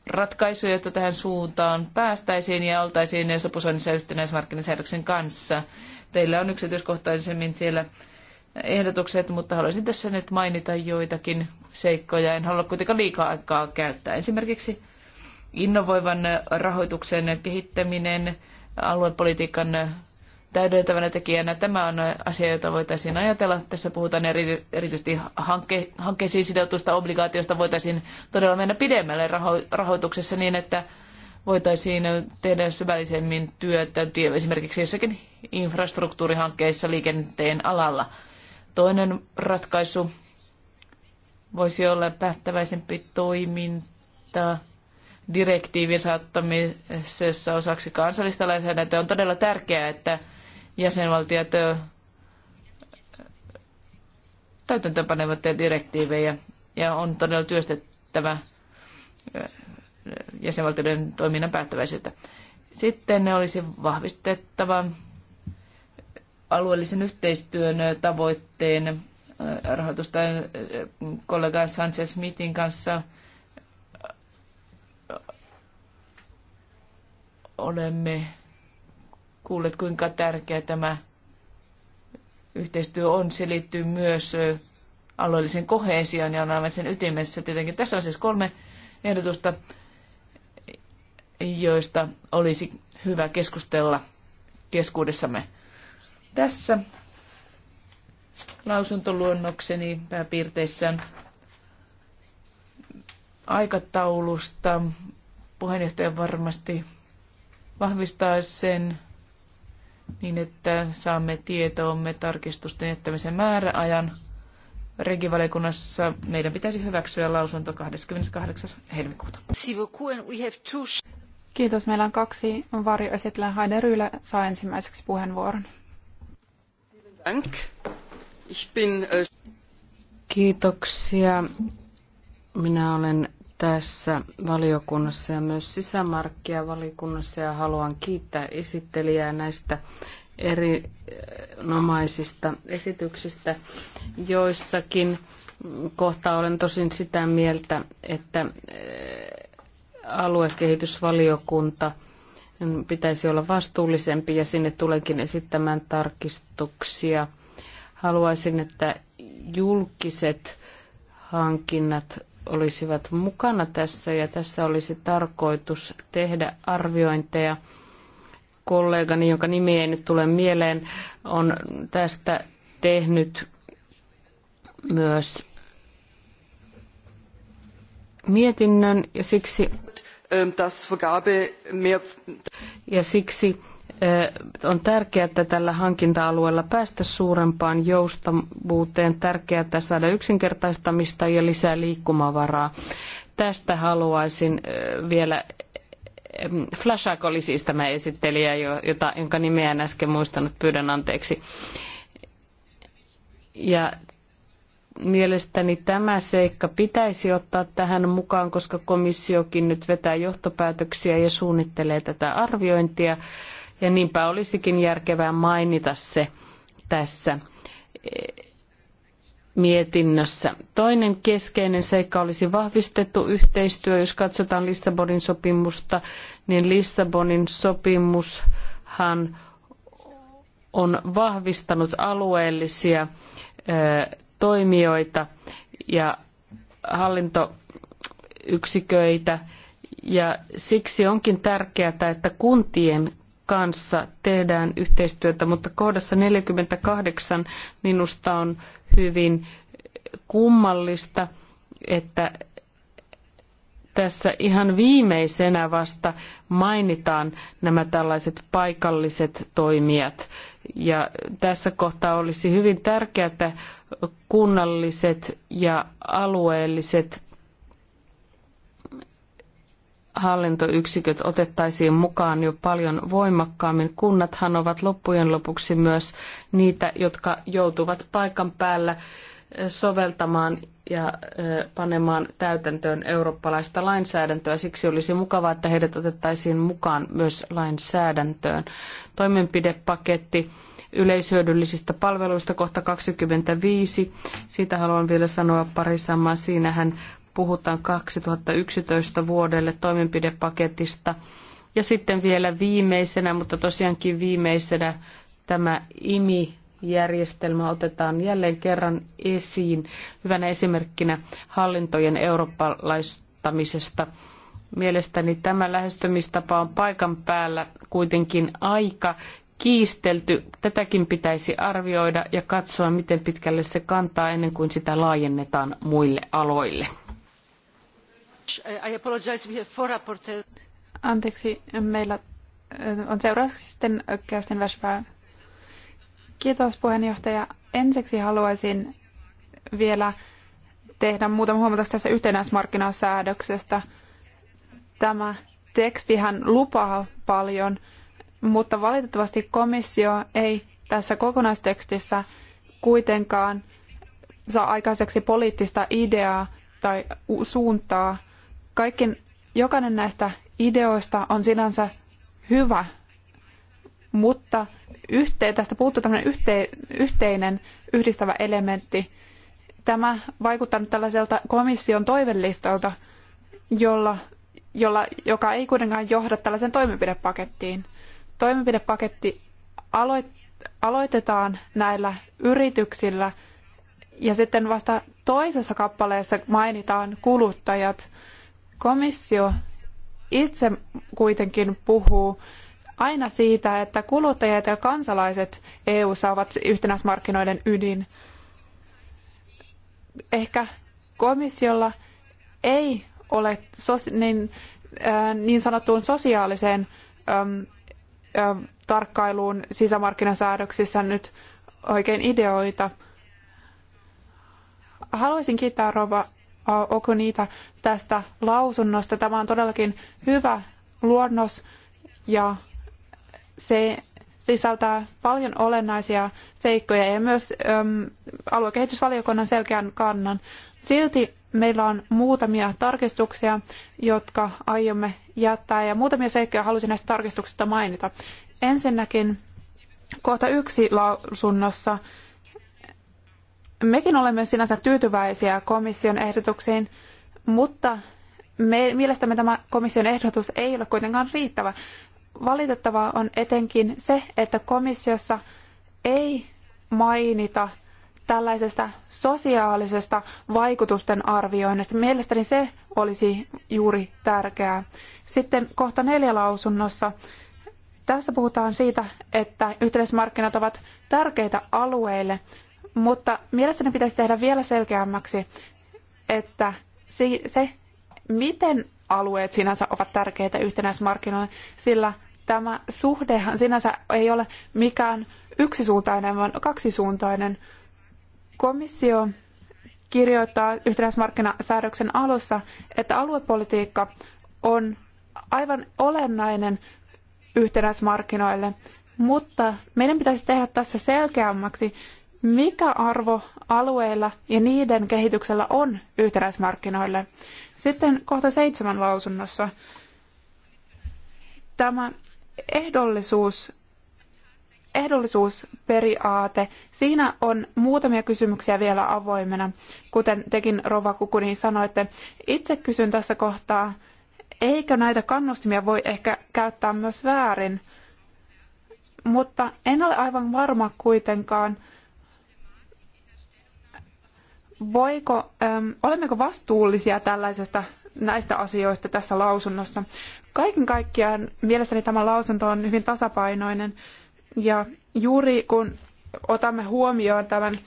ratkaisuja, jotta tähän suuntaan päästäisiin ja oltaisiin sopusoinnissa yhtenäismarkkinasäädöksen kanssa. Teillä on yksityiskohtaisemmin siellä ehdotukset, mutta haluaisin tässä nyt mainita joitakin seikkoja. En halua kuitenkaan liikaa aikaa käyttää. Esimerkiksi innovoivan rahoituksen kehittäminen, aluepolitiikan täydentävänä tekijänä. Tämä on asia, jota voitaisiin ajatella. Tässä puhutaan eri, erityisesti hankke, hankkeisiin sidotusta obligaatiosta. Voitaisiin todella mennä pidemmälle raho, rahoituksessa niin, että voitaisiin tehdä syvällisemmin työtä esimerkiksi jossakin infrastruktuurihankkeissa liikenteen alalla. Toinen ratkaisu voisi olla päättäväisempi toiminta direktiivin saattamisessa osaksi kansallista lainsäädäntöä. On todella tärkeää, että jäsenvaltiot täytäntöönpanevat direktiivejä ja on todella työstettävä jäsenvaltioiden toiminnan päättäväisyyttä. Sitten ne olisi vahvistettava alueellisen yhteistyön tavoitteen rahoitusta kollega Sanchez Smithin kanssa olemme kuulleet, kuinka tärkeä tämä yhteistyö on. Se liittyy myös alueellisen kohesioon ja on aivan sen ytimessä tietenkin. Tässä on siis kolme ehdotusta, joista olisi hyvä keskustella keskuudessamme. Tässä lausuntoluonnokseni pääpiirteissään aikataulusta. Puheenjohtaja varmasti vahvistaa sen niin, että saamme tietoomme tarkistusten jättämisen määräajan. Regivaliokunnassa meidän pitäisi hyväksyä lausunto 28. helmikuuta. Kiitos. Meillä on kaksi varjoesittelyä. Heide Ryylä saa ensimmäiseksi puheenvuoron. Äh, Kiitoksia. Minä olen tässä valiokunnassa ja myös sisämarkkia-valiokunnassa ja haluan kiittää esittelijää näistä erinomaisista esityksistä. Joissakin kohtaa olen tosin sitä mieltä, että eh, aluekehitysvaliokunta pitäisi olla vastuullisempi ja sinne tulenkin esittämään tarkistuksia. Haluaisin, että julkiset hankinnat olisivat mukana tässä ja tässä olisi tarkoitus tehdä arviointeja. Kollegani, jonka nimi ei nyt tule mieleen, on tästä tehnyt myös mietinnön ja siksi, ähm, ja siksi on tärkeää, että tällä hankinta-alueella päästä suurempaan joustavuuteen. Tärkeää että saada yksinkertaistamista ja lisää liikkumavaraa. Tästä haluaisin vielä Flashak oli siis tämä esittelijä, jota, jonka nimeä en äsken muistanut, pyydän anteeksi. Ja mielestäni tämä seikka pitäisi ottaa tähän mukaan, koska komissiokin nyt vetää johtopäätöksiä ja suunnittelee tätä arviointia. Ja niinpä olisikin järkevää mainita se tässä eh, mietinnössä. Toinen keskeinen seikka olisi vahvistettu yhteistyö. Jos katsotaan Lissabonin sopimusta, niin Lissabonin sopimushan on vahvistanut alueellisia eh, toimijoita ja hallintoyksiköitä. Ja siksi onkin tärkeää, että kuntien kanssa tehdään yhteistyötä, mutta kohdassa 48 minusta on hyvin kummallista, että tässä ihan viimeisenä vasta mainitaan nämä tällaiset paikalliset toimijat. Ja tässä kohtaa olisi hyvin tärkeää, että kunnalliset ja alueelliset hallintoyksiköt otettaisiin mukaan jo paljon voimakkaammin. Kunnathan ovat loppujen lopuksi myös niitä, jotka joutuvat paikan päällä soveltamaan ja panemaan täytäntöön eurooppalaista lainsäädäntöä. Siksi olisi mukavaa, että heidät otettaisiin mukaan myös lainsäädäntöön. Toimenpidepaketti yleishyödyllisistä palveluista kohta 25. Siitä haluan vielä sanoa pari samaa. Siinähän puhutaan 2011 vuodelle toimenpidepaketista. Ja sitten vielä viimeisenä, mutta tosiaankin viimeisenä tämä IMI järjestelmä otetaan jälleen kerran esiin hyvänä esimerkkinä hallintojen eurooppalaistamisesta. Mielestäni tämä lähestymistapa on paikan päällä kuitenkin aika kiistelty. Tätäkin pitäisi arvioida ja katsoa, miten pitkälle se kantaa ennen kuin sitä laajennetaan muille aloille. Uh, Anteeksi, meillä äh, on seuraavaksi sitten äh, Kerstin Väsvää. Kiitos puheenjohtaja. Ensiksi haluaisin vielä tehdä muutama huomautus tässä yhtenäismarkkinasäädöksestä. Tämä tekstihän lupaa paljon, mutta valitettavasti komissio ei tässä kokonaistekstissä kuitenkaan saa aikaiseksi poliittista ideaa tai suuntaa kaikki, jokainen näistä ideoista on sinänsä hyvä, mutta yhteen, tästä puuttuu tämmöinen yhteinen yhdistävä elementti. Tämä vaikuttaa nyt tällaiselta komission toivelistalta, jolla, jolla, joka ei kuitenkaan johda tällaiseen toimenpidepakettiin. Toimenpidepaketti aloit, aloitetaan näillä yrityksillä ja sitten vasta toisessa kappaleessa mainitaan kuluttajat – Komissio itse kuitenkin puhuu aina siitä, että kuluttajat ja kansalaiset EU saavat yhtenäismarkkinoiden ydin. Ehkä komissiolla ei ole niin, äh, niin sanottuun sosiaaliseen äh, tarkkailuun sisämarkkinasäädöksissä nyt oikein ideoita. Haluaisin kiittää Rova Oko niitä tästä lausunnosta. Tämä on todellakin hyvä luonnos ja se sisältää paljon olennaisia seikkoja ja myös äm, aluekehitysvaliokunnan selkeän kannan. Silti meillä on muutamia tarkistuksia, jotka aiomme jättää ja muutamia seikkoja halusin näistä tarkistuksista mainita. Ensinnäkin kohta yksi lausunnossa Mekin olemme sinänsä tyytyväisiä komission ehdotuksiin, mutta me, mielestämme tämä komission ehdotus ei ole kuitenkaan riittävä. Valitettavaa on etenkin se, että komissiossa ei mainita tällaisesta sosiaalisesta vaikutusten arvioinnista. Mielestäni se olisi juuri tärkeää. Sitten kohta neljä lausunnossa. Tässä puhutaan siitä, että yhteismarkkinat ovat tärkeitä alueille. Mutta mielestäni pitäisi tehdä vielä selkeämmäksi, että se, miten alueet sinänsä ovat tärkeitä yhtenäismarkkinoille, sillä tämä suhdehan sinänsä ei ole mikään yksisuuntainen, vaan kaksisuuntainen. Komissio kirjoittaa yhtenäismarkkinasäädöksen alussa, että aluepolitiikka on aivan olennainen yhtenäismarkkinoille, mutta meidän pitäisi tehdä tässä selkeämmäksi, mikä arvo alueilla ja niiden kehityksellä on yhtenäismarkkinoille. Sitten kohta seitsemän lausunnossa tämä ehdollisuus, ehdollisuusperiaate, siinä on muutamia kysymyksiä vielä avoimena, kuten tekin Rova Kukuni niin sanoitte. Itse kysyn tässä kohtaa, eikö näitä kannustimia voi ehkä käyttää myös väärin, mutta en ole aivan varma kuitenkaan, voiko, ähm, olemmeko vastuullisia tällaisesta näistä asioista tässä lausunnossa. Kaiken kaikkiaan mielestäni tämä lausunto on hyvin tasapainoinen ja juuri kun otamme huomioon tämän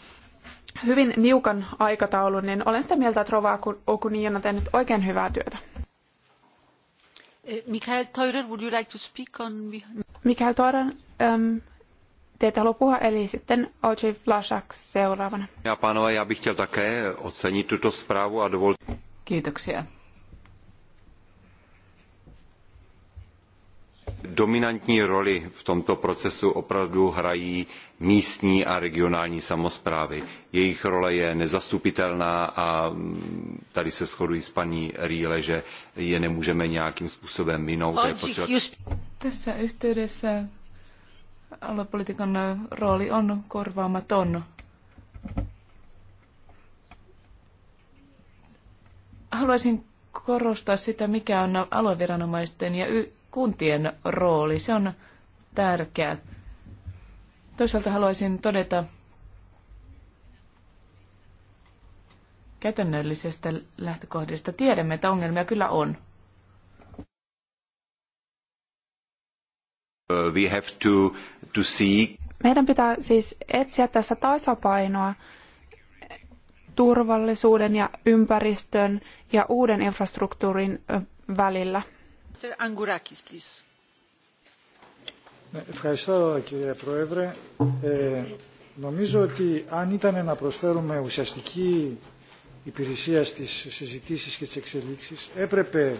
hyvin niukan aikataulun, niin olen sitä mieltä, että Rova Okunian on tehnyt oikein hyvää työtä. Eh, Mikael Teurer, would you like to speak on... Mikael Teurer, um, te ette puhua, eli sitten Olci Vlasak seuraavana. Ja pánové, já bych chtěl také ocenit tuto zprávu a dovol... Kiitoksia. Dominantní roli v tomto procesu opravdu hrají místní a regionální samosprávy. Jejich role je nezastupitelná a mm, tady se shodují s paní Rýle, že je nemůžeme nějakým způsobem minout. Tässä yhteydessä aluepolitiikan rooli on korvaamaton. Haluaisin korostaa sitä, mikä on alueviranomaisten ja kuntien rooli. Se on tärkeää. Toisaalta haluaisin todeta käytännöllisestä lähtökohdista. Tiedämme, että ongelmia kyllä on. Uh, we have to, to see. Meidän pitää siis etsiä tässä tasapainoa turvallisuuden ja ympäristön ja uuden infrastruktuurin välillä. Mr. Angurakis, please. Ευχαριστώ κύριε Πρόεδρε. Ε, νομίζω ότι αν ήταν να προσφέρουμε ουσιαστική υπηρεσία στις συζητήσεις και τις εξελίξεις έπρεπε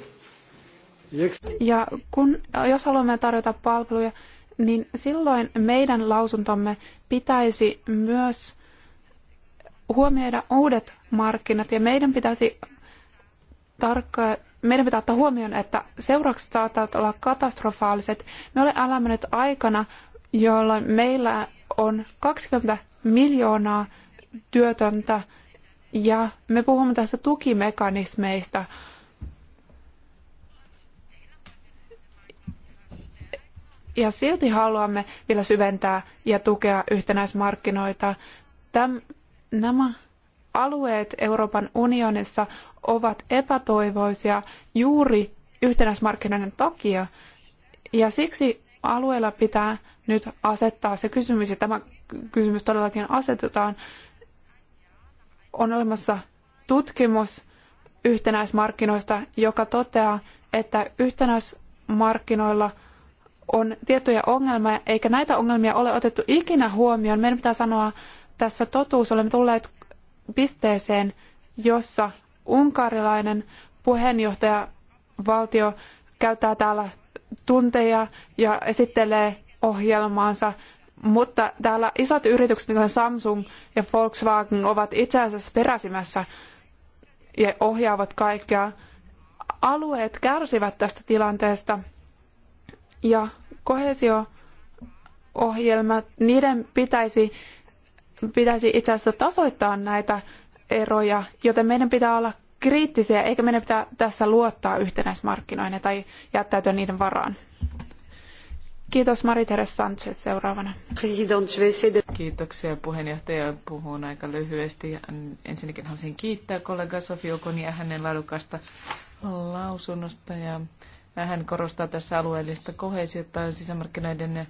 ja kun, jos haluamme tarjota palveluja, niin silloin meidän lausuntomme pitäisi myös huomioida uudet markkinat ja meidän pitäisi tarkka, meidän pitää ottaa huomioon, että seuraukset saattavat olla katastrofaaliset. Me olemme nyt aikana, jolloin meillä on 20 miljoonaa työtöntä ja me puhumme tästä tukimekanismeista. ja silti haluamme vielä syventää ja tukea yhtenäismarkkinoita. Täm, nämä alueet Euroopan unionissa ovat epätoivoisia juuri yhtenäismarkkinoiden takia. Ja siksi alueella pitää nyt asettaa se kysymys, ja tämä kysymys todellakin asetetaan. On olemassa tutkimus yhtenäismarkkinoista, joka toteaa, että yhtenäismarkkinoilla – on tiettyjä ongelmia, eikä näitä ongelmia ole otettu ikinä huomioon. Meidän pitää sanoa tässä totuus. Olemme tulleet pisteeseen, jossa unkarilainen puheenjohtajavaltio käyttää täällä tunteja ja esittelee ohjelmaansa, mutta täällä isot yritykset, niin kuten Samsung ja Volkswagen, ovat itse asiassa peräsimässä ja ohjaavat kaikkea. Alueet kärsivät tästä tilanteesta ja kohesio-ohjelmat, niiden pitäisi, pitäisi itse asiassa tasoittaa näitä eroja, joten meidän pitää olla kriittisiä, eikä meidän pitää tässä luottaa yhtenäismarkkinoihin tai jättäytyä niiden varaan. Kiitos Marie-Therese Sanchez seuraavana. Kiitoksia puheenjohtaja. Puhun aika lyhyesti. Ensinnäkin haluaisin kiittää kollega Sofi Okonia hänen laadukasta lausunnosta ja hän korostaa tässä alueellista kohesiota sisämarkkinoiden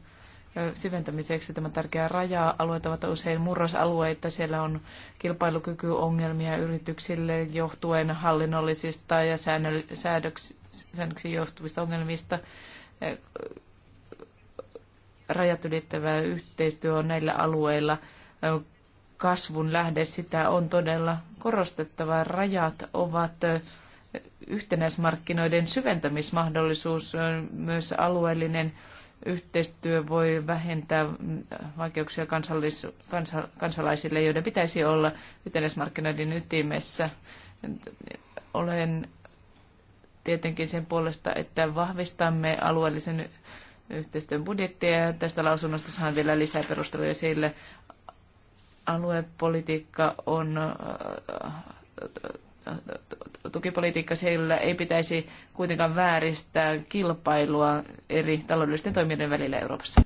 syventämiseksi. Tämä tärkeä raja-alueet ovat usein murrosalueita. Siellä on kilpailukykyongelmia yrityksille johtuen hallinnollisista ja säännöksiin johtuvista ongelmista. Rajat ylittävä yhteistyö on näillä alueilla kasvun lähde. Sitä on todella korostettava. Rajat ovat yhtenäismarkkinoiden syventämismahdollisuus, myös alueellinen yhteistyö voi vähentää vaikeuksia kansallis, kansa, kansalaisille, joiden pitäisi olla yhtenäismarkkinoiden ytimessä. Olen tietenkin sen puolesta, että vahvistamme alueellisen yhteistyön budjettia. Tästä lausunnosta saan vielä lisää perusteluja sille. Aluepolitiikka on tukipolitiikka sillä ei pitäisi kuitenkaan vääristää kilpailua eri taloudellisten toimijoiden välillä Euroopassa.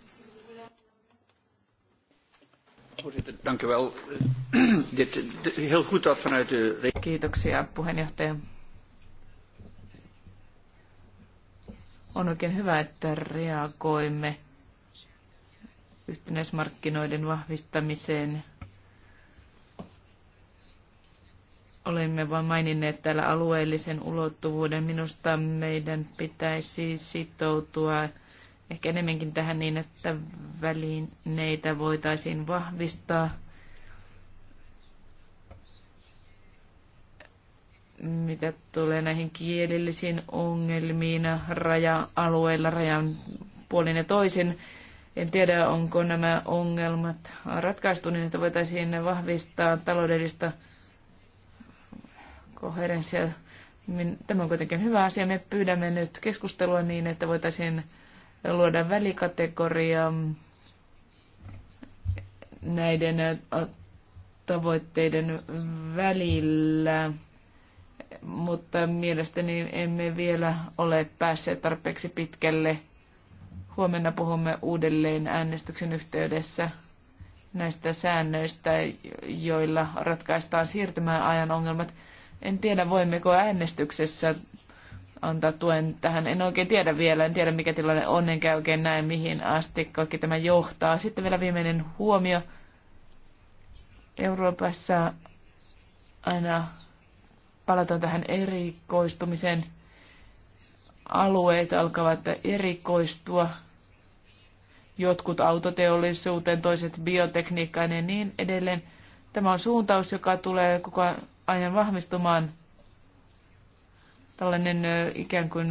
Kiitoksia puheenjohtaja. On oikein hyvä, että reagoimme yhtenäismarkkinoiden vahvistamiseen olemme vain maininneet täällä alueellisen ulottuvuuden. Minusta meidän pitäisi sitoutua ehkä enemmänkin tähän niin, että välineitä voitaisiin vahvistaa. Mitä tulee näihin kielellisiin ongelmiin raja-alueilla, rajan puolin ja toisin, en tiedä, onko nämä ongelmat ratkaistu niin, että voitaisiin vahvistaa taloudellista koherenssia. Tämä on kuitenkin hyvä asia. Me pyydämme nyt keskustelua niin, että voitaisiin luoda välikategoria näiden äh, tavoitteiden välillä, mutta mielestäni emme vielä ole päässeet tarpeeksi pitkälle. Huomenna puhumme uudelleen äänestyksen yhteydessä näistä säännöistä, joilla ratkaistaan siirtymäajan ongelmat. En tiedä, voimmeko äänestyksessä antaa tuen tähän. En oikein tiedä vielä, en tiedä mikä tilanne on, enkä oikein näe mihin asti kaikki tämä johtaa. Sitten vielä viimeinen huomio. Euroopassa aina palataan tähän erikoistumiseen. Alueet alkavat erikoistua. Jotkut autoteollisuuteen, toiset biotekniikkaan ja niin edelleen. Tämä on suuntaus, joka tulee koko ajan vahvistumaan tällainen ikään kuin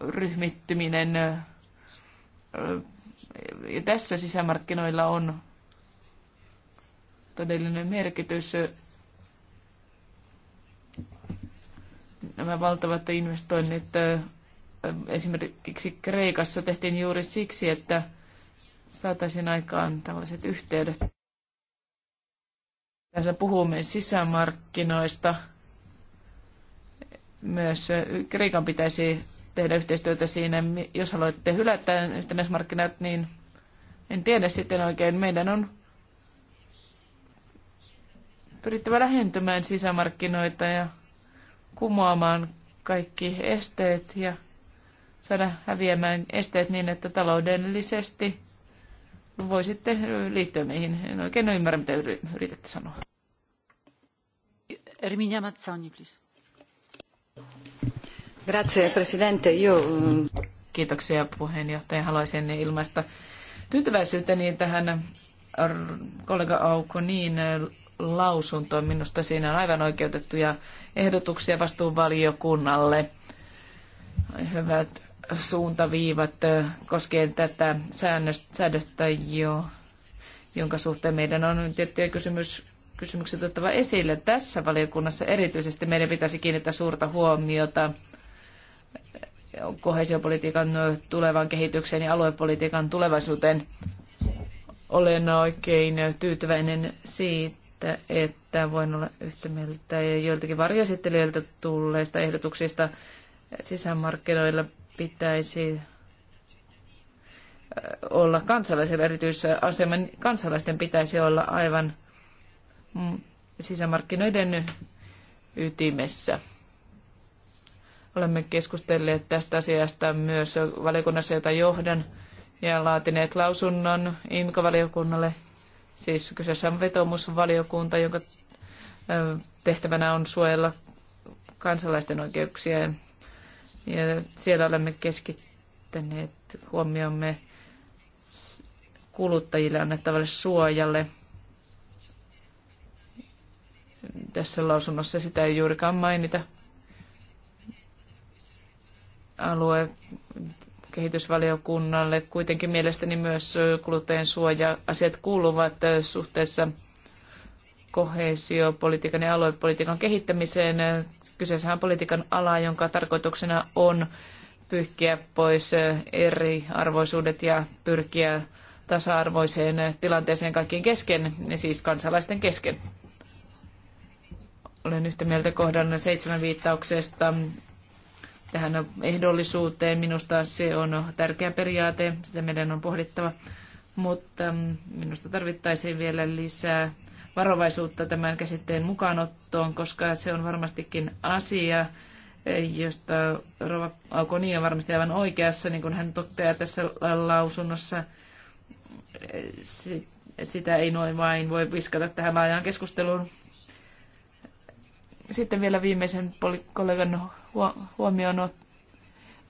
ryhmittyminen. Ja tässä sisämarkkinoilla on todellinen merkitys. Nämä valtavat investoinnit esimerkiksi Kreikassa tehtiin juuri siksi, että saataisiin aikaan tällaiset yhteydet. Tässä puhumme sisämarkkinoista. Myös Kreikan pitäisi tehdä yhteistyötä siinä. Jos haluatte hylätä yhtenäismarkkinat, niin en tiedä sitten oikein. Meidän on pyrittävä lähentymään sisämarkkinoita ja kumoamaan kaikki esteet ja saada häviämään esteet niin, että taloudellisesti voisitte liittyä meihin. En oikein ymmärrä, mitä yritätte sanoa. Erminia Mazzoni, please. Grazie, presidente. Io... Mm, Kiitoksia puheenjohtaja. Haluaisin ilmaista tyytyväisyyteni tähän kollega Auko niin lausuntoon. Minusta siinä on aivan oikeutettuja ehdotuksia vastuunvaliokunnalle. Hyvät suuntaviivat koskien tätä säännöstä, jo, jonka suhteen meidän on tiettyjä kysymys, kysymykset otettava esille. Tässä valiokunnassa erityisesti meidän pitäisi kiinnittää suurta huomiota kohesiopolitiikan tulevaan kehitykseen ja aluepolitiikan tulevaisuuteen. Olen oikein tyytyväinen siitä, että voin olla yhtä mieltä joiltakin varjoesittelijöiltä tulleista ehdotuksista sisämarkkinoilla pitäisi äh, olla kansalaisilla erityisaseman. Kansalaisten pitäisi olla aivan mm, sisämarkkinoiden ytimessä. Olemme keskustelleet tästä asiasta myös valiokunnassa, jota johdan, ja laatineet lausunnon IMCO-valiokunnalle. Siis kyseessä on vetomusvaliokunta, jonka äh, tehtävänä on suojella kansalaisten oikeuksia ja siellä olemme keskittäneet huomiomme kuluttajille annettavalle suojalle. Tässä lausunnossa sitä ei juurikaan mainita. Alue kehitysvaliokunnalle. Kuitenkin mielestäni myös kuluttajien suoja-asiat kuuluvat äh, suhteessa koheesiopolitiikan ja aluepolitiikan kehittämiseen. Kyseessä on politiikan ala, jonka tarkoituksena on pyyhkiä pois eri arvoisuudet ja pyrkiä tasa-arvoiseen tilanteeseen kaikkien kesken, siis kansalaisten kesken. Olen yhtä mieltä kohdan seitsemän viittauksesta tähän ehdollisuuteen. Minusta se on tärkeä periaate, sitä meidän on pohdittava, mutta mm, minusta tarvittaisiin vielä lisää varovaisuutta tämän käsitteen mukaanottoon, koska se on varmastikin asia, josta Rova Aukoni on varmasti aivan oikeassa, niin kuin hän toteaa tässä lausunnossa. Sitä ei noin vain voi viskata tähän laajaan keskusteluun. Sitten vielä viimeisen kollegan huomioon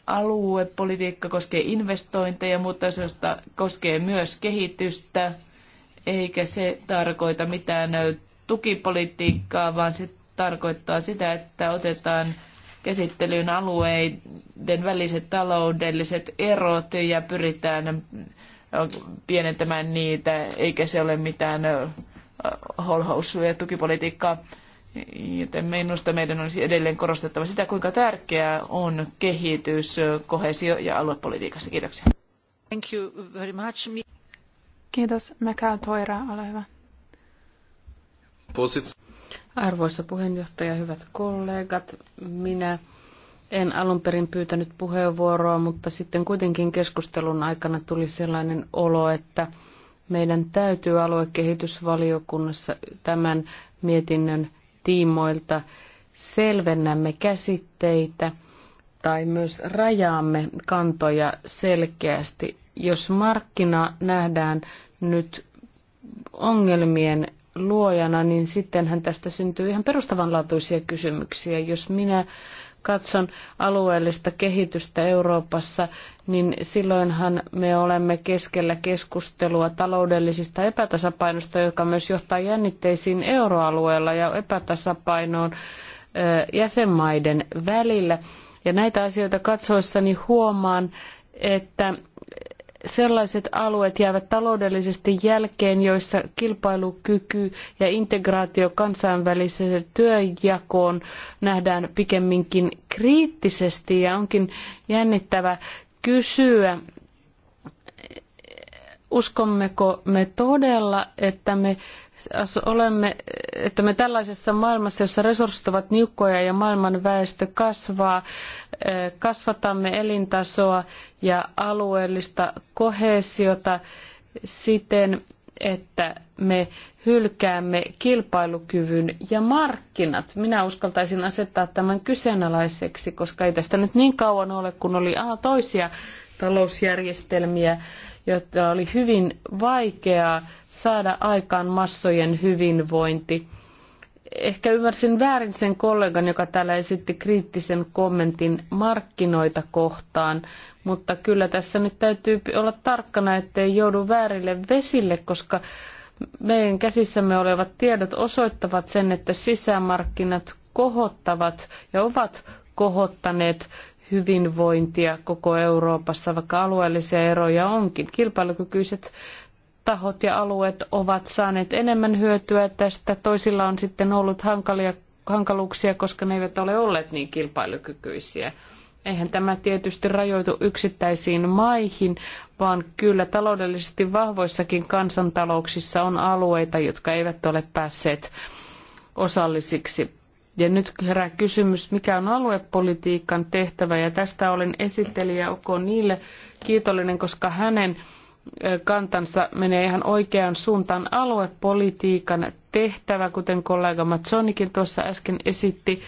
aluepolitiikka koskee investointeja, mutta se koskee myös kehitystä eikä se tarkoita mitään tukipolitiikkaa, vaan se tarkoittaa sitä, että otetaan käsittelyyn alueiden väliset taloudelliset erot ja pyritään pienentämään niitä, eikä se ole mitään holhousua ja tukipolitiikkaa. Joten minusta meidän olisi edelleen korostettava sitä, kuinka tärkeää on kehitys, kohesio ja aluepolitiikassa. Kiitoksia. Thank you very much. Kiitos. Mäkään Toira, ole hyvä. Arvoisa puheenjohtaja, hyvät kollegat, minä en alun perin pyytänyt puheenvuoroa, mutta sitten kuitenkin keskustelun aikana tuli sellainen olo, että meidän täytyy aluekehitysvaliokunnassa tämän mietinnön tiimoilta selvennämme käsitteitä tai myös rajaamme kantoja selkeästi jos markkina nähdään nyt ongelmien luojana, niin sittenhän tästä syntyy ihan perustavanlaatuisia kysymyksiä. Jos minä katson alueellista kehitystä Euroopassa, niin silloinhan me olemme keskellä keskustelua taloudellisista epätasapainosta, joka myös johtaa jännitteisiin euroalueella ja epätasapainoon jäsenmaiden välillä. Ja näitä asioita katsoessani huomaan, että sellaiset alueet jäävät taloudellisesti jälkeen, joissa kilpailukyky ja integraatio kansainväliseen työjakoon nähdään pikemminkin kriittisesti ja onkin jännittävä kysyä Uskommeko me todella, että me olemme, että me tällaisessa maailmassa, jossa resurssit ovat niukkoja ja maailman väestö kasvaa, eh, kasvatamme elintasoa ja alueellista kohesiota siten, että me hylkäämme kilpailukyvyn ja markkinat. Minä uskaltaisin asettaa tämän kyseenalaiseksi, koska ei tästä nyt niin kauan ole, kun oli a, toisia talousjärjestelmiä, jotta oli hyvin vaikeaa saada aikaan massojen hyvinvointi. Ehkä ymmärsin väärin sen kollegan, joka täällä esitti kriittisen kommentin markkinoita kohtaan, mutta kyllä tässä nyt täytyy olla tarkkana, ettei joudu väärille vesille, koska meidän käsissämme olevat tiedot osoittavat sen, että sisämarkkinat kohottavat ja ovat kohottaneet hyvinvointia koko Euroopassa, vaikka alueellisia eroja onkin. Kilpailukykyiset tahot ja alueet ovat saaneet enemmän hyötyä tästä. Toisilla on sitten ollut hankalia, hankaluuksia, koska ne eivät ole olleet niin kilpailukykyisiä. Eihän tämä tietysti rajoitu yksittäisiin maihin, vaan kyllä taloudellisesti vahvoissakin kansantalouksissa on alueita, jotka eivät ole päässeet osallisiksi ja nyt herää kysymys, mikä on aluepolitiikan tehtävä, ja tästä olen esittelijä Oko Niille kiitollinen, koska hänen kantansa menee ihan oikeaan suuntaan. Aluepolitiikan tehtävä, kuten kollega Matsonikin tuossa äsken esitti,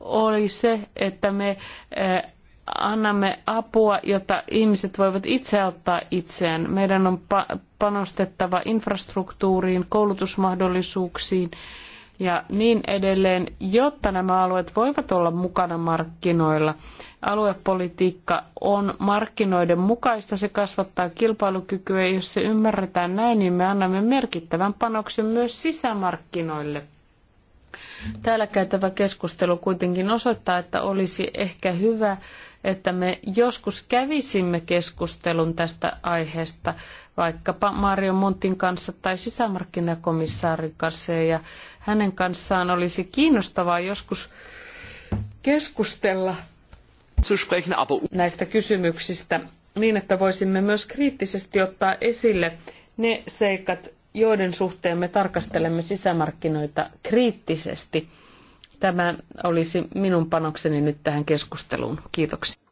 oli se, että me annamme apua, jotta ihmiset voivat itse auttaa itseään. Meidän on panostettava infrastruktuuriin, koulutusmahdollisuuksiin, ja niin edelleen, jotta nämä alueet voivat olla mukana markkinoilla. Aluepolitiikka on markkinoiden mukaista, se kasvattaa kilpailukykyä. Jos se ymmärretään näin, niin me annamme merkittävän panoksen myös sisämarkkinoille. Täällä käytävä keskustelu kuitenkin osoittaa, että olisi ehkä hyvä, että me joskus kävisimme keskustelun tästä aiheesta vaikkapa Mario Montin kanssa tai sisämarkkinakomissaarin kanssa ja hänen kanssaan olisi kiinnostavaa joskus keskustella näistä kysymyksistä niin, että voisimme myös kriittisesti ottaa esille ne seikat, joiden suhteen me tarkastelemme sisämarkkinoita kriittisesti. Tämä olisi minun panokseni nyt tähän keskusteluun. Kiitoksia.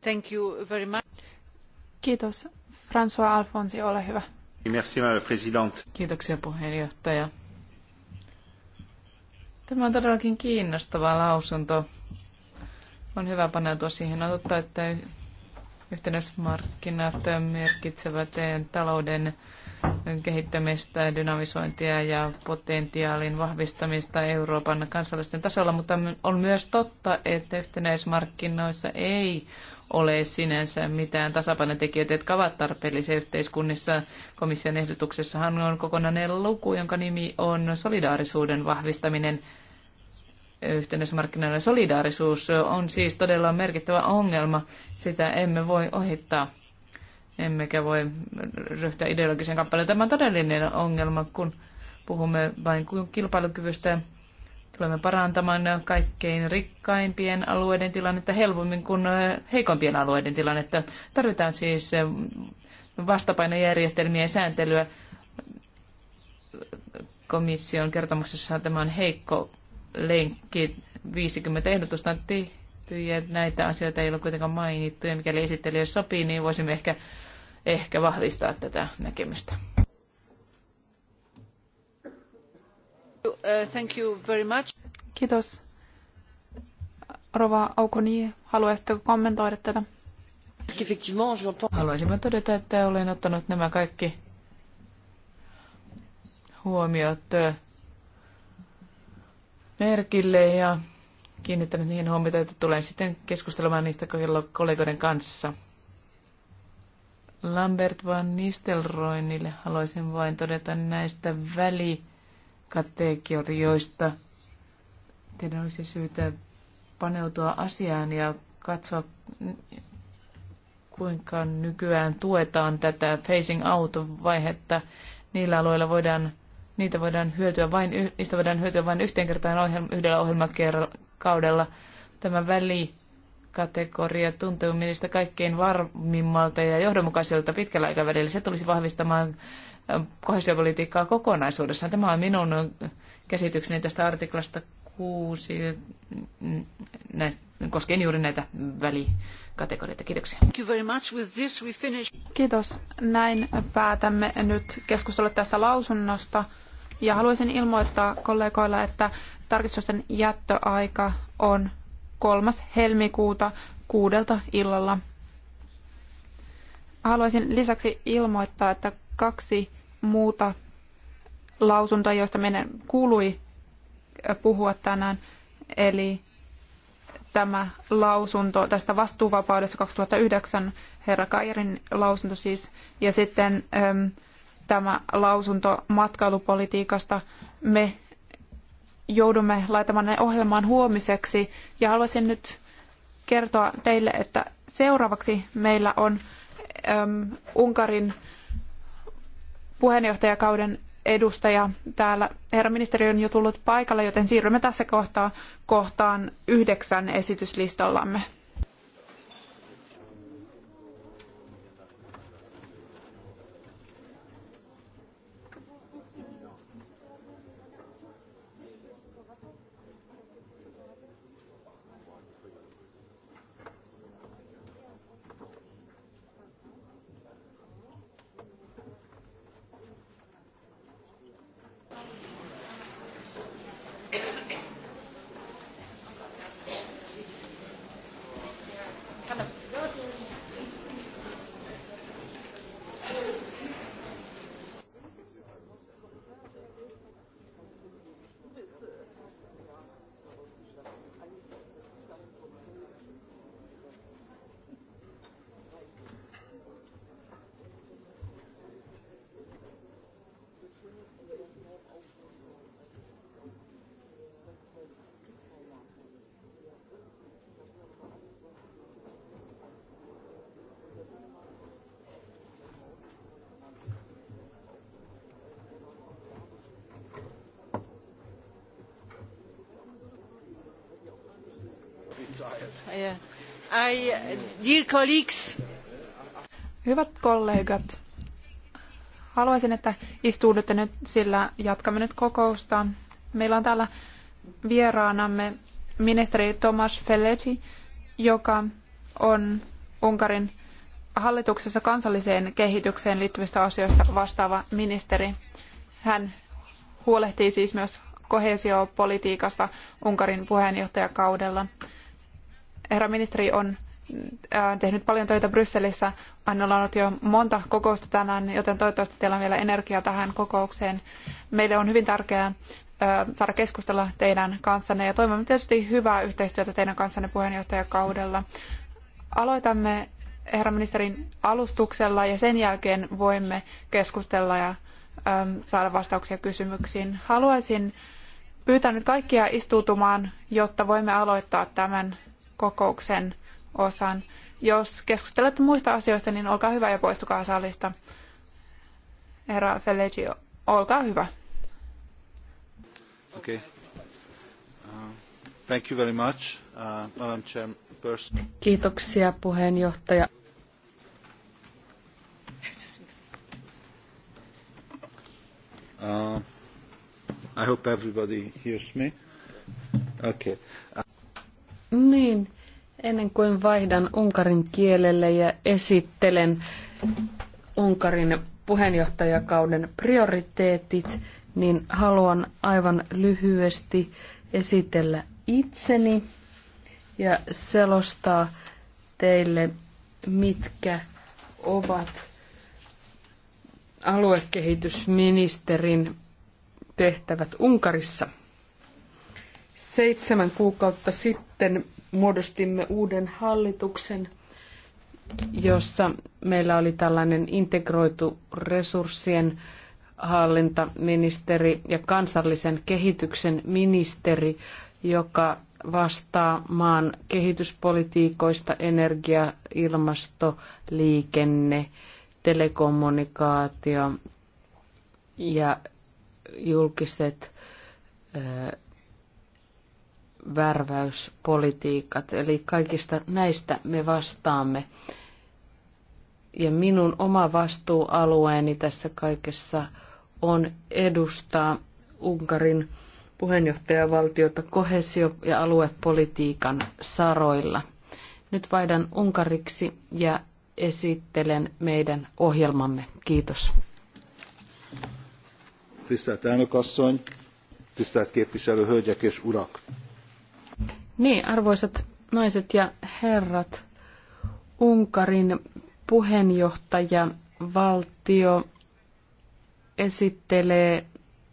Thank you very much. Kiitos. François Alfonsi, ole hyvä. Merci, Kiitoksia puheenjohtaja. Tämä on todellakin kiinnostava lausunto. On hyvä paneutua siihen. On totta, että yhtenäismarkkinat merkitsevät talouden kehittämistä, dynamisointia ja potentiaalin vahvistamista Euroopan kansallisten tasolla, mutta on myös totta, että yhtenäismarkkinoissa ei ole sinänsä mitään tasapainotekijöitä, jotka ovat tarpeellisia yhteiskunnissa. Komission ehdotuksessahan on kokonainen luku, jonka nimi on solidaarisuuden vahvistaminen yhtenäismarkkinoilla. Solidaarisuus on siis todella merkittävä ongelma. Sitä emme voi ohittaa emmekä voi ryhtyä ideologisen kamppailuun. Tämä on todellinen ongelma, kun puhumme vain kilpailukyvystä Tulemme parantamaan kaikkein rikkaimpien alueiden tilannetta helpommin kuin heikompien alueiden tilannetta. Tarvitaan siis eh, vastapainojärjestelmiä ja sääntelyä. Komission kertomuksessa tämä on heikko lenkki. 50 ehdotusta on tehty ja näitä asioita ei ole kuitenkaan mainittu. Ja mikäli esittelijä sopii, niin voisimme ehkä, ehkä vahvistaa tätä näkemystä. Uh, Kiitos. Rova Aukoni, haluaisitteko kommentoida tätä? Haluaisin todeta, että olen ottanut nämä kaikki huomiot merkille ja kiinnittänyt niihin huomiota, että tulen sitten keskustelemaan niistä kollegoiden kanssa. Lambert van Nistelroinille haluaisin vain todeta näistä väli kategorioista. Teidän olisi syytä paneutua asiaan ja katsoa, kuinka nykyään tuetaan tätä facing out-vaihetta. Niillä alueilla voidaan, niitä voidaan hyötyä vain, niistä voidaan hyötyä vain yhteen kertaan ohjelma, yhdellä ohjelmakaudella. Tämä väli kategoria tuntuu minusta kaikkein varmimmalta ja johdonmukaiselta pitkällä aikavälillä. Se tulisi vahvistamaan kohesiopolitiikkaa kokonaisuudessaan. Tämä on minun käsitykseni tästä artiklasta kuusi näistä, koskien juuri näitä välikategorioita. Kiitoksia. Thank you very much. With this we finish. Kiitos. Näin päätämme nyt keskustella tästä lausunnosta. Ja haluaisin ilmoittaa kollegoilla, että tarkistusten jättöaika on 3. helmikuuta kuudelta illalla. Haluaisin lisäksi ilmoittaa, että kaksi muuta lausuntoa, josta meidän kuului puhua tänään, eli tämä lausunto tästä vastuuvapaudesta 2009, herra Kairin lausunto siis, ja sitten äm, tämä lausunto matkailupolitiikasta. Me joudumme laittamaan ne ohjelmaan huomiseksi, ja haluaisin nyt kertoa teille, että seuraavaksi meillä on äm, Unkarin puheenjohtajakauden edustaja täällä. Herra ministeri on jo tullut paikalle, joten siirrymme tässä kohtaa kohtaan yhdeksän esityslistallamme. Uh, Hyvät kollegat, haluaisin, että istuudutte nyt, sillä jatkamme nyt kokousta. Meillä on täällä vieraanamme ministeri Tomas Feletti, joka on Unkarin hallituksessa kansalliseen kehitykseen liittyvistä asioista vastaava ministeri. Hän huolehtii siis myös koheesiopolitiikasta Unkarin puheenjohtajakaudella herra ministeri on äh, tehnyt paljon töitä Brysselissä. Annolla on ollut jo monta kokousta tänään, joten toivottavasti teillä on vielä energiaa tähän kokoukseen. Meille on hyvin tärkeää äh, saada keskustella teidän kanssanne ja toivomme tietysti hyvää yhteistyötä teidän kanssanne puheenjohtajakaudella. Aloitamme herra ministerin alustuksella ja sen jälkeen voimme keskustella ja ähm, saada vastauksia kysymyksiin. Haluaisin pyytää nyt kaikkia istuutumaan, jotta voimme aloittaa tämän kokouksen osan. Jos keskustelette muista asioista, niin olkaa hyvä ja poistukaa salista. Herra Fellegi, olkaa hyvä. Okay. Uh, thank you very much, uh, Madam Chairperson. Kiitoksia puheenjohtaja. Uh, I hope everybody hears me. Okay. Uh, niin, ennen kuin vaihdan unkarin kielelle ja esittelen Unkarin puheenjohtajakauden prioriteetit, niin haluan aivan lyhyesti esitellä itseni ja selostaa teille, mitkä ovat aluekehitysministerin tehtävät Unkarissa – Seitsemän kuukautta sitten muodostimme uuden hallituksen, jossa meillä oli tällainen integroitu resurssien hallintaministeri ja kansallisen kehityksen ministeri, joka vastaa maan kehityspolitiikoista, energia, ilmasto, liikenne, telekommunikaatio ja julkiset värväyspolitiikat. Eli kaikista näistä me vastaamme. Ja minun oma vastuualueeni tässä kaikessa on edustaa Unkarin puheenjohtajavaltiota kohesio- ja aluepolitiikan saroilla. Nyt vaihdan Unkariksi ja esittelen meidän ohjelmamme. Kiitos. Tisztelt elnök asszony, tisztelt képviselő hölgyek és urak! Niin, arvoisat naiset ja herrat, Unkarin puheenjohtaja valtio esittelee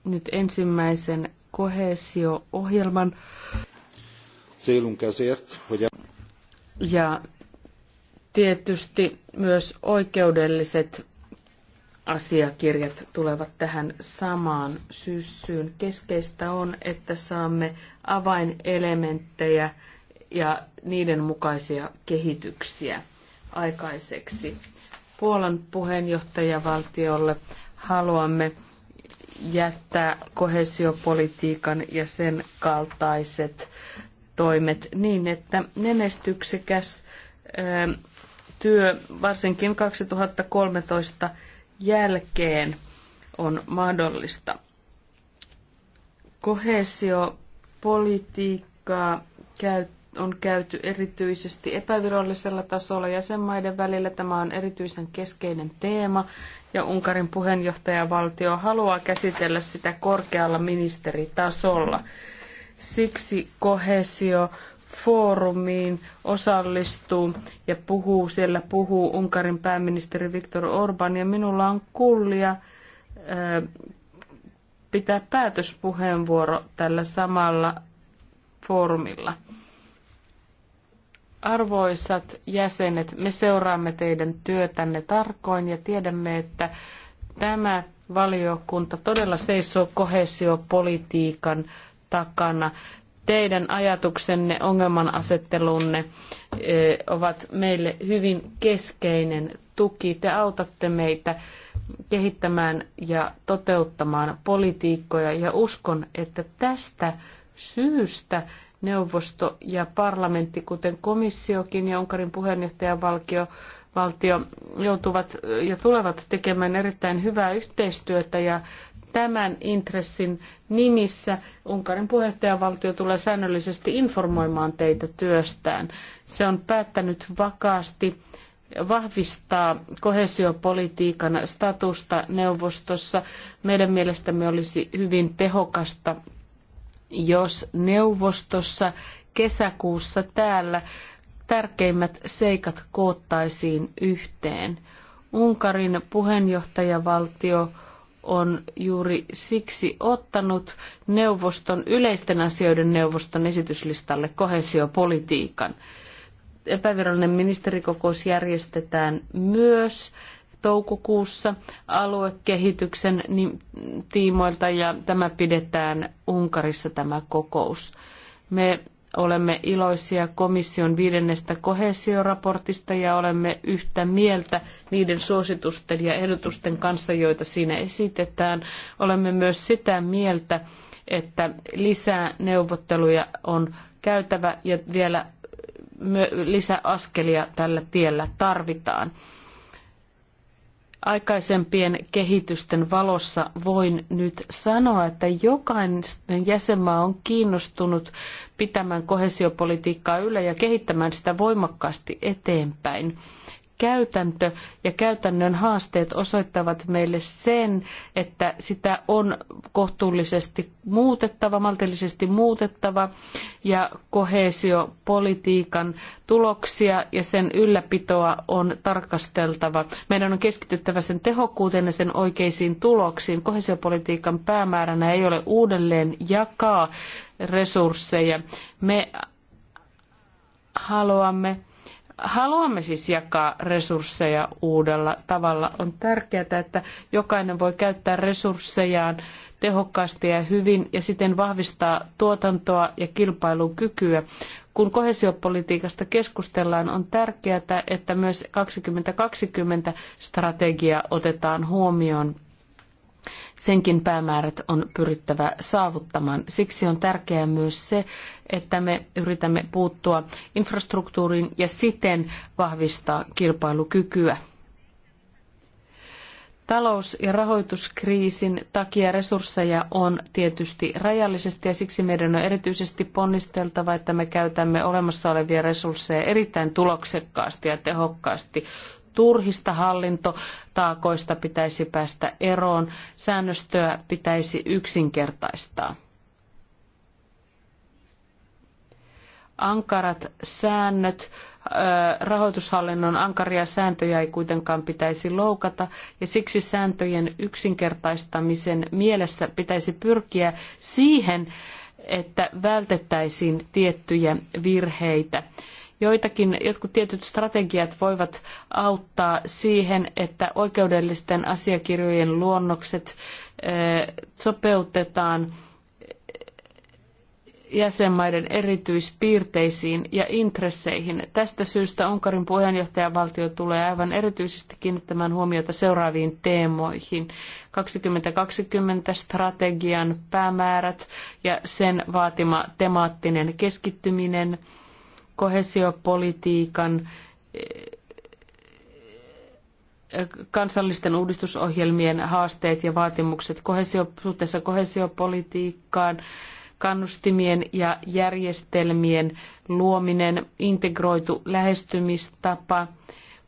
nyt ensimmäisen kohesio-ohjelman. Ja tietysti myös oikeudelliset asiakirjat tulevat tähän samaan syssyyn. Keskeistä on, että saamme avainelementtejä ja niiden mukaisia kehityksiä aikaiseksi. Puolan puheenjohtajavaltiolle haluamme jättää kohesiopolitiikan ja sen kaltaiset toimet niin, että menestyksekäs työ varsinkin 2013 jälkeen on mahdollista. Kohesio politiikkaa on käyty erityisesti epävirallisella tasolla jäsenmaiden välillä. Tämä on erityisen keskeinen teema ja Unkarin puheenjohtajavaltio haluaa käsitellä sitä korkealla ministeritasolla. Siksi kohesio foorumiin osallistuu ja puhuu, siellä puhuu Unkarin pääministeri Viktor Orban ja minulla on kullia pitää päätöspuheenvuoro tällä samalla foorumilla. Arvoisat jäsenet, me seuraamme teidän työtänne tarkoin ja tiedämme, että tämä valiokunta todella seisoo kohesiopolitiikan takana. Teidän ajatuksenne, ongelmanasettelunne eh, ovat meille hyvin keskeinen tuki. Te autatte meitä kehittämään ja toteuttamaan politiikkoja ja uskon, että tästä syystä neuvosto ja parlamentti, kuten komissiokin ja Unkarin puheenjohtajavaltio, valtio joutuvat ja tulevat tekemään erittäin hyvää yhteistyötä ja tämän intressin nimissä Unkarin puheenjohtajavaltio tulee säännöllisesti informoimaan teitä työstään. Se on päättänyt vakaasti vahvistaa kohesiopolitiikan statusta neuvostossa. Meidän mielestämme olisi hyvin tehokasta, jos neuvostossa kesäkuussa täällä tärkeimmät seikat koottaisiin yhteen. Unkarin puheenjohtajavaltio on juuri siksi ottanut neuvoston yleisten asioiden neuvoston esityslistalle kohesiopolitiikan epävirallinen ministerikokous järjestetään myös toukokuussa aluekehityksen tiimoilta ja tämä pidetään Unkarissa tämä kokous. Me olemme iloisia komission viidennestä kohesioraportista ja olemme yhtä mieltä niiden suositusten ja ehdotusten kanssa, joita siinä esitetään. Olemme myös sitä mieltä, että lisää neuvotteluja on käytävä ja vielä lisäaskelia tällä tiellä tarvitaan. Aikaisempien kehitysten valossa voin nyt sanoa, että jokainen jäsenmaa on kiinnostunut pitämään kohesiopolitiikkaa yllä ja kehittämään sitä voimakkaasti eteenpäin käytäntö ja käytännön haasteet osoittavat meille sen, että sitä on kohtuullisesti muutettava, maltillisesti muutettava ja koheesiopolitiikan tuloksia ja sen ylläpitoa on tarkasteltava. Meidän on keskityttävä sen tehokkuuteen ja sen oikeisiin tuloksiin. Koheesiopolitiikan päämääränä ei ole uudelleen jakaa resursseja. Me haluamme haluamme siis jakaa resursseja uudella tavalla. On tärkeää, että jokainen voi käyttää resurssejaan tehokkaasti ja hyvin ja siten vahvistaa tuotantoa ja kilpailukykyä. Kun koheesiopolitiikasta keskustellaan, on tärkeää, että myös 2020 strategia otetaan huomioon. Senkin päämäärät on pyrittävä saavuttamaan. Siksi on tärkeää myös se, että me yritämme puuttua infrastruktuuriin ja siten vahvistaa kilpailukykyä. Talous- ja rahoituskriisin takia resursseja on tietysti rajallisesti ja siksi meidän on erityisesti ponnisteltava, että me käytämme olemassa olevia resursseja erittäin tuloksekkaasti ja tehokkaasti turhista hallintotaakoista pitäisi päästä eroon, säännöstöä pitäisi yksinkertaistaa. Ankarat säännöt rahoitushallinnon ankaria sääntöjä ei kuitenkaan pitäisi loukata ja siksi sääntöjen yksinkertaistamisen mielessä pitäisi pyrkiä siihen, että vältettäisiin tiettyjä virheitä Joitakin, jotkut tietyt strategiat voivat auttaa siihen, että oikeudellisten asiakirjojen luonnokset eh, sopeutetaan jäsenmaiden erityispiirteisiin ja intresseihin. Tästä syystä Unkarin puheenjohtajavaltio tulee aivan erityisesti kiinnittämään huomiota seuraaviin teemoihin. 2020-strategian päämäärät ja sen vaatima temaattinen keskittyminen – kohesiopolitiikan kansallisten uudistusohjelmien haasteet ja vaatimukset kohesio, suhteessa kohesiopolitiikkaan, kannustimien ja järjestelmien luominen, integroitu lähestymistapa,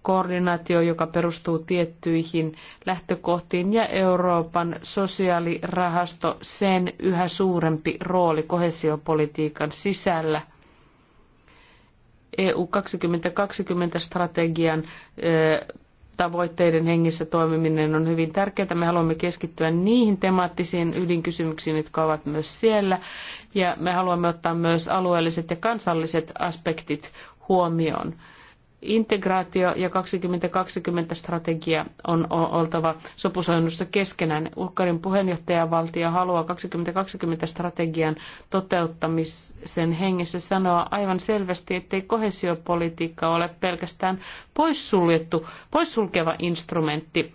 koordinaatio, joka perustuu tiettyihin lähtökohtiin ja Euroopan sosiaalirahasto, sen yhä suurempi rooli kohesiopolitiikan sisällä – EU 2020-strategian tavoitteiden hengissä toimiminen on hyvin tärkeää. Me haluamme keskittyä niihin temaattisiin ydinkysymyksiin, jotka ovat myös siellä. Ja me haluamme ottaa myös alueelliset ja kansalliset aspektit huomioon. Integraatio ja 2020-strategia on oltava sopusoinnussa keskenään. Ulkarin puheenjohtajavaltio haluaa 2020-strategian toteuttamisen hengessä sanoa aivan selvästi, ettei kohesiopolitiikka ole pelkästään poissuljettu, poissulkeva instrumentti.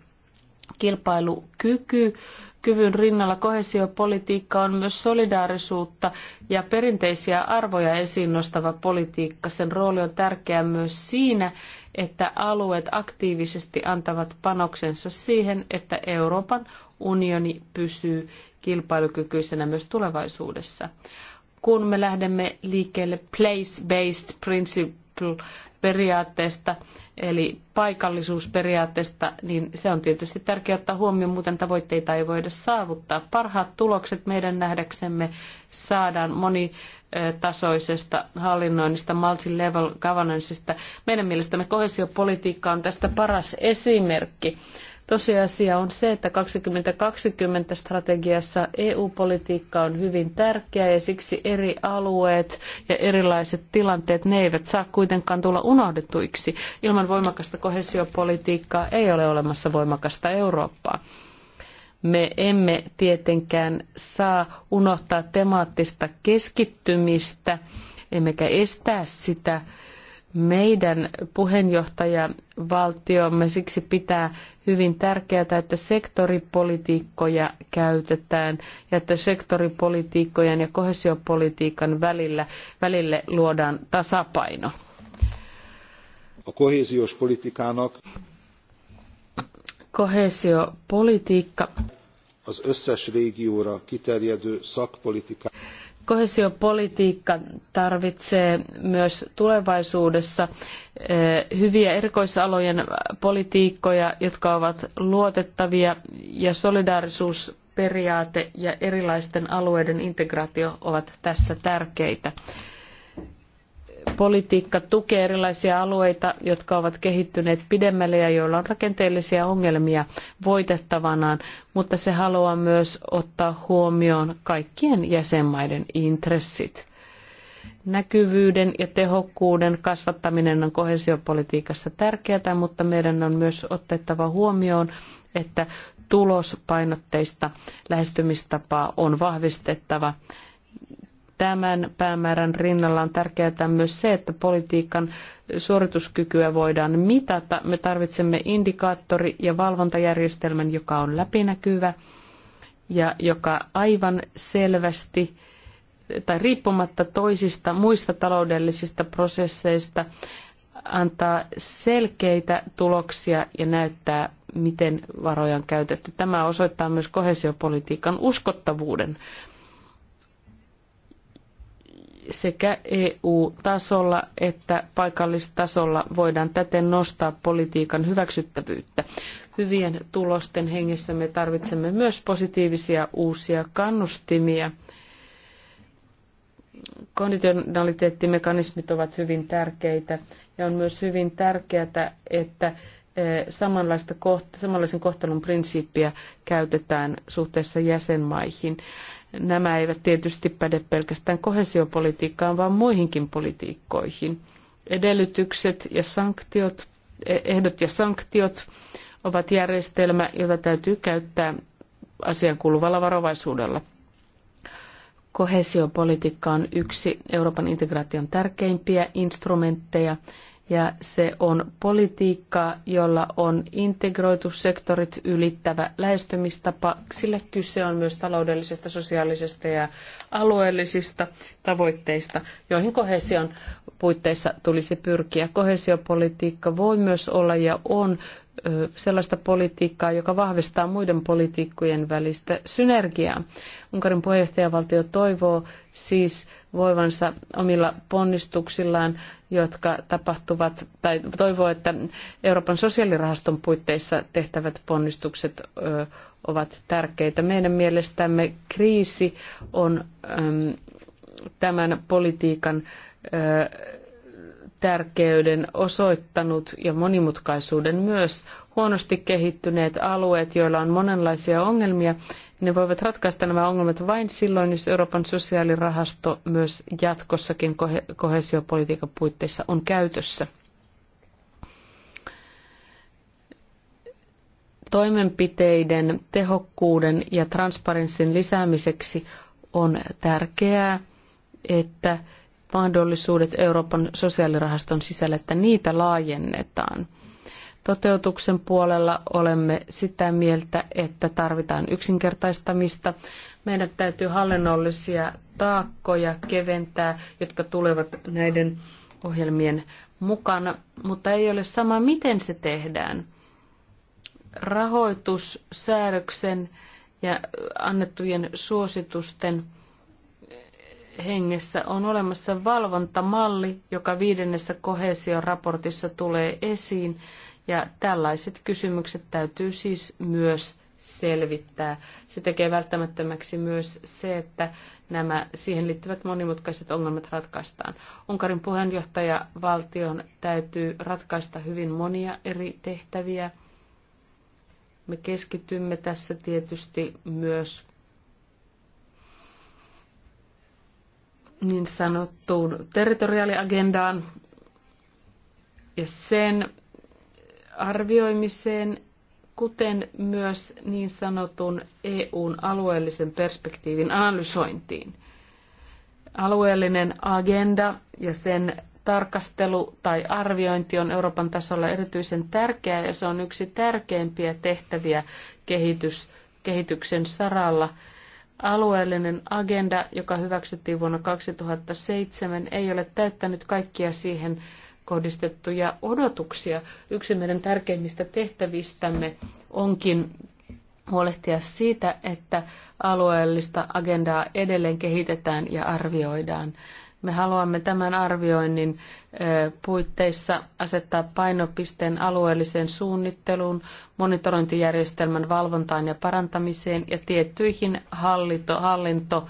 Kilpailukyky, kyvyn rinnalla kohesiopolitiikka on myös solidaarisuutta ja perinteisiä arvoja esiin nostava politiikka. Sen rooli on tärkeä myös siinä, että alueet aktiivisesti antavat panoksensa siihen, että Euroopan unioni pysyy kilpailukykyisenä myös tulevaisuudessa. Kun me lähdemme liikkeelle place-based principle local-periaatteesta, eli paikallisuusperiaatteesta, niin se on tietysti tärkeää ottaa huomioon, muuten tavoitteita ei voida saavuttaa. Parhaat tulokset meidän nähdäksemme saadaan monitasoisesta hallinnoinnista, multi-level governanceista. Meidän mielestämme kohesiopolitiikka on tästä paras esimerkki. Tosiasia on se, että 2020 strategiassa EU-politiikka on hyvin tärkeä ja siksi eri alueet ja erilaiset tilanteet, ne eivät saa kuitenkaan tulla unohdetuiksi. Ilman voimakasta kohesiopolitiikkaa ei ole olemassa voimakasta Eurooppaa. Me emme tietenkään saa unohtaa temaattista keskittymistä, emmekä estää sitä meidän puheenjohtajavaltiomme siksi pitää hyvin tärkeää, että sektoripolitiikkoja käytetään ja että sektoripolitiikkojen ja kohesiopolitiikan välillä, välille luodaan tasapaino. A Kohesiopolitiikka. Az összes régióra kiterjedő szakpolitiká. Kohesiopolitiikka tarvitsee myös tulevaisuudessa eh, hyviä erikoisalojen politiikkoja, jotka ovat luotettavia ja solidaarisuusperiaate ja erilaisten alueiden integraatio ovat tässä tärkeitä politiikka tukee erilaisia alueita, jotka ovat kehittyneet pidemmälle ja joilla on rakenteellisia ongelmia voitettavanaan, mutta se haluaa myös ottaa huomioon kaikkien jäsenmaiden intressit. Näkyvyyden ja tehokkuuden kasvattaminen on kohesiopolitiikassa tärkeää, mutta meidän on myös otettava huomioon, että tulospainotteista lähestymistapaa on vahvistettava Tämän päämäärän rinnalla on tärkeää myös se, että politiikan suorituskykyä voidaan mitata. Me tarvitsemme indikaattori- ja valvontajärjestelmän, joka on läpinäkyvä ja joka aivan selvästi tai riippumatta toisista muista taloudellisista prosesseista antaa selkeitä tuloksia ja näyttää, miten varoja on käytetty. Tämä osoittaa myös kohesiopolitiikan uskottavuuden sekä EU-tasolla että paikallistasolla voidaan täten nostaa politiikan hyväksyttävyyttä. Hyvien tulosten hengessä me tarvitsemme myös positiivisia uusia kannustimia. Konditionaliteettimekanismit ovat hyvin tärkeitä ja on myös hyvin tärkeää, että e, samanlaista, samanlaisen kohtelun prinsiippiä käytetään suhteessa jäsenmaihin. Nämä eivät tietysti päde pelkästään kohesiopolitiikkaan, vaan muihinkin politiikkoihin. Edellytykset ja sanktiot, e, ehdot ja sanktiot ovat järjestelmä, jota täytyy käyttää asian kuuluvalla varovaisuudella. Kohesiopolitiikka on yksi Euroopan integraation tärkeimpiä instrumentteja – ja se on politiikkaa, jolla on integroitu sektorit ylittävä lähestymistapa, sillä kyse on myös taloudellisesta, sosiaalisesta ja alueellisista tavoitteista, joihin kohesion puitteissa tulisi pyrkiä. Kohesiopolitiikka voi myös olla ja on sellaista politiikkaa, joka vahvistaa muiden politiikkojen välistä synergiaa. Unkarin puheenjohtajavaltio toivoo siis voivansa omilla ponnistuksillaan, jotka tapahtuvat, tai toivoo, että Euroopan sosiaalirahaston puitteissa tehtävät ponnistukset ovat tärkeitä. Meidän mielestämme kriisi on tämän politiikan tärkeyden osoittanut ja monimutkaisuuden myös huonosti kehittyneet alueet, joilla on monenlaisia ongelmia, ne voivat ratkaista nämä ongelmat vain silloin, jos Euroopan sosiaalirahasto myös jatkossakin kohesiopolitiikan puitteissa on käytössä. Toimenpiteiden tehokkuuden ja transparenssin lisäämiseksi on tärkeää, että mahdollisuudet Euroopan sosiaalirahaston sisällä, että niitä laajennetaan – Toteutuksen puolella olemme sitä mieltä, että tarvitaan yksinkertaistamista. Meidän täytyy hallinnollisia taakkoja keventää, jotka tulevat näiden ohjelmien mukana, mutta ei ole sama, miten se tehdään. Rahoitussäädöksen ja annettujen suositusten hengessä on olemassa valvontamalli, joka viidennessä kohesioraportissa tulee esiin. Ja tällaiset kysymykset täytyy siis myös selvittää. Se tekee välttämättömäksi myös se, että nämä siihen liittyvät monimutkaiset ongelmat ratkaistaan. Unkarin valtion täytyy ratkaista hyvin monia eri tehtäviä. Me keskitymme tässä tietysti myös niin sanottuun territoriaaliagendaan ja sen arvioimiseen, kuten myös niin sanotun EUn alueellisen perspektiivin analysointiin. Alueellinen agenda ja sen tarkastelu tai arviointi on Euroopan tasolla erityisen tärkeää ja se on yksi tärkeimpiä tehtäviä kehitys, kehityksen saralla. Alueellinen agenda, joka hyväksyttiin vuonna 2007, ei ole täyttänyt kaikkia siihen kohdistettuja odotuksia. Yksi meidän tärkeimmistä tehtävistämme onkin huolehtia siitä, että alueellista agendaa edelleen kehitetään ja arvioidaan. Me haluamme tämän arvioinnin puitteissa asettaa painopisteen alueelliseen suunnitteluun, monitorointijärjestelmän valvontaan ja parantamiseen ja tiettyihin hallinto, hallinto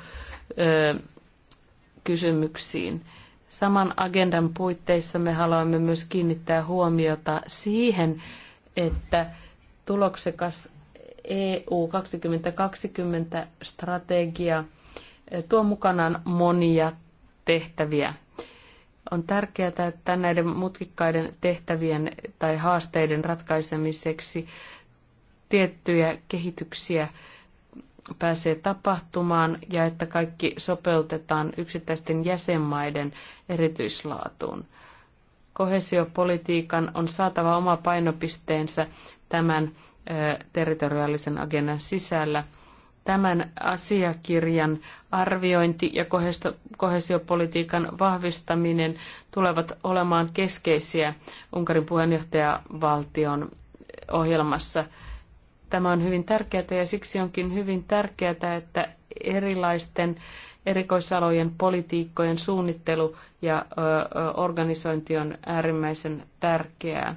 kysymyksiin. Saman agendan puitteissa me haluamme myös kiinnittää huomiota siihen, että tuloksekas EU 2020 strategia tuo mukanaan monia tehtäviä. On tärkeää, että näiden mutkikkaiden tehtävien tai haasteiden ratkaisemiseksi tiettyjä kehityksiä pääsee tapahtumaan ja että kaikki sopeutetaan yksittäisten jäsenmaiden erityislaatuun. Kohesiopolitiikan on saatava oma painopisteensä tämän territoriaalisen agendan sisällä. Tämän asiakirjan arviointi ja kohesiopolitiikan vahvistaminen tulevat olemaan keskeisiä Unkarin puheenjohtajavaltion ohjelmassa – Tämä on hyvin tärkeää ja siksi onkin hyvin tärkeää, että erilaisten erikoisalojen politiikkojen suunnittelu ja organisointi on äärimmäisen tärkeää.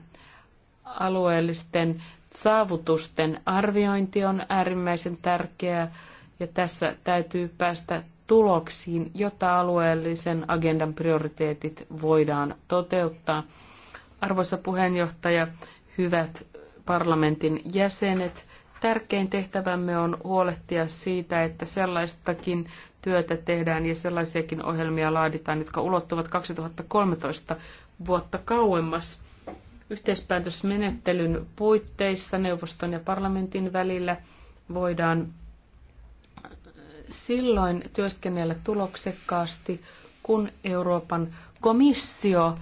Alueellisten saavutusten arviointi on äärimmäisen tärkeää ja tässä täytyy päästä tuloksiin, jotta alueellisen agendan prioriteetit voidaan toteuttaa. Arvoisa puheenjohtaja, hyvät parlamentin jäsenet. Tärkein tehtävämme on huolehtia siitä, että sellaistakin työtä tehdään ja sellaisiakin ohjelmia laaditaan, jotka ulottuvat 2013 vuotta kauemmas. Yhteispäätösmenettelyn puitteissa neuvoston ja parlamentin välillä voidaan äh, silloin työskennellä tuloksekkaasti, kun Euroopan komissio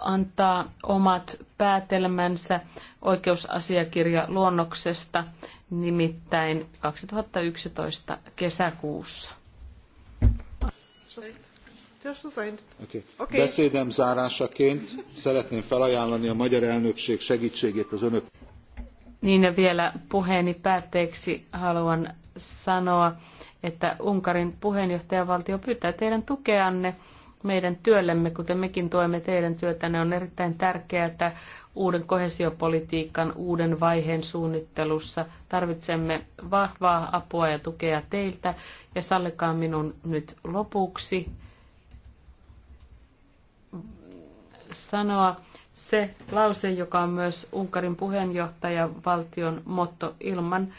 antaa omat päätelmänsä oikeusasiakirja luonnoksesta, nimittäin 2011 kesäkuussa. Okay. Beszédem zárásaként szeretném felajánlani a magyar elnökség segítségét az önök. Niin ja vielä puheeni päätteeksi haluan sanoa, että Unkarin puheenjohtajavaltio pyytää teidän tukeanne meidän työllemme, kuten mekin tuemme teidän työtänne, on erittäin tärkeää, että uuden kohesiopolitiikan uuden vaiheen suunnittelussa tarvitsemme vahvaa apua ja tukea teiltä. Ja sallikaa minun nyt lopuksi sanoa se lause, joka on myös Unkarin puheenjohtajavaltion motto ilman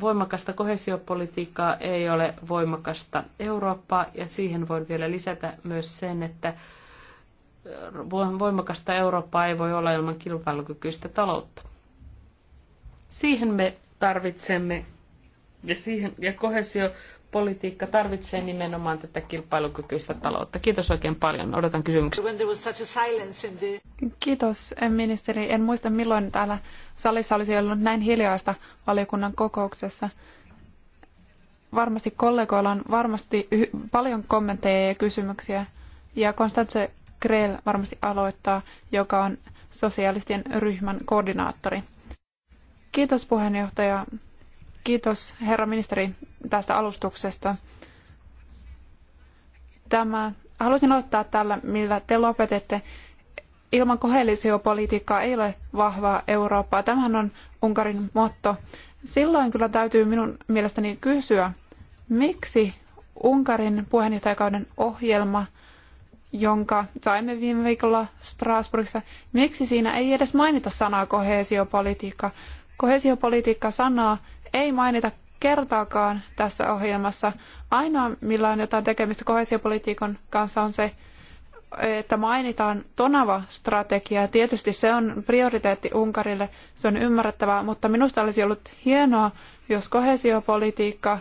voimakasta kohesiopolitiikkaa ei ole voimakasta Eurooppaa, ja siihen voin vielä lisätä myös sen, että voimakasta Eurooppaa ei voi olla ilman kilpailukykyistä taloutta. Siihen me tarvitsemme, ja, siihen, ja kohesio politiikka tarvitsee nimenomaan tätä kilpailukykyistä taloutta. Kiitos oikein paljon. Odotan kysymyksiä. Kiitos eh, ministeri. En muista milloin täällä salissa olisi ollut näin hiljaista valiokunnan kokouksessa. Varmasti kollegoilla on varmasti paljon kommentteja ja kysymyksiä. Ja Konstantse Krell varmasti aloittaa, joka on sosiaalisten ryhmän koordinaattori. Kiitos puheenjohtaja. Kiitos herra ministeri tästä alustuksesta. Tämä, haluaisin aloittaa tällä, millä te lopetette. Ilman koheesiopolitiikkaa ei ole vahvaa Eurooppaa. Tämähän on Unkarin motto. Silloin kyllä täytyy minun mielestäni kysyä, miksi Unkarin puheenjohtajakauden ohjelma, jonka saimme viime viikolla Strasbourgissa, miksi siinä ei edes mainita sanaa koheesiopolitiikka? Koheesiopolitiikka sanaa ei mainita kertaakaan tässä ohjelmassa. Ainoa, millä on jotain tekemistä kohesiopolitiikan kanssa, on se, että mainitaan Tonava-strategia. Tietysti se on prioriteetti Unkarille, se on ymmärrettävää, mutta minusta olisi ollut hienoa, jos kohesiopolitiikka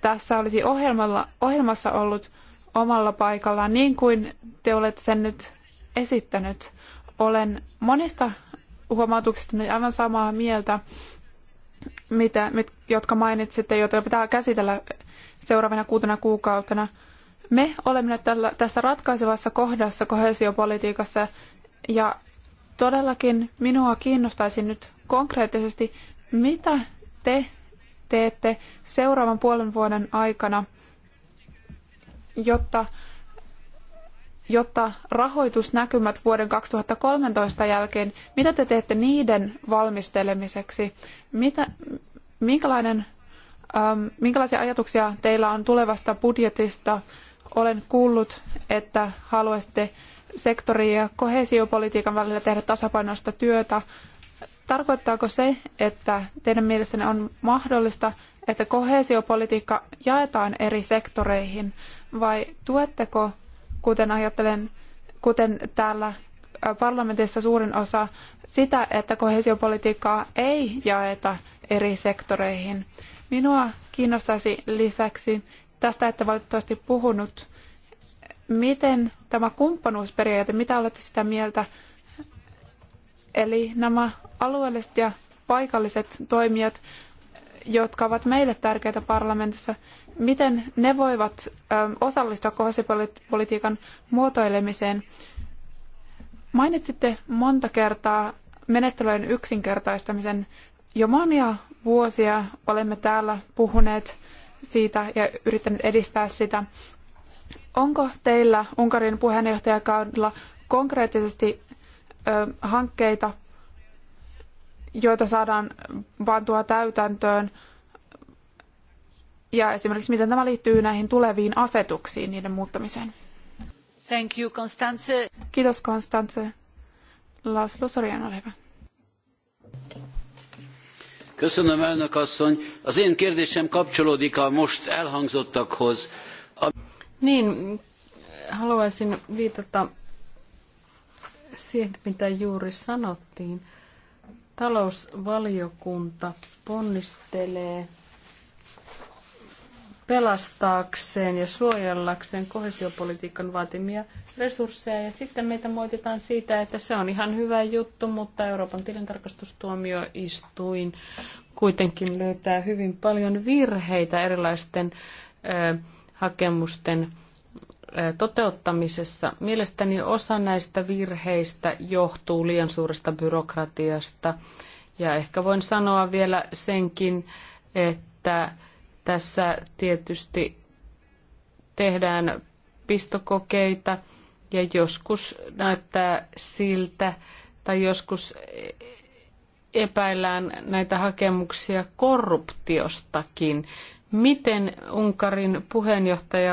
tässä olisi ohjelmalla, ohjelmassa ollut omalla paikallaan, niin kuin te olette sen nyt esittänyt. Olen monista huomautuksista aivan samaa mieltä mitä, mit, jotka mainitsitte, joita pitää käsitellä seuraavina kuutena kuukautena. Me olemme nyt tällä, tässä ratkaisevassa kohdassa kohesiopolitiikassa ja todellakin minua kiinnostaisi nyt konkreettisesti, mitä te teette seuraavan puolen vuoden aikana, jotta jotta rahoitusnäkymät vuoden 2013 jälkeen, mitä te teette niiden valmistelemiseksi? Mitä, minkälainen, ähm, minkälaisia ajatuksia teillä on tulevasta budjetista? Olen kuullut, että haluaisitte sektori- ja kohesiopolitiikan välillä tehdä tasapainoista työtä. Tarkoittaako se, että teidän mielestänne on mahdollista, että kohesiopolitiikka jaetaan eri sektoreihin, vai tuetteko kuten ajattelen, kuten täällä parlamentissa suurin osa sitä, että kohesiopolitiikkaa ei jaeta eri sektoreihin. Minua kiinnostaisi lisäksi tästä, että valitettavasti puhunut, miten tämä kumppanuusperiaate, mitä olette sitä mieltä, eli nämä alueelliset ja paikalliset toimijat, jotka ovat meille tärkeitä parlamentissa, miten ne voivat osallistua kohesiopolitiikan muotoilemiseen. Mainitsitte monta kertaa menettelyjen yksinkertaistamisen. Jo monia vuosia olemme täällä puhuneet siitä ja yrittäneet edistää sitä. Onko teillä Unkarin puheenjohtajakaudella konkreettisesti ö, hankkeita, joita saadaan pantua täytäntöön ja esimerkiksi miten tämä liittyy näihin tuleviin asetuksiin, niiden muuttamiseen. Thank you, Constance. Kiitos, Constance. Laszlo Soriano, ole hyvä. Köszönöm, elnök asszony. Az én kérdésem kapcsolódik a most elhangzottakhoz. A... Niin, haluaisin viitata siihen, mitä juuri sanottiin. Talousvaliokunta ponnistelee pelastaakseen ja suojellakseen kohesiopolitiikan vaatimia resursseja. Ja sitten meitä moititaan siitä, että se on ihan hyvä juttu, mutta Euroopan tilintarkastustuomioistuin kuitenkin löytää hyvin paljon virheitä erilaisten ö, hakemusten toteuttamisessa. Mielestäni osa näistä virheistä johtuu liian suuresta byrokratiasta. Ja ehkä voin sanoa vielä senkin, että tässä tietysti tehdään pistokokeita ja joskus näyttää siltä tai joskus epäillään näitä hakemuksia korruptiostakin. Miten Unkarin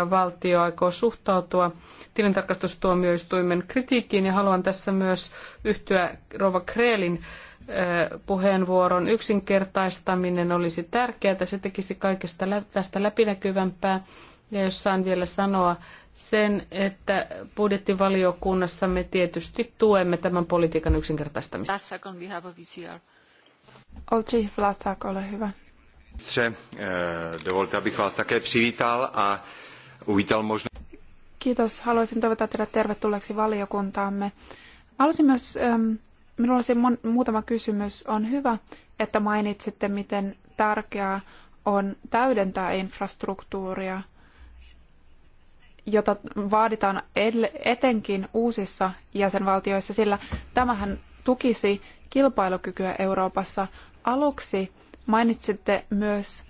valtio aikoo suhtautua tilintarkastustuomioistuimen kritiikkiin ja haluan tässä myös yhtyä Rova Kreelin puheenvuoron yksinkertaistaminen olisi tärkeää. Se tekisi kaikesta tästä läpinäkyvämpää. Ja jos saan vielä sanoa sen, että budjettivaliokunnassa me tietysti tuemme tämän politiikan yksinkertaistamista. Vlasak on behalf of VCR. Olci Vlasak, ole hyvä. Se, eh, dovolte, abych vás také přivítal a uvítal možná... Kiitos. Haluaisin toivottaa teidät tervetulleeksi valiokuntaamme. Haluaisin myös ähm, Minulla olisi mon- muutama kysymys. On hyvä, että mainitsitte, miten tärkeää on täydentää infrastruktuuria, jota vaaditaan etenkin uusissa jäsenvaltioissa, sillä tämähän tukisi kilpailukykyä Euroopassa. Aluksi mainitsitte myös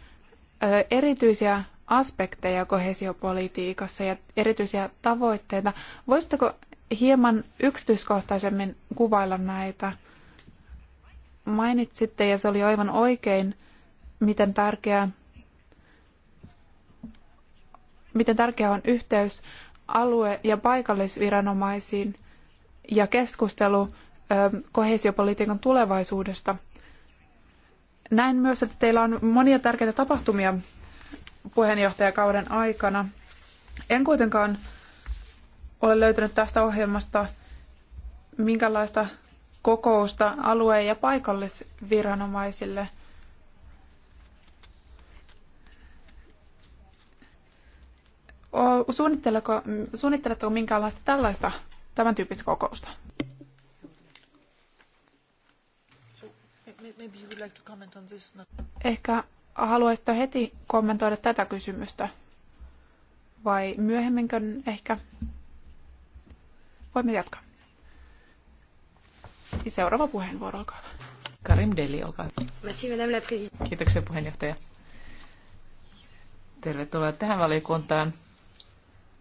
erityisiä aspekteja koheesiopolitiikassa ja erityisiä tavoitteita. Voisitteko hieman yksityiskohtaisemmin kuvailla näitä. Mainitsitte, ja se oli aivan oikein, miten tärkeää miten tärkeä on yhteys alue- ja paikallisviranomaisiin ja keskustelu koheesiopolitiikan tulevaisuudesta. Näin myös, että teillä on monia tärkeitä tapahtumia puheenjohtajakauden aikana. En kuitenkaan ole löytänyt tästä ohjelmasta minkälaista kokousta alue- ja paikallisviranomaisille. Suunnitteletko, suunnitteletko minkäänlaista tällaista, tämän tyyppistä kokousta? Ehkä haluaisitko heti kommentoida tätä kysymystä vai myöhemminkö ehkä? Voimme jatkaa. Seuraava puheenvuoro, olkaa hyvä. Karim Deli, olkaa hyvä. Merci, madame la présidente. Kiitoksia puheenjohtaja. Tervetuloa tähän valiokuntaan.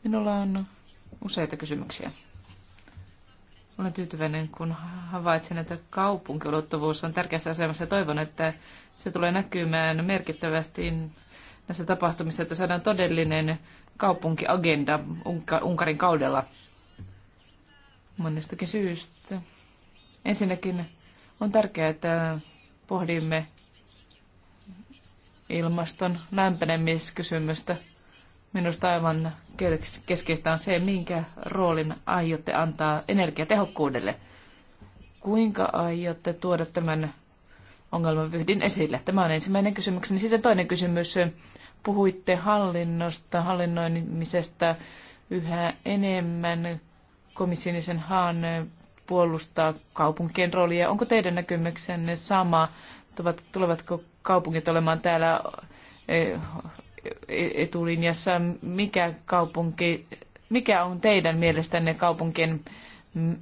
Minulla on useita kysymyksiä. Olen tyytyväinen, kun havaitsen, että kaupunkiulottuvuus on tärkeässä asemassa. Toivon, että se tulee näkymään merkittävästi näissä tapahtumissa, että saadaan todellinen kaupunkiagenda Unkarin kaudella monestakin syystä. Ensinnäkin on tärkeää, että pohdimme ilmaston lämpenemiskysymystä. Minusta aivan keskeistä on se, minkä roolin aiotte antaa energiatehokkuudelle. Kuinka aiotte tuoda tämän ongelmavyhdin esille? Tämä on ensimmäinen kysymys. Niin sitten toinen kysymys. Puhuitte hallinnosta, hallinnoimisesta yhä enemmän komission sen Haan puolustaa kaupunkien roolia. Onko teidän näkymyksenne sama? Tulevatko kaupungit olemaan täällä e, e, etulinjassa? Mikä, kaupunki, mikä on teidän mielestänne kaupunkien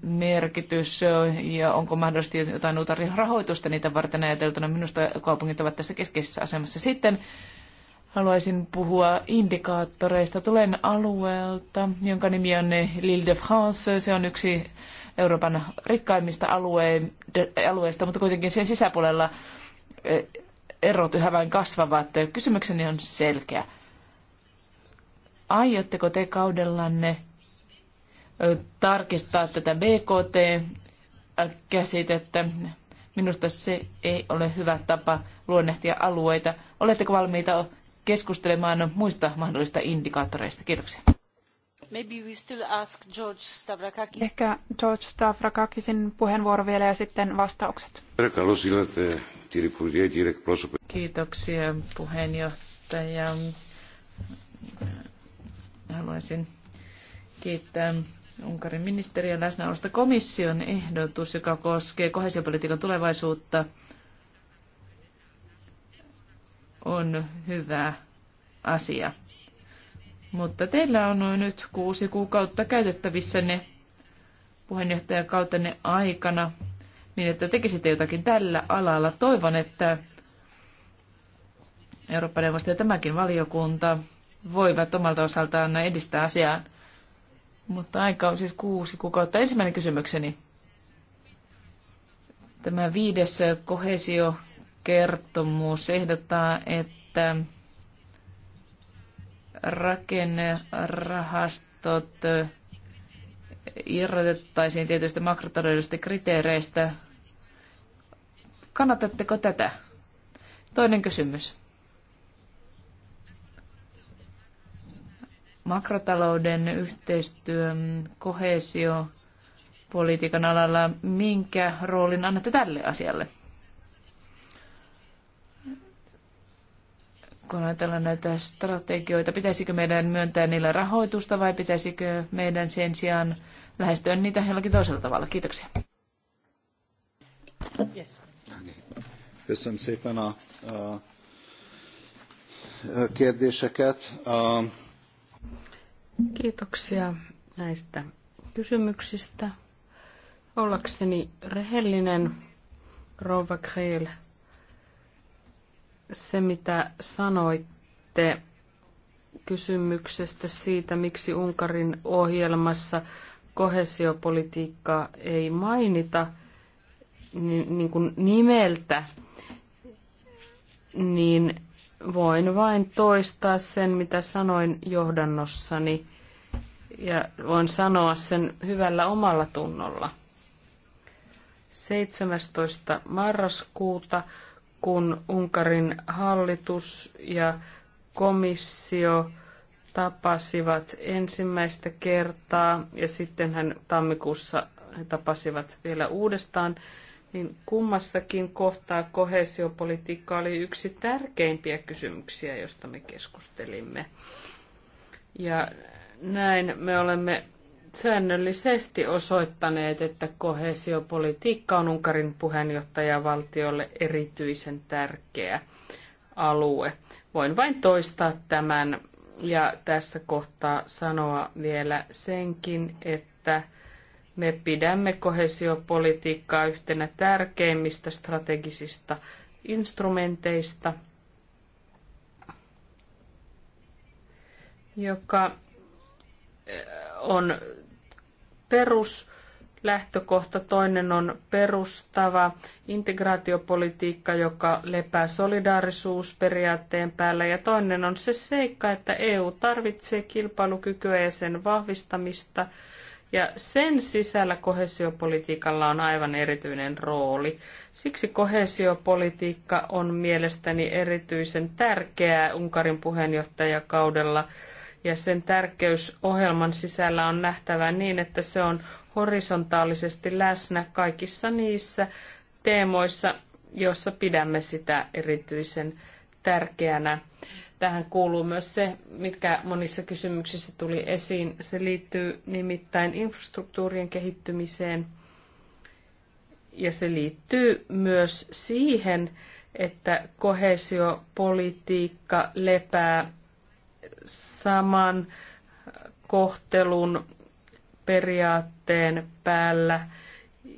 merkitys ja onko mahdollisesti jotain uutta rahoitusta niitä varten ajateltuna. Minusta kaupungit ovat tässä keskeisessä asemassa. Sitten Haluaisin puhua indikaattoreista. Tulen alueelta, jonka nimi on Lille de France. Se on yksi Euroopan rikkaimmista alueista, mutta kuitenkin sen sisäpuolella e, erot yhä vain kasvavat. Kysymykseni on selkeä. Aiotteko te kaudellanne e, tarkistaa tätä BKT-käsitettä? E, Minusta se ei ole hyvä tapa luonnehtia alueita. Oletteko valmiita keskustelemaan muista mahdollisista indikaattoreista. Kiitoksia. Maybe we still ask George Stavrakakis. Ehkä George Stavrakakisin puheenvuoro vielä ja sitten vastaukset. Kiitoksia puheenjohtaja. Haluaisin kiittää Unkarin ministeriön läsnäolosta komission ehdotus, joka koskee kohesiopolitiikan tulevaisuutta – on hyvä asia. Mutta teillä on noin nyt kuusi kuukautta käytettävissänne puheenjohtajan kautenne aikana, niin että tekisitte jotakin tällä alalla. Toivon, että Euroopan neuvosto ja tämäkin valiokunta voivat omalta osaltaan edistää asiaa. Mutta aika on siis kuusi kuukautta. Ensimmäinen kysymykseni. Tämä viides kohesio kertomus ehdottaa, että rakennerahastot irrotettaisiin tietyistä makrotaloudellisista kriteereistä. Kannatatteko tätä? Toinen kysymys. Makrotalouden yhteistyö, kohesio, politiikan alalla, minkä roolin annatte tälle asialle? kun ajatellaan näitä strategioita, pitäisikö meidän myöntää niillä rahoitusta vai pitäisikö meidän sen sijaan lähestyä niitä jollakin toisella tavalla? Kiitoksia. Yes. Köszönöm szépen Kiitoksia näistä kysymyksistä. Ollakseni rehellinen, Rova Kreel se, mitä sanoitte kysymyksestä siitä, miksi Unkarin ohjelmassa kohesiopolitiikkaa ei mainita niin, niin kuin nimeltä, niin voin vain toistaa sen, mitä sanoin johdannossani, ja voin sanoa sen hyvällä omalla tunnolla. 17. marraskuuta kun Unkarin hallitus ja komissio tapasivat ensimmäistä kertaa ja sitten hän tammikuussa he tapasivat vielä uudestaan, niin kummassakin kohtaa kohesiopolitiikka oli yksi tärkeimpiä kysymyksiä, josta me keskustelimme. Ja näin me olemme säännöllisesti osoittaneet, että kohesiopolitiikka on Unkarin puheenjohtajavaltiolle erityisen tärkeä alue. Voin vain toistaa tämän ja tässä kohtaa sanoa vielä senkin, että me pidämme kohesiopolitiikkaa yhtenä tärkeimmistä strategisista instrumenteista, joka on peruslähtökohta, toinen on perustava integraatiopolitiikka, joka lepää solidaarisuusperiaatteen päällä, ja toinen on se seikka, että EU tarvitsee kilpailukykyä ja sen vahvistamista, ja sen sisällä kohesiopolitiikalla on aivan erityinen rooli. Siksi kohesiopolitiikka on mielestäni erityisen tärkeää Unkarin puheenjohtajakaudella – ja sen tärkeys ohjelman sisällä on nähtävä niin, että se on horisontaalisesti läsnä kaikissa niissä teemoissa, joissa pidämme sitä erityisen tärkeänä. Tähän kuuluu myös se, mitkä monissa kysymyksissä tuli esiin. Se liittyy nimittäin infrastruktuurien kehittymiseen ja se liittyy myös siihen, että kohesiopolitiikka lepää saman kohtelun periaatteen päällä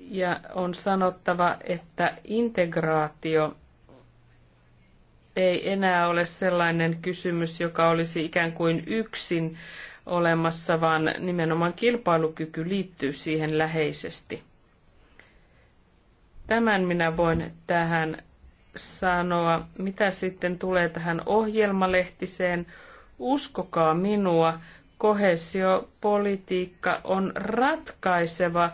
ja on sanottava, että integraatio ei enää ole sellainen kysymys, joka olisi ikään kuin yksin olemassa, vaan nimenomaan kilpailukyky liittyy siihen läheisesti. Tämän minä voin tähän sanoa. Mitä sitten tulee tähän ohjelmalehtiseen? uskokaa minua, kohesiopolitiikka on ratkaiseva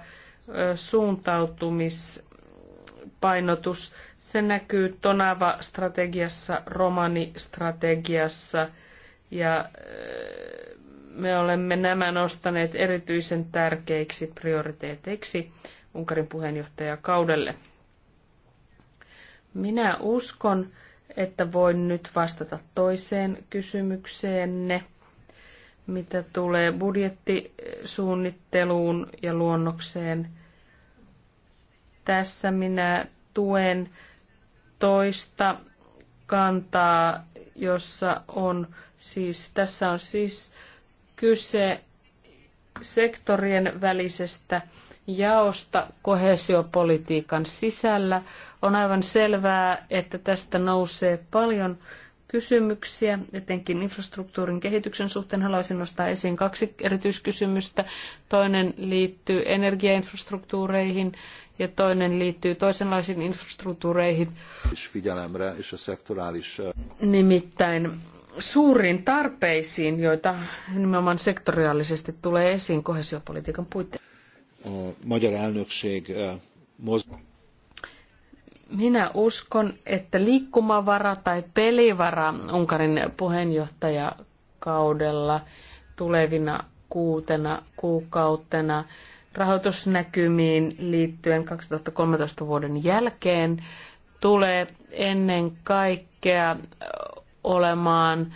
suuntautumispainotus. Se näkyy Tonava-strategiassa, Romani-strategiassa ja me olemme nämä nostaneet erityisen tärkeiksi prioriteeteiksi Unkarin puheenjohtajakaudelle. Minä uskon, että voin nyt vastata toiseen kysymykseenne, mitä tulee budjettisuunnitteluun ja luonnokseen. Tässä minä tuen toista kantaa, jossa on siis, tässä on siis kyse sektorien välisestä jaosta kohesiopolitiikan sisällä. On aivan selvää, että tästä nousee paljon kysymyksiä, etenkin infrastruktuurin kehityksen suhteen haluaisin nostaa esiin kaksi erityiskysymystä. Toinen liittyy energiainfrastruktuureihin ja toinen liittyy toisenlaisiin infrastruktuureihin. Nimittäin suuriin tarpeisiin, joita nimenomaan sektoriaalisesti tulee esiin kohesiopolitiikan puitteissa magyar elnökség Minä uskon, että liikkumavara tai pelivara Unkarin puheenjohtajakaudella tulevina kuutena kuukautena rahoitusnäkymiin liittyen 2013 vuoden jälkeen tulee ennen kaikkea olemaan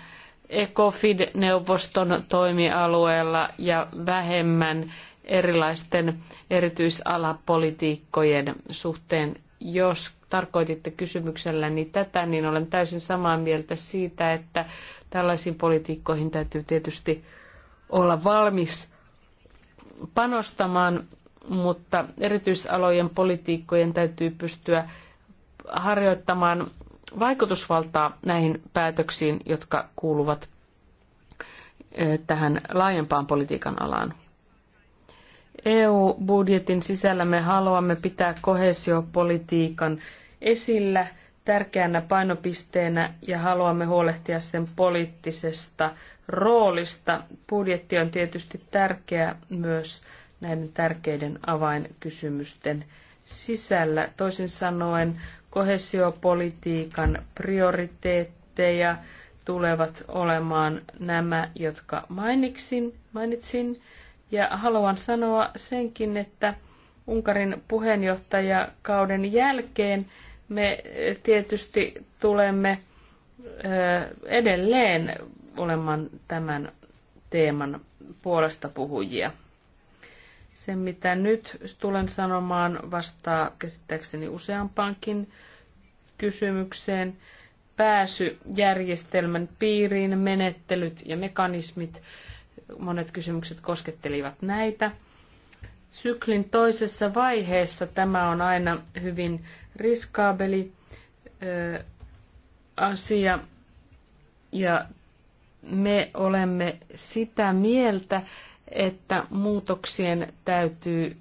ECOFID-neuvoston toimialueella ja vähemmän erilaisten erityisalapolitiikkojen suhteen. Jos tarkoititte kysymykselläni niin tätä, niin olen täysin samaa mieltä siitä, että tällaisiin politiikkoihin täytyy tietysti olla valmis panostamaan, mutta erityisalojen politiikkojen täytyy pystyä harjoittamaan vaikutusvaltaa näihin päätöksiin, jotka kuuluvat eh, tähän laajempaan politiikan alaan. EU-budjetin sisällä me haluamme pitää koheesiopolitiikan esillä tärkeänä painopisteenä ja haluamme huolehtia sen poliittisesta roolista. Budjetti on tietysti tärkeä myös näiden tärkeiden avainkysymysten sisällä. Toisin sanoen koheesiopolitiikan prioriteetteja tulevat olemaan nämä, jotka mainitsin, mainitsin ja haluan sanoa senkin, että Unkarin puheenjohtajakauden jälkeen me tietysti tulemme edelleen olemaan tämän teeman puolesta puhujia. Se, mitä nyt tulen sanomaan, vastaa käsittääkseni useampaankin kysymykseen. Pääsy järjestelmän piiriin, menettelyt ja mekanismit Monet kysymykset koskettelivat näitä. Syklin toisessa vaiheessa tämä on aina hyvin riskaabeli ö, asia ja me olemme sitä mieltä, että muutoksien täytyy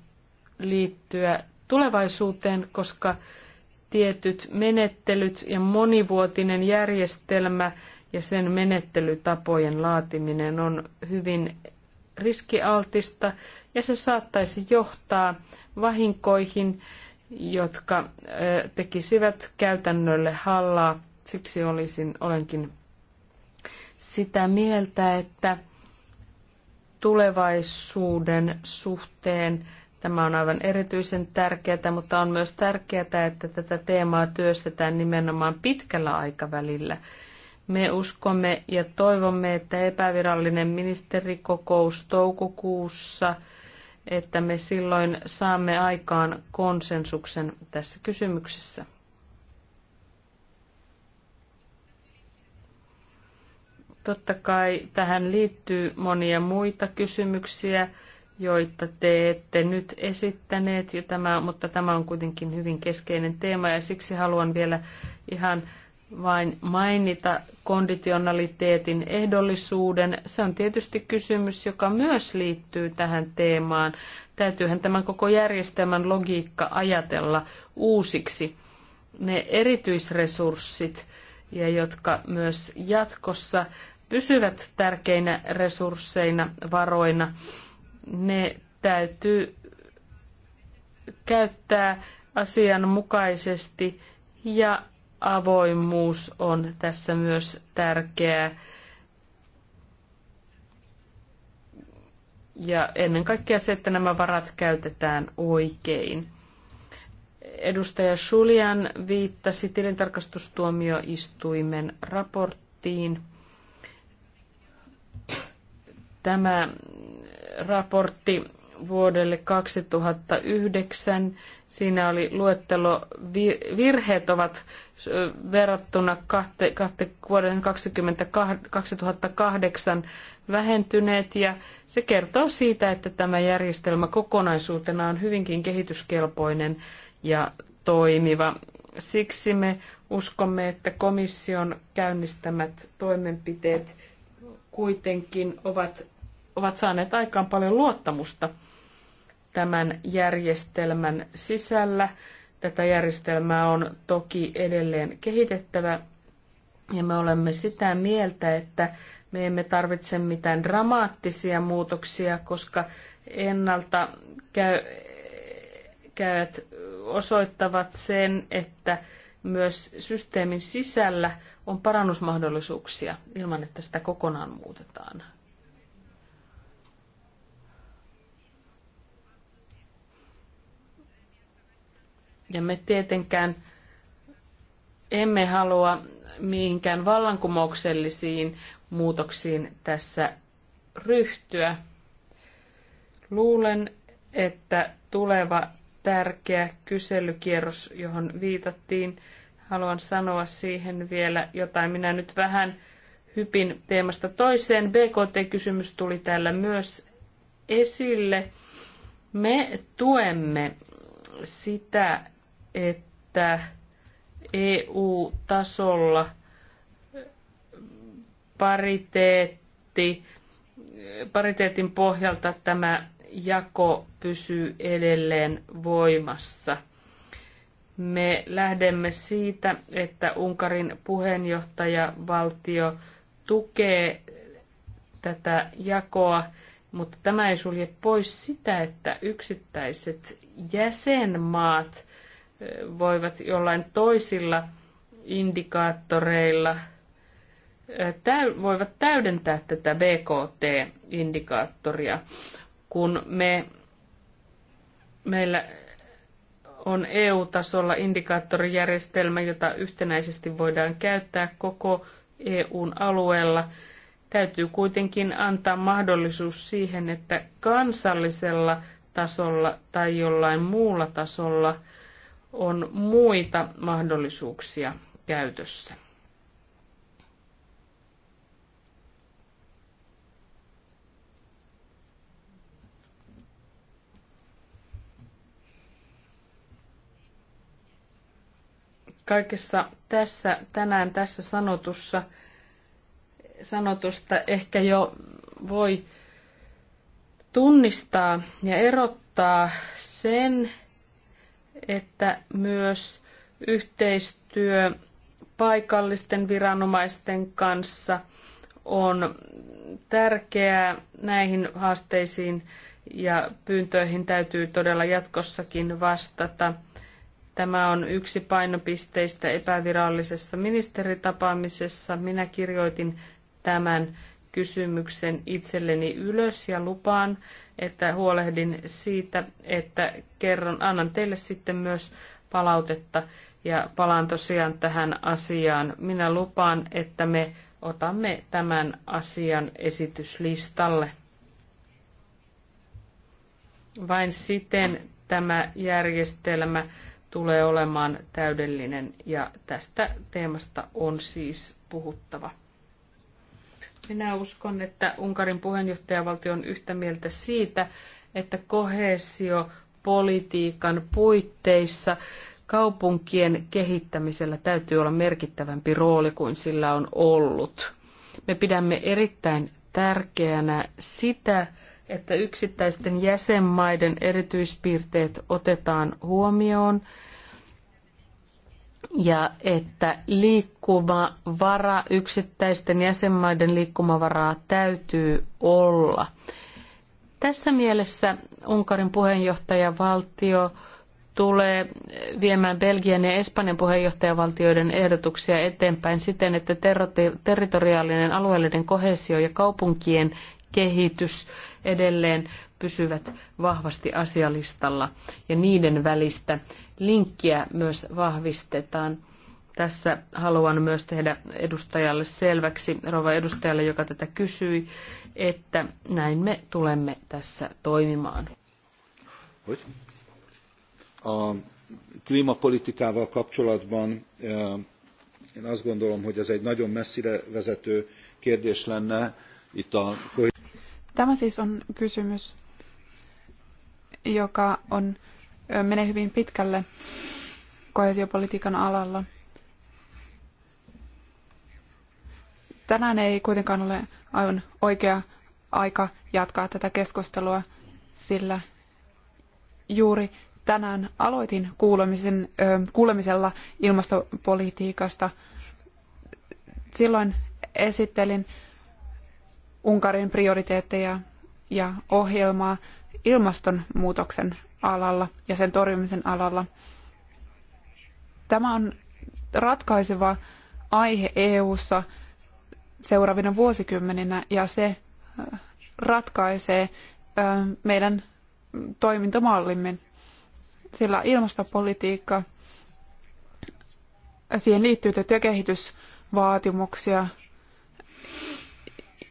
liittyä tulevaisuuteen, koska tietyt menettelyt ja monivuotinen järjestelmä ja sen menettelytapojen laatiminen on hyvin riskialtista ja se saattaisi johtaa vahinkoihin, jotka tekisivät käytännölle hallaa. Siksi olisin, olenkin sitä mieltä, että tulevaisuuden suhteen tämä on aivan erityisen tärkeää, mutta on myös tärkeää, että tätä teemaa työstetään nimenomaan pitkällä aikavälillä – me uskomme ja toivomme, että epävirallinen ministerikokous toukokuussa, että me silloin saamme aikaan konsensuksen tässä kysymyksessä. Totta kai tähän liittyy monia muita kysymyksiä, joita te ette nyt esittäneet, ja tämä, mutta tämä on kuitenkin hyvin keskeinen teema ja siksi haluan vielä ihan vain mainita konditionaliteetin ehdollisuuden. Se on tietysti kysymys, joka myös liittyy tähän teemaan. Täytyyhän tämän koko järjestelmän logiikka ajatella uusiksi. Ne erityisresurssit, ja jotka myös jatkossa pysyvät tärkeinä resursseina, varoina, ne täytyy käyttää asianmukaisesti ja avoimuus on tässä myös tärkeää. Ja ennen kaikkea se, että nämä varat käytetään oikein. Edustaja Julian viittasi tilintarkastustuomioistuimen raporttiin. Tämä raportti vuodelle 2009. Siinä oli luettelo, virheet ovat verrattuna kahte, kahte, vuoden 20, 2008 vähentyneet ja se kertoo siitä, että tämä järjestelmä kokonaisuutena on hyvinkin kehityskelpoinen ja toimiva. Siksi me uskomme, että komission käynnistämät toimenpiteet kuitenkin ovat ovat saaneet aikaan paljon luottamusta tämän järjestelmän sisällä. Tätä järjestelmää on toki edelleen kehitettävä ja me olemme sitä mieltä, että me emme tarvitse mitään dramaattisia muutoksia, koska ennalta käy, käyt osoittavat sen, että myös systeemin sisällä on parannusmahdollisuuksia ilman, että sitä kokonaan muutetaan. Ja me tietenkään emme halua mihinkään vallankumouksellisiin muutoksiin tässä ryhtyä. Luulen, että tuleva tärkeä kyselykierros, johon viitattiin, haluan sanoa siihen vielä jotain. Minä nyt vähän hypin teemasta toiseen. BKT-kysymys tuli täällä myös esille. Me tuemme sitä, että EU-tasolla pariteetti, pariteetin pohjalta tämä jako pysyy edelleen voimassa. Me lähdemme siitä, että Unkarin puheenjohtajavaltio tukee tätä jakoa, mutta tämä ei sulje pois sitä, että yksittäiset jäsenmaat voivat jollain toisilla indikaattoreilla voivat täydentää tätä BKT-indikaattoria, kun me, meillä on EU-tasolla indikaattorijärjestelmä, jota yhtenäisesti voidaan käyttää koko EUn alueella. Täytyy kuitenkin antaa mahdollisuus siihen, että kansallisella tasolla tai jollain muulla tasolla – on muita mahdollisuuksia käytössä. kaikessa tässä tänään tässä sanotussa, sanotusta ehkä jo voi tunnistaa ja erottaa sen, että myös yhteistyö paikallisten viranomaisten kanssa on tärkeää näihin haasteisiin ja pyyntöihin täytyy todella jatkossakin vastata. Tämä on yksi painopisteistä epävirallisessa ministeritapaamisessa. Minä kirjoitin tämän kysymyksen itselleni ylös ja lupaan, että huolehdin siitä, että kerron, annan teille sitten myös palautetta ja palaan tosiaan tähän asiaan. Minä lupaan, että me otamme tämän asian esityslistalle. Vain siten tämä järjestelmä tulee olemaan täydellinen ja tästä teemasta on siis puhuttava. Minä uskon, että Unkarin puheenjohtajavaltio on yhtä mieltä siitä, että koheesiopolitiikan puitteissa kaupunkien kehittämisellä täytyy olla merkittävämpi rooli kuin sillä on ollut. Me pidämme erittäin tärkeänä sitä, että yksittäisten jäsenmaiden erityispiirteet otetaan huomioon ja että liikkumavara, yksittäisten jäsenmaiden liikkumavaraa täytyy olla. Tässä mielessä Unkarin puheenjohtajavaltio tulee viemään Belgian ja Espanjan puheenjohtajavaltioiden ehdotuksia eteenpäin siten, että territoriaalinen alueellinen kohesio ja kaupunkien kehitys edelleen pysyvät vahvasti asialistalla ja niiden välistä linkkiä myös vahvistetaan. Tässä haluan myös tehdä edustajalle selväksi, rouva edustajalle, joka tätä kysyi, että näin me tulemme tässä toimimaan. A klímapolitikával kapcsolatban eh, én azt gondolom, hogy ez egy nagyon messzire vezető kérdés lenne itt a... Tämä siis on kysymys, joka on menee hyvin pitkälle kohesiopolitiikan alalla. Tänään ei kuitenkaan ole aivan oikea aika jatkaa tätä keskustelua, sillä juuri tänään aloitin kuulemisen, kuulemisella ilmastopolitiikasta. Silloin esittelin Unkarin prioriteetteja ja ohjelmaa ilmastonmuutoksen alalla ja sen torjumisen alalla. Tämä on ratkaiseva aihe EU:ssa seuraavina vuosikymmeninä ja se äh, ratkaisee äh, meidän toimintamallimme, sillä ilmastopolitiikka, siihen liittyy tiettyjä kehitysvaatimuksia,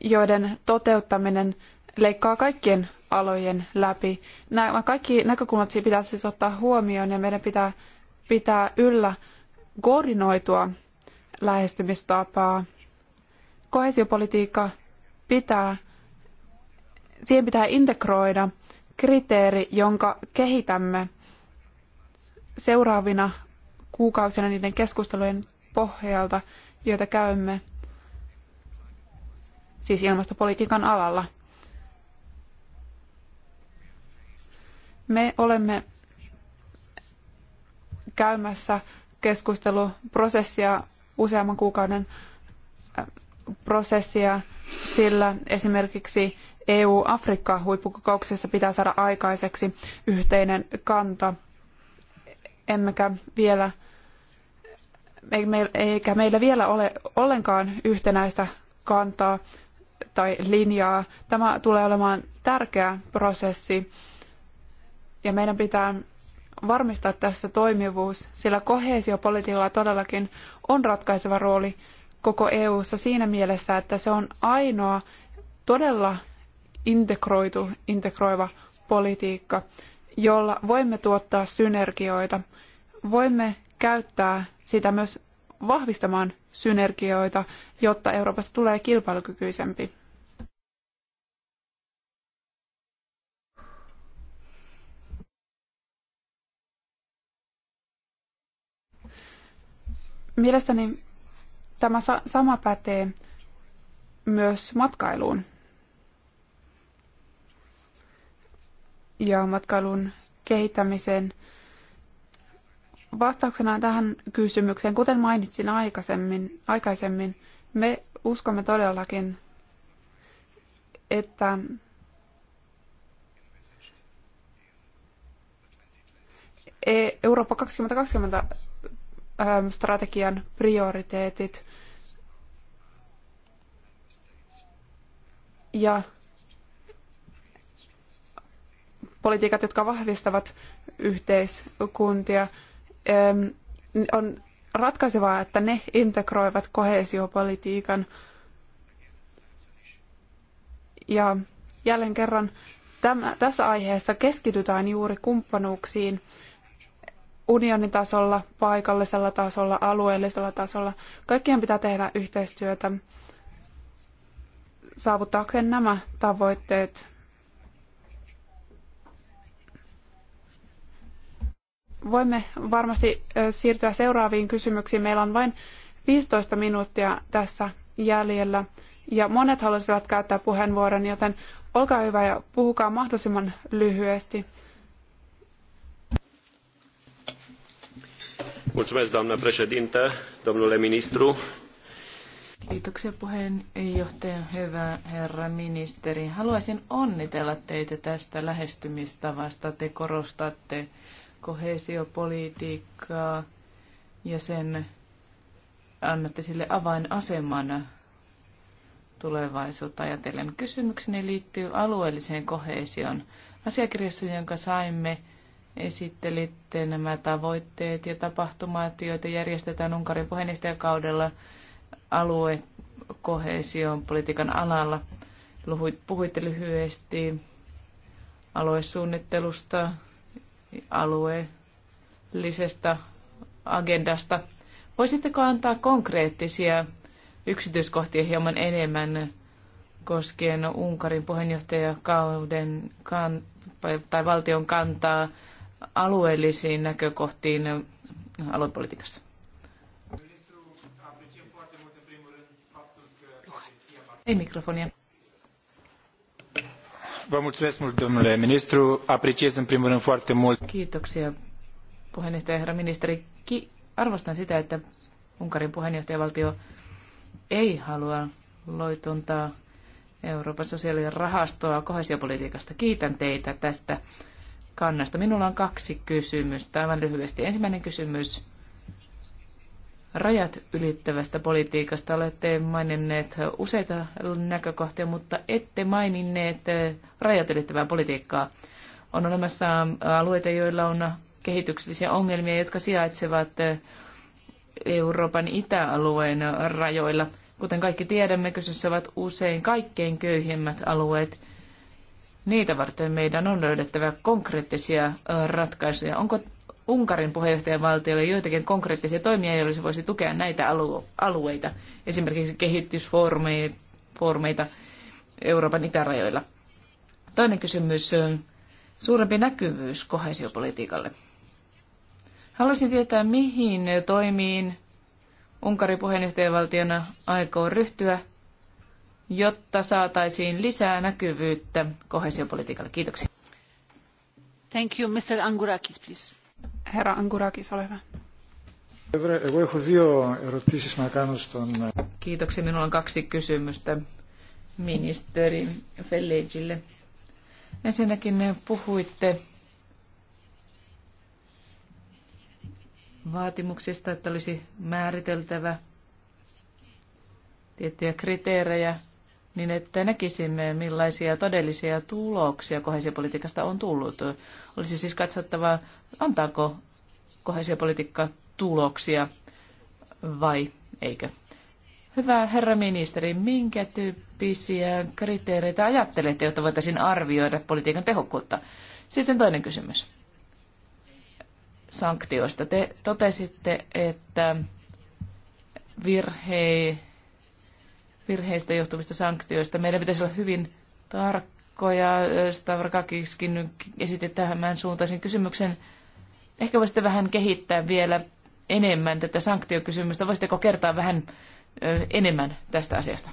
joiden toteuttaminen leikkaa kaikkien alojen läpi. Nämä kaikki näkökulmat pitää siis ottaa huomioon ja meidän pitää pitää yllä koordinoitua lähestymistapaa. Kohesiopolitiikka pitää, siihen pitää integroida kriteeri, jonka kehitämme seuraavina kuukausina niiden keskustelujen pohjalta, joita käymme siis ilmastopolitiikan alalla. Me olemme käymässä keskusteluprosessia, useamman kuukauden äh, prosessia, sillä esimerkiksi EU-Afrikka-huippukokouksessa pitää saada aikaiseksi yhteinen kanta, emmekä vielä, eikä meillä vielä ole ollenkaan yhtenäistä kantaa tai linjaa. Tämä tulee olemaan tärkeä prosessi ja meidän pitää varmistaa tässä toimivuus, sillä koheesiopolitiikalla todellakin on ratkaiseva rooli koko EU:ssa siinä mielessä, että se on ainoa todella integroitu, integroiva politiikka, jolla voimme tuottaa synergioita. Voimme käyttää sitä myös vahvistamaan synergioita, jotta Euroopasta tulee kilpailukykyisempi. Mielestäni tämä sama pätee myös matkailuun. ja matkailun kehittämiseen. Vastauksena tähän kysymykseen, kuten mainitsin aikaisemmin, aikaisemmin me uskomme todellakin, että e- Eurooppa 2020 Ähm, strategian prioriteetit. Ja politiikat, jotka vahvistavat yhteiskuntia, ähm, on ratkaisevaa, että ne integroivat koheesiopolitiikan Ja jälleen kerran tämä, tässä aiheessa keskitytään juuri kumppanuuksiin unionin tasolla, paikallisella tasolla, alueellisella tasolla. Kaikkien pitää tehdä yhteistyötä saavuttaakseen nämä tavoitteet. Voimme varmasti siirtyä seuraaviin kysymyksiin. Meillä on vain 15 minuuttia tässä jäljellä ja monet haluaisivat käyttää puheenvuoron, joten olkaa hyvä ja puhukaa mahdollisimman lyhyesti. Mulțumesc, doamnă președintă, domnule ministru. Kiitoksia puheenjohtaja, hyvä herra ministeri. Haluaisin onnitella teitä tästä lähestymistavasta. Te korostatte kohesiopolitiikkaa ja sen annatte sille avainaseman tulevaisuutta ajatellen. Kysymykseni liittyy alueelliseen kohesioon. Asiakirjassa, jonka saimme esittelitte nämä tavoitteet ja tapahtumat, joita järjestetään Unkarin puheenjohtajakaudella aluekohesion politiikan alalla. Puhuitte lyhyesti aluesuunnittelusta, alueellisesta agendasta. Voisitteko antaa konkreettisia yksityiskohtia hieman enemmän koskien Unkarin puheenjohtajakauden kan, tai valtion kantaa alueellisiin näkökohtiin aluepolitiikassa? Ei mikrofonia. Vă mulțumesc mult, domnule ministru. Apreciez în primul rând foarte mult. Kiitoksia, puheenjohtaja herra ministeri. Ki- arvostan sitä, että Unkarin puheenjohtajavaltio ei halua loitontaa Euroopan sosiaalirahastoa kohesiopolitiikasta. Kiitän teitä tästä kannasta. Minulla on kaksi kysymystä, aivan lyhyesti. Ensimmäinen kysymys rajat ylittävästä politiikasta. Olette maininneet useita näkökohtia, mutta ette maininneet rajat ylittävää politiikkaa. On olemassa alueita, joilla on kehityksellisiä ongelmia, jotka sijaitsevat Euroopan itäalueen rajoilla. Kuten kaikki tiedämme, kyseessä ovat usein kaikkein köyhimmät alueet. Niitä varten meidän on löydettävä konkreettisia ratkaisuja. Onko Unkarin puheenjohtajavaltiolle joitakin konkreettisia toimia, joilla se voisi tukea näitä alueita, esimerkiksi kehitysfoorumeita Euroopan itärajoilla? Toinen kysymys, on suurempi näkyvyys kohesiopolitiikalle. Haluaisin tietää, mihin toimiin Unkarin puheenjohtajavaltiona aikoo ryhtyä, jotta saataisiin lisää näkyvyyttä kohesiopolitiikalle. Kiitoksia. Thank you, Mr. Angurakis, please. Herra Angurakis, ole hyvä. Kiitoksia. Minulla on kaksi kysymystä ministeri Fellegille. Ensinnäkin eh, puhuitte vaatimuksista, että olisi määriteltävä tiettyjä kriteerejä niin että näkisimme, millaisia todellisia tuloksia kohesiopolitiikasta on tullut. Olisi siis katsottava, antaako kohesiopolitiikka tuloksia vai eikö. Hyvä herra ministeri, minkä tyyppisiä kriteereitä ajattelette, jotta voitaisiin arvioida politiikan tehokkuutta? Sitten toinen kysymys sanktioista. Te totesitte, että virhe, virheistä johtuvista sanktioista. Meidän pitäisi olla hyvin tarkkoja. Stavrakakiskin esitti tähän suuntaisin kysymyksen. Ehkä voisitte vähän kehittää vielä enemmän tätä sanktiokysymystä. Voisitteko kertoa vähän enemmän tästä asiasta?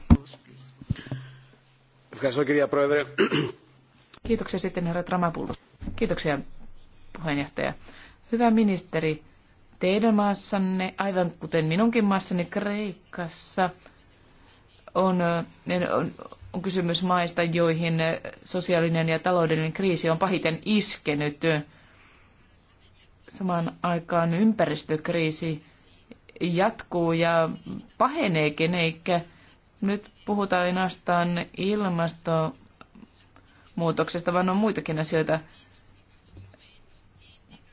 Kiitoksia sitten herra Tramapullos. Kiitoksia puheenjohtaja. Hyvä ministeri, teidän maassanne, aivan kuten minunkin maassani Kreikassa, on, on, on kysymys maista, joihin sosiaalinen ja taloudellinen kriisi on pahiten iskenyt. Samaan aikaan ympäristökriisi jatkuu ja paheneekin, eikä nyt puhutaan ainoastaan ilmastonmuutoksesta, vaan on muitakin asioita.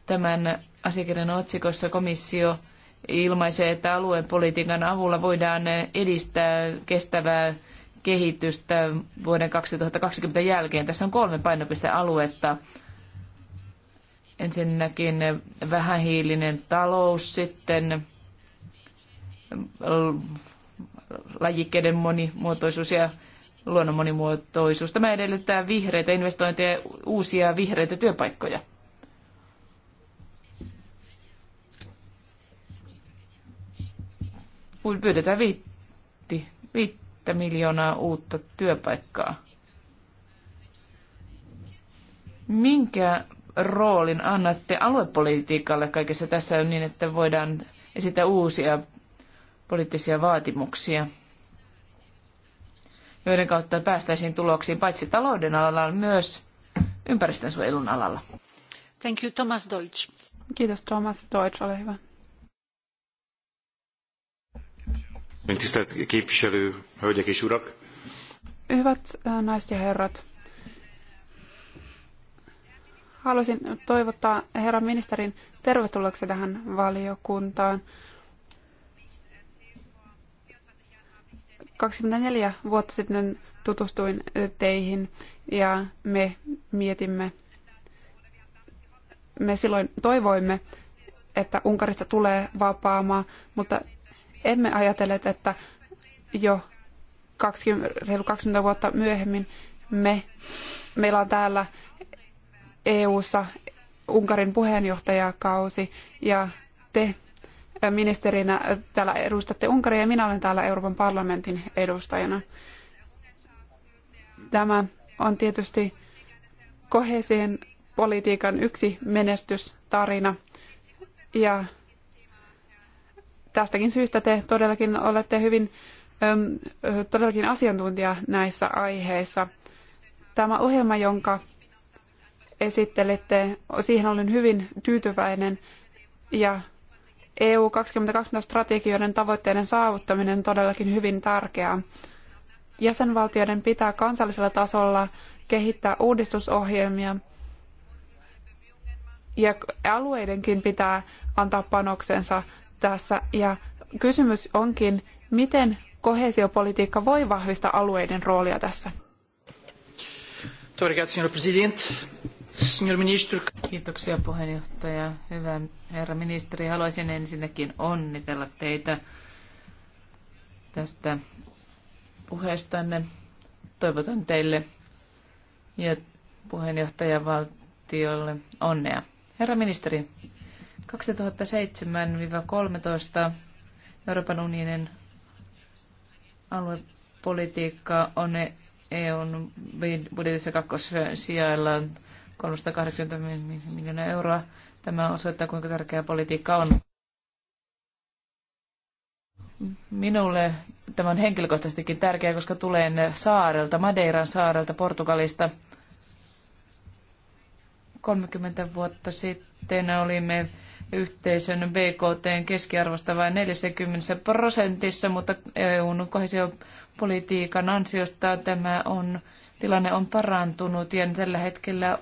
Tämän asiakirjan otsikossa komissio ilmaisee, että alueen politiikan avulla voidaan edistää kestävää kehitystä vuoden 2020 jälkeen. Tässä on kolme painopistealuetta. Ensinnäkin vähähiilinen talous, sitten lajikkeiden monimuotoisuus ja luonnon monimuotoisuus. Tämä edellyttää vihreitä investointeja ja uusia vihreitä työpaikkoja. pyydetään viitti, viittä miljoonaa uutta työpaikkaa. Minkä roolin annatte aluepolitiikalle kaikessa tässä niin, että voidaan esittää uusia poliittisia vaatimuksia, joiden kautta päästäisiin tuloksiin paitsi talouden alalla myös ympäristönsuojelun alalla? Thank you, Thomas Deutsch. Kiitos Thomas Deutsch, ole hyvä. Tisztelt képviselő, hölgyek és urak! Hyvät naiset ja herrat, haluaisin toivottaa herran ministerin tervetulleeksi tähän valiokuntaan. 24 vuotta sitten tutustuin teihin ja me mietimme, me silloin toivoimme, että Unkarista tulee vapaamaa, mutta emme ajatelleet, että jo 20, reilu 20 vuotta myöhemmin me, meillä on täällä EU-ssa Unkarin puheenjohtajakausi ja te ministerinä täällä edustatte Unkaria ja minä olen täällä Euroopan parlamentin edustajana. Tämä on tietysti kohesien politiikan yksi menestystarina ja tästäkin syystä te todellakin olette hyvin ähm, äh, todellakin asiantuntija näissä aiheissa. Tämä ohjelma, jonka esittelitte, siihen olen hyvin tyytyväinen ja EU 2020 strategioiden tavoitteiden saavuttaminen on todellakin hyvin tärkeää. Jäsenvaltioiden pitää kansallisella tasolla kehittää uudistusohjelmia ja alueidenkin pitää antaa panoksensa tässä. Ja kysymys onkin, miten koheesiopolitiikka voi vahvistaa alueiden roolia tässä? Kiitoksia puheenjohtaja. Hyvä herra ministeri, haluaisin ensinnäkin onnitella teitä tästä puheestanne. Toivotan teille ja puheenjohtajavaltiolle onnea. Herra ministeri, 2007 2013 Euroopan unionin aluepolitiikka on EUn budjetissa kakkossijailla 380 miljoonaa euroa. Tämä osoittaa, kuinka tärkeä politiikka on. Minulle tämä on henkilökohtaisestikin tärkeää, koska tulen saarelta, Madeiran saarelta, Portugalista. 30 vuotta sitten olimme yhteisön BKTn keskiarvosta vain 40 prosentissa, mutta EUn kohesiopolitiikan ansiosta tämä on, tilanne on parantunut ja tällä hetkellä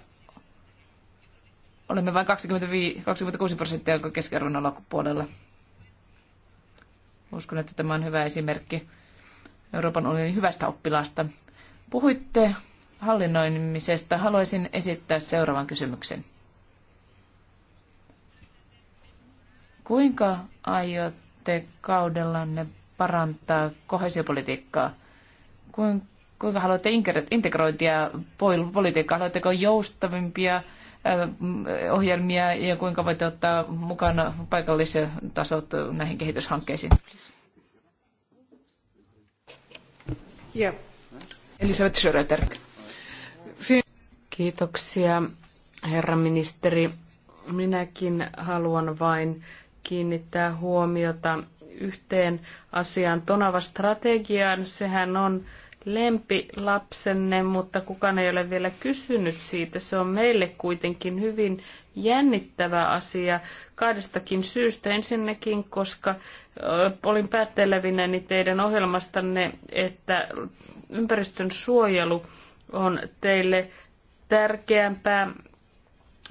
olemme vain 25, 26 prosenttia keskiarvon alapuolella. Uskon, että tämä on hyvä esimerkki Euroopan unionin hyvästä oppilasta. Puhuitte hallinnoimisesta. Haluaisin esittää seuraavan kysymyksen. Kuinka aiotte kaudellanne parantaa kohesiopolitiikkaa? Kuinka haluatte integroitia politiikkaa? Haluatteko joustavimpia äh, mm, ohjelmia ja kuinka voitte ottaa mukaan paikalliset tasot näihin kehityshankkeisiin? Elisabeth Schröter. Kiitoksia, herra ministeri. Minäkin haluan vain kiinnittää huomiota yhteen asiaan. Tonava strategiaan, sehän on lempilapsenne, mutta kukaan ei ole vielä kysynyt siitä. Se on meille kuitenkin hyvin jännittävä asia kahdestakin syystä. Ensinnäkin, koska olin päättelevinäni teidän ohjelmastanne, että ympäristön suojelu on teille tärkeämpää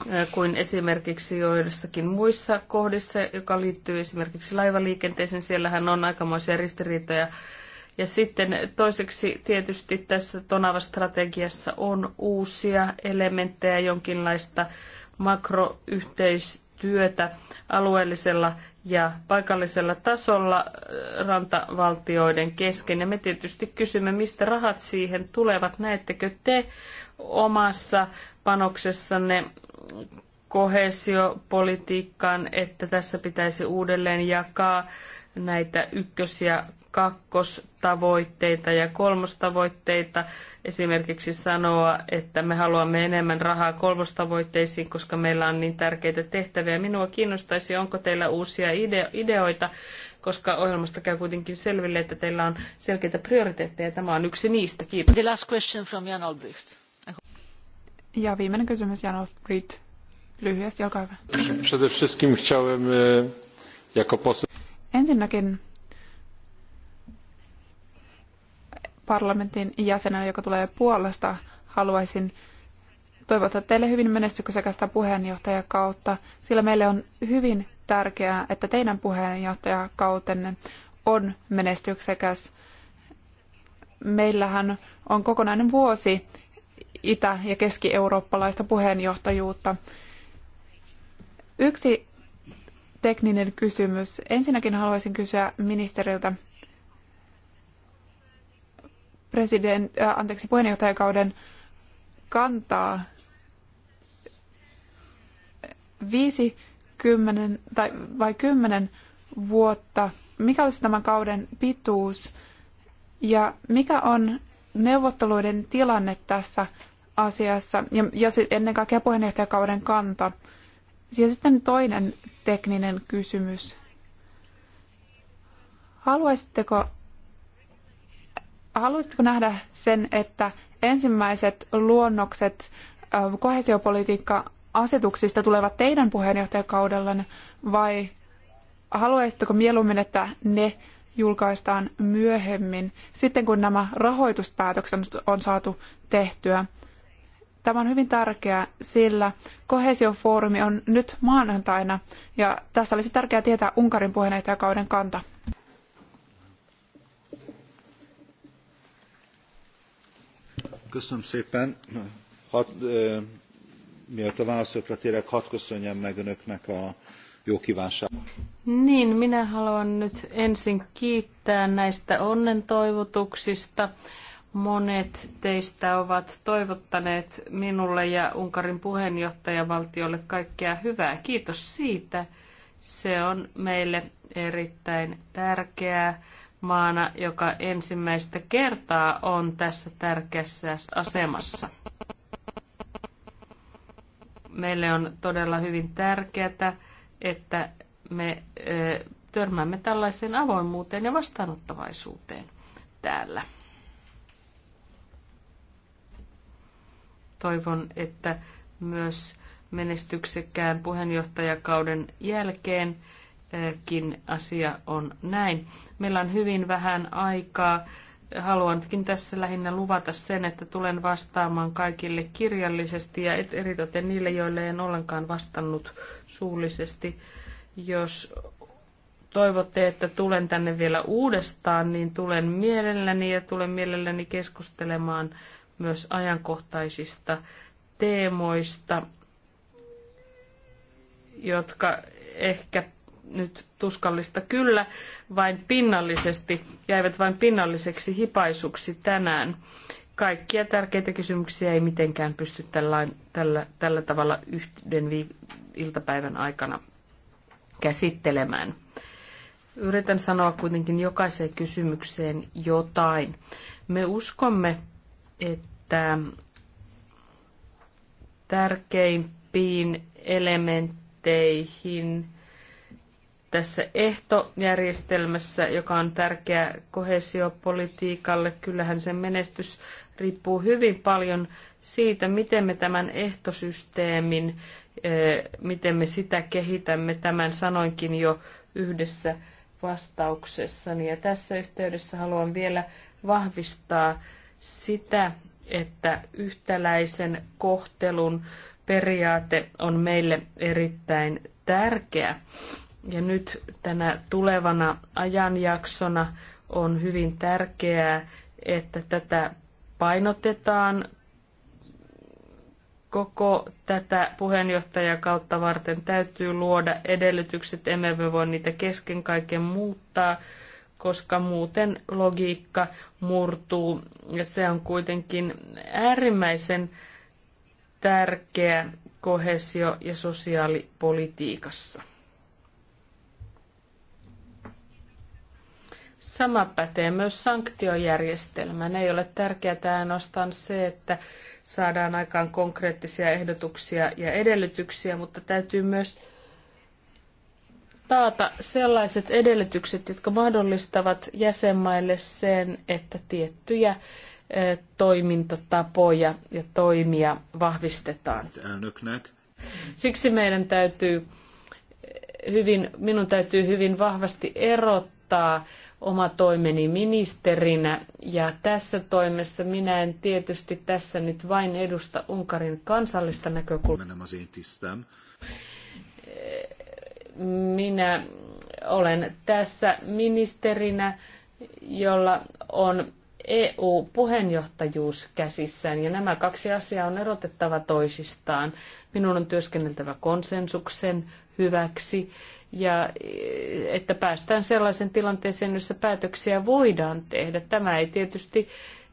Äh, kuin esimerkiksi joissakin muissa kohdissa, joka liittyy esimerkiksi laivaliikenteeseen. Siellähän on aikamoisia ristiriitoja. Ja sitten toiseksi tietysti tässä Tonava-strategiassa on uusia elementtejä, jonkinlaista makroyhteistyötä alueellisella ja paikallisella tasolla äh, rantavaltioiden kesken. Ja me tietysti kysymme, mistä rahat siihen tulevat. Näettekö te omassa panoksessanne kohesiopolitiikkaan, että tässä pitäisi uudelleen jakaa näitä ykkös- ja kakkostavoitteita ja kolmostavoitteita. Esimerkiksi sanoa, että me haluamme enemmän rahaa kolmostavoitteisiin, koska meillä on niin tärkeitä tehtäviä. Minua kiinnostaisi, onko teillä uusia ideoita, koska ohjelmasta käy kuitenkin selville, että teillä on selkeitä prioriteetteja. Tämä on yksi niistä. Kiitos. The last question from Jan Albrecht. Ja viimeinen kysymys, Lyhyesti, olkaa hyvä. Przede wszystkim chciałem e, jako poseł... Ensinnäkin parlamentin jäsenenä, joka tulee puolesta, haluaisin toivottaa teille hyvin menestyksekästä puheenjohtajakautta, sillä meille on hyvin tärkeää, että teidän puheenjohtajakautenne on menestyksekäs. Meillähän on kokonainen vuosi itä- ja keski-eurooppalaista puheenjohtajuutta. Yksi tekninen kysymys. Ensinnäkin haluaisin kysyä ministeriltä president, äh, anteeksi, puheenjohtajakauden kantaa viisi kymmenen tai vai 10 vuotta. Mikä olisi tämän kauden pituus ja mikä on neuvotteluiden tilanne tässä asiassa ja, ja ennen kaikkea puheenjohtajakauden kanta. Ja sitten toinen tekninen kysymys. Haluaisitteko, haluaisitteko nähdä sen, että ensimmäiset luonnokset kohesiopolitiikka-asetuksista tulevat teidän puheenjohtajakaudellanne vai haluaisitteko mieluummin, että ne julkaistaan myöhemmin, sitten kun nämä rahoituspäätökset on saatu tehtyä? Tämä on hyvin tärkeää, sillä kohesiofoorumi on nyt maanantaina ja tässä olisi tärkeää tietää Unkarin puheenjohtajakauden kanta. Köszönöm szépen. Hat, ö, mielőtt a válaszokra térek, hadd köszönjem meg önöknek a jó kívánságot. Niin, minä haluan nyt ensin kiittää näistä onnentoivotuksista. toivotuksista Monet teistä ovat toivottaneet minulle ja Unkarin puheenjohtajavaltiolle kaikkea hyvää. Kiitos siitä. Se on meille erittäin tärkeää maana, joka ensimmäistä kertaa on tässä tärkeässä asemassa. Meille on todella hyvin tärkeää, että me törmäämme tällaiseen avoimuuteen ja vastaanottavaisuuteen täällä. Toivon, että myös menestyksekkään puheenjohtajakauden jälkeenkin asia on näin. Meillä on hyvin vähän aikaa. Haluankin tässä lähinnä luvata sen, että tulen vastaamaan kaikille kirjallisesti ja eritoten niille, joille en ollenkaan vastannut suullisesti. Jos toivotte, että tulen tänne vielä uudestaan, niin tulen mielelläni ja tulen mielelläni keskustelemaan myös ajankohtaisista teemoista, jotka ehkä nyt tuskallista kyllä vain pinnallisesti, jäivät vain pinnalliseksi hipaisuksi tänään. Kaikkia tärkeitä kysymyksiä ei mitenkään pysty tällä, tällä, tällä tavalla yhden viik- iltapäivän aikana käsittelemään. Yritän sanoa kuitenkin jokaiseen kysymykseen jotain. Me uskomme, että että tärkeimpiin elementteihin tässä ehtojärjestelmässä, joka on tärkeä kohesiopolitiikalle, kyllähän sen menestys riippuu hyvin paljon siitä, miten me tämän ehtosysteemin, eh, miten me sitä kehitämme. Tämän sanoinkin jo yhdessä vastauksessani. Ja tässä yhteydessä haluan vielä vahvistaa sitä, että yhtäläisen kohtelun periaate on meille erittäin tärkeä. Ja nyt tänä tulevana ajanjaksona on hyvin tärkeää, että tätä painotetaan koko tätä puheenjohtajakautta varten täytyy luoda edellytykset, emme voi niitä kesken kaiken muuttaa, koska muuten logiikka murtuu ja se on kuitenkin äärimmäisen tärkeä kohesio- ja sosiaalipolitiikassa. Sama pätee myös sanktiojärjestelmään. Ei ole tärkeää ainoastaan se, että saadaan aikaan konkreettisia ehdotuksia ja edellytyksiä, mutta täytyy myös taata sellaiset edellytykset, jotka mahdollistavat jäsenmaille sen, että tiettyjä toimintatapoja ja toimia vahvistetaan. Siksi meidän täytyy hyvin, minun täytyy hyvin vahvasti erottaa oma toimeni ministerinä. Ja tässä toimessa minä en tietysti tässä nyt vain edusta Unkarin kansallista näkökulmaa minä olen tässä ministerinä, jolla on EU-puheenjohtajuus käsissään, ja nämä kaksi asiaa on erotettava toisistaan. Minun on työskenneltävä konsensuksen hyväksi, ja eh, että päästään sellaisen tilanteeseen, jossa päätöksiä voidaan tehdä. Tämä ei tietysti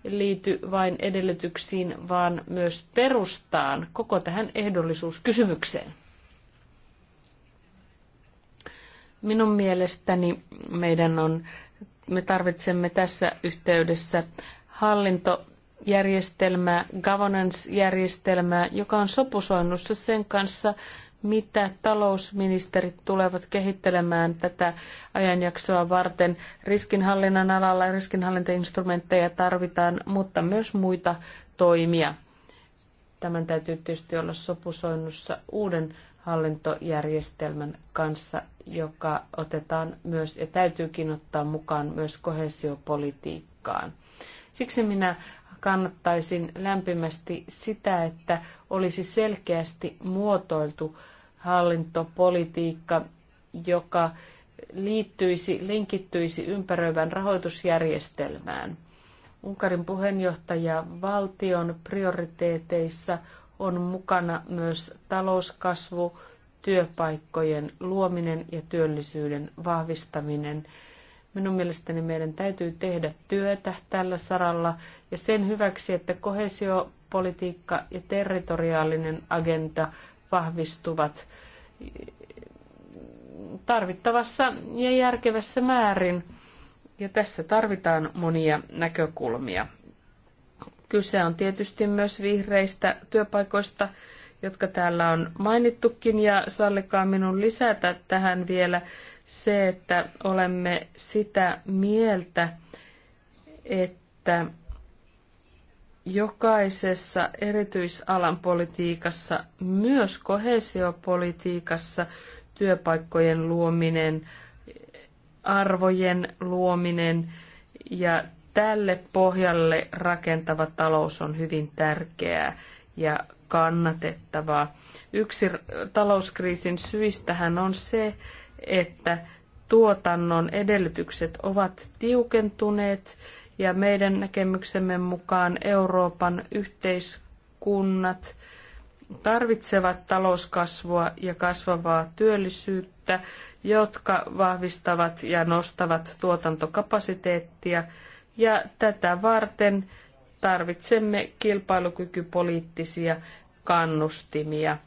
liity vain edellytyksiin, vaan myös perustaan, koko tähän ehdollisuuskysymykseen. Minun mielestäni meidän on, me tarvitsemme tässä yhteydessä hallintojärjestelmää, governance-järjestelmää, joka on sopusoinnussa sen kanssa, mitä talousministerit tulevat kehittelemään tätä ajanjaksoa varten. Riskinhallinnan alalla riskinhallintainstrumentteja tarvitaan, mutta myös muita toimia. Tämän täytyy tietysti olla sopusoinnussa uuden hallintojärjestelmän kanssa, joka otetaan myös ja täytyykin ottaa mukaan myös kohesiopolitiikkaan. Siksi minä kannattaisin lämpimästi sitä, että olisi selkeästi muotoiltu hallintopolitiikka, joka liittyisi, linkittyisi ympäröivän rahoitusjärjestelmään. Unkarin puheenjohtaja valtion prioriteeteissa on mukana myös talouskasvu, työpaikkojen luominen ja työllisyyden vahvistaminen. Minun mielestäni meidän täytyy tehdä työtä tällä saralla ja sen hyväksi, että kohesiopolitiikka ja territoriaalinen agenda vahvistuvat tarvittavassa ja järkevässä määrin. Ja tässä tarvitaan monia näkökulmia. Kyse on tietysti myös vihreistä työpaikoista, jotka täällä on mainittukin, ja sallikaa minun lisätä tähän vielä se, että olemme sitä mieltä, että jokaisessa erityisalan politiikassa, myös kohesiopolitiikassa, työpaikkojen luominen, arvojen luominen ja tälle pohjalle rakentava talous on hyvin tärkeää ja kannatettavaa. Yksi talouskriisin syistähän on se, että tuotannon edellytykset ovat tiukentuneet ja meidän näkemyksemme mukaan Euroopan yhteiskunnat tarvitsevat talouskasvua ja kasvavaa työllisyyttä, jotka vahvistavat ja nostavat tuotantokapasiteettia ja tätä varten tarvitsemme kilpailukykypoliittisia kannustimia.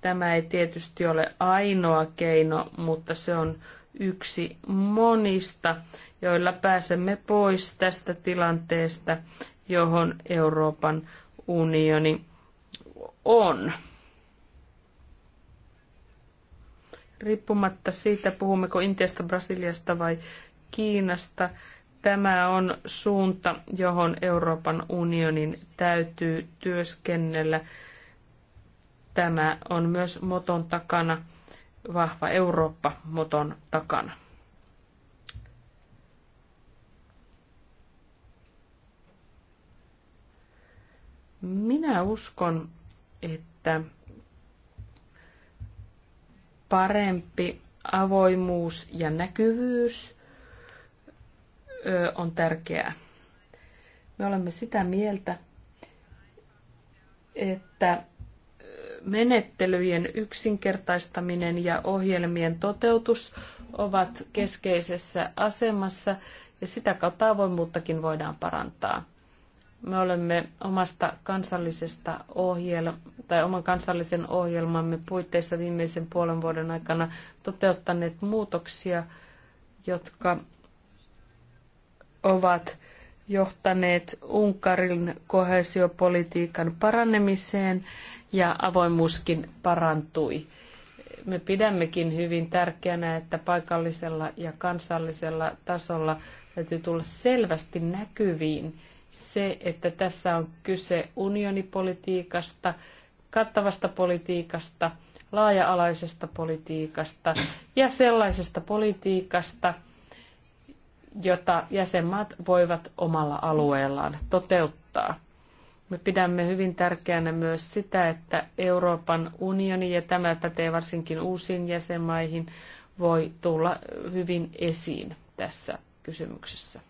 Tämä ei tietysti ole ainoa keino, mutta se on yksi monista, joilla pääsemme pois tästä tilanteesta, johon Euroopan unioni on. Riippumatta siitä, puhummeko Intiasta, Brasiliasta vai Kiinasta, Tämä on suunta, johon Euroopan unionin täytyy työskennellä. Tämä on myös moton takana, vahva Eurooppa moton takana. Minä uskon, että parempi avoimuus ja näkyvyys – on tärkeää. Me olemme sitä mieltä, että menettelyjen yksinkertaistaminen ja ohjelmien toteutus ovat keskeisessä asemassa ja sitä kautta avoimuuttakin voidaan parantaa. Me olemme omasta kansallisesta ohjel- tai oman kansallisen ohjelmamme puitteissa viimeisen puolen vuoden aikana toteuttaneet muutoksia, jotka ovat johtaneet Unkarin kohesiopolitiikan paranemiseen ja avoimuuskin parantui. Me pidämmekin hyvin tärkeänä, että paikallisella ja kansallisella tasolla täytyy tulla selvästi näkyviin se, että tässä on kyse unionipolitiikasta, kattavasta politiikasta, laaja-alaisesta politiikasta ja sellaisesta politiikasta, jota jäsenmaat voivat omalla alueellaan toteuttaa. Me pidämme hyvin tärkeänä myös sitä, että Euroopan unioni, ja tämä pätee varsinkin uusiin jäsenmaihin, voi tulla hyvin esiin tässä kysymyksessä.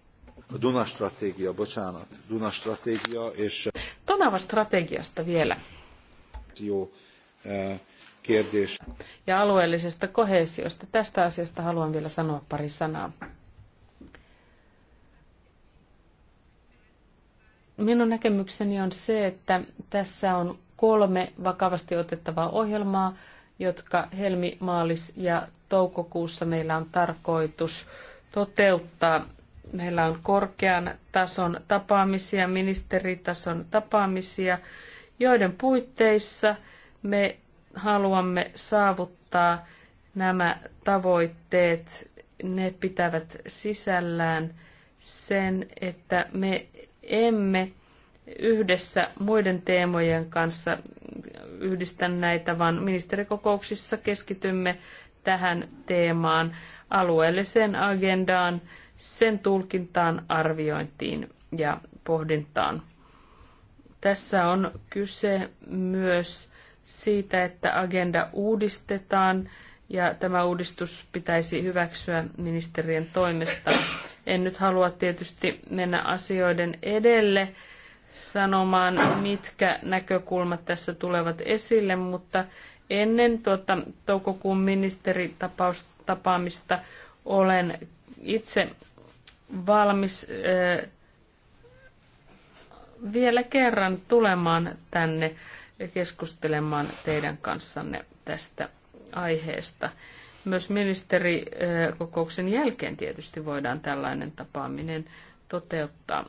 Dunastrategia, bocsánat. strategia és... Tonava strategiasta vielä. Joo, eh, Ja alueellisesta kohesiosta. Tästä asiasta haluan vielä sanoa pari sanaa. Minun näkemykseni on se, että tässä on kolme vakavasti otettavaa ohjelmaa, jotka helmi, maalis ja toukokuussa meillä on tarkoitus toteuttaa. Meillä on korkean tason tapaamisia, ministeritason tapaamisia, joiden puitteissa me haluamme saavuttaa nämä tavoitteet. Ne pitävät sisällään sen, että me emme yhdessä muiden teemojen kanssa yhdistä näitä, vaan ministerikokouksissa keskitymme tähän teemaan, alueelliseen agendaan, sen tulkintaan, arviointiin ja pohdintaan. Tässä on kyse myös siitä, että agenda uudistetaan ja tämä uudistus pitäisi hyväksyä ministerien toimesta. En nyt halua tietysti mennä asioiden edelle sanomaan, mitkä näkökulmat tässä tulevat esille, mutta ennen tuota toukokuun ministeritapaamista olen itse valmis äh, vielä kerran tulemaan tänne keskustelemaan teidän kanssanne tästä aiheesta. Myös ministerikokouksen jälkeen tietysti voidaan tällainen tapaaminen toteuttaa.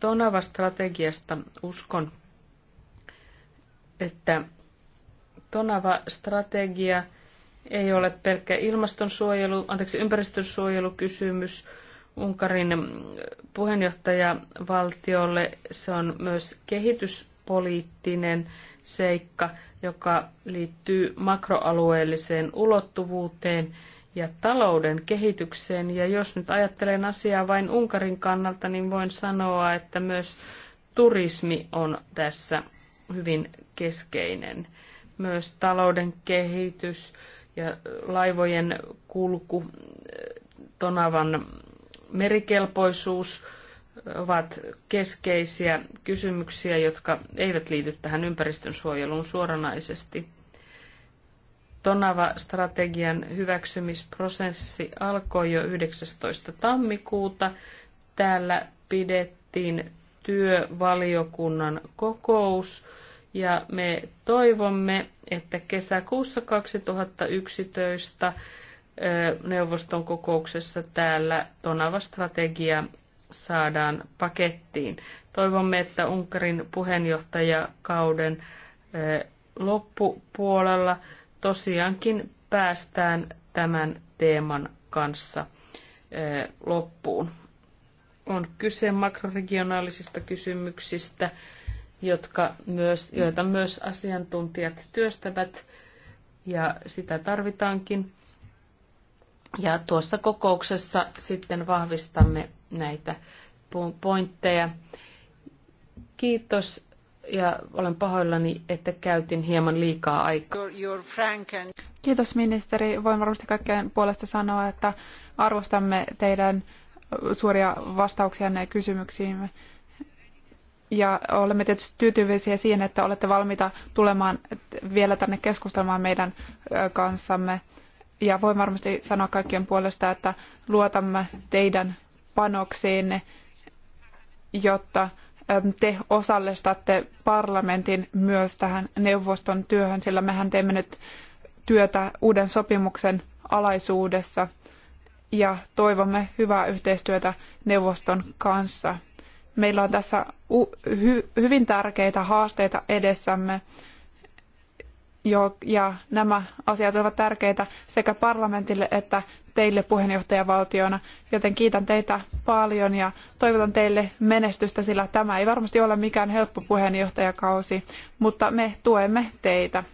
Tonava-strategiasta uskon, että Tonava-strategia ei ole pelkkä ilmastonsuojelu, anteeksi, ympäristönsuojelukysymys Unkarin puheenjohtajavaltiolle. Se on myös kehityspoliittinen seikka, joka liittyy makroalueelliseen ulottuvuuteen ja talouden kehitykseen. Ja jos nyt ajattelen asiaa vain Unkarin kannalta, niin voin sanoa, että myös turismi on tässä hyvin keskeinen. Myös talouden kehitys ja laivojen kulku, eh, tonavan merikelpoisuus – ovat keskeisiä kysymyksiä, jotka eivät liity tähän ympäristönsuojeluun suoranaisesti. Tonava-strategian hyväksymisprosessi alkoi jo 19. tammikuuta. Täällä pidettiin työvaliokunnan kokous ja me toivomme, että kesäkuussa 2011 neuvoston kokouksessa täällä Tonava-strategia saadaan pakettiin. Toivomme, että Unkarin puheenjohtajakauden loppupuolella tosiaankin päästään tämän teeman kanssa loppuun. On kyse makroregionaalisista kysymyksistä, jotka myös, joita myös asiantuntijat työstävät, ja sitä tarvitaankin. Ja tuossa kokouksessa sitten vahvistamme näitä pointteja. Kiitos ja olen pahoillani, että käytin hieman liikaa aikaa. Kiitos ministeri. Voin varmasti kaikkien puolesta sanoa, että arvostamme teidän suoria näihin kysymyksiin. Ja olemme tietysti tyytyväisiä siihen, että olette valmiita tulemaan vielä tänne keskustelemaan meidän kanssamme. Ja voin varmasti sanoa kaikkien puolesta, että luotamme teidän panoksiinne, jotta te osallistatte parlamentin myös tähän neuvoston työhön, sillä mehän teemme nyt työtä uuden sopimuksen alaisuudessa ja toivomme hyvää yhteistyötä neuvoston kanssa. Meillä on tässä hyvin tärkeitä haasteita edessämme ja nämä asiat ovat tärkeitä sekä parlamentille että teille puheenjohtajavaltiona, joten kiitän teitä paljon ja toivotan teille menestystä, sillä tämä ei varmasti ole mikään helppo puheenjohtajakausi, mutta me tuemme teitä.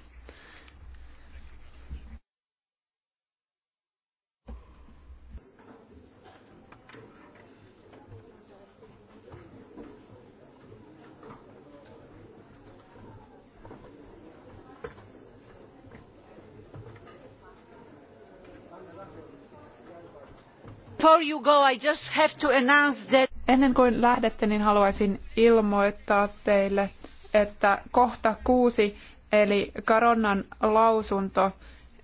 Ennen kuin lähdette, niin haluaisin ilmoittaa teille, että kohta kuusi, eli Karonnan lausunto,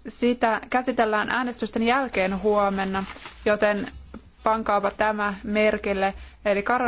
sitä käsitellään äänestysten jälkeen huomenna, joten pankaapa tämä merkille. Eli Karon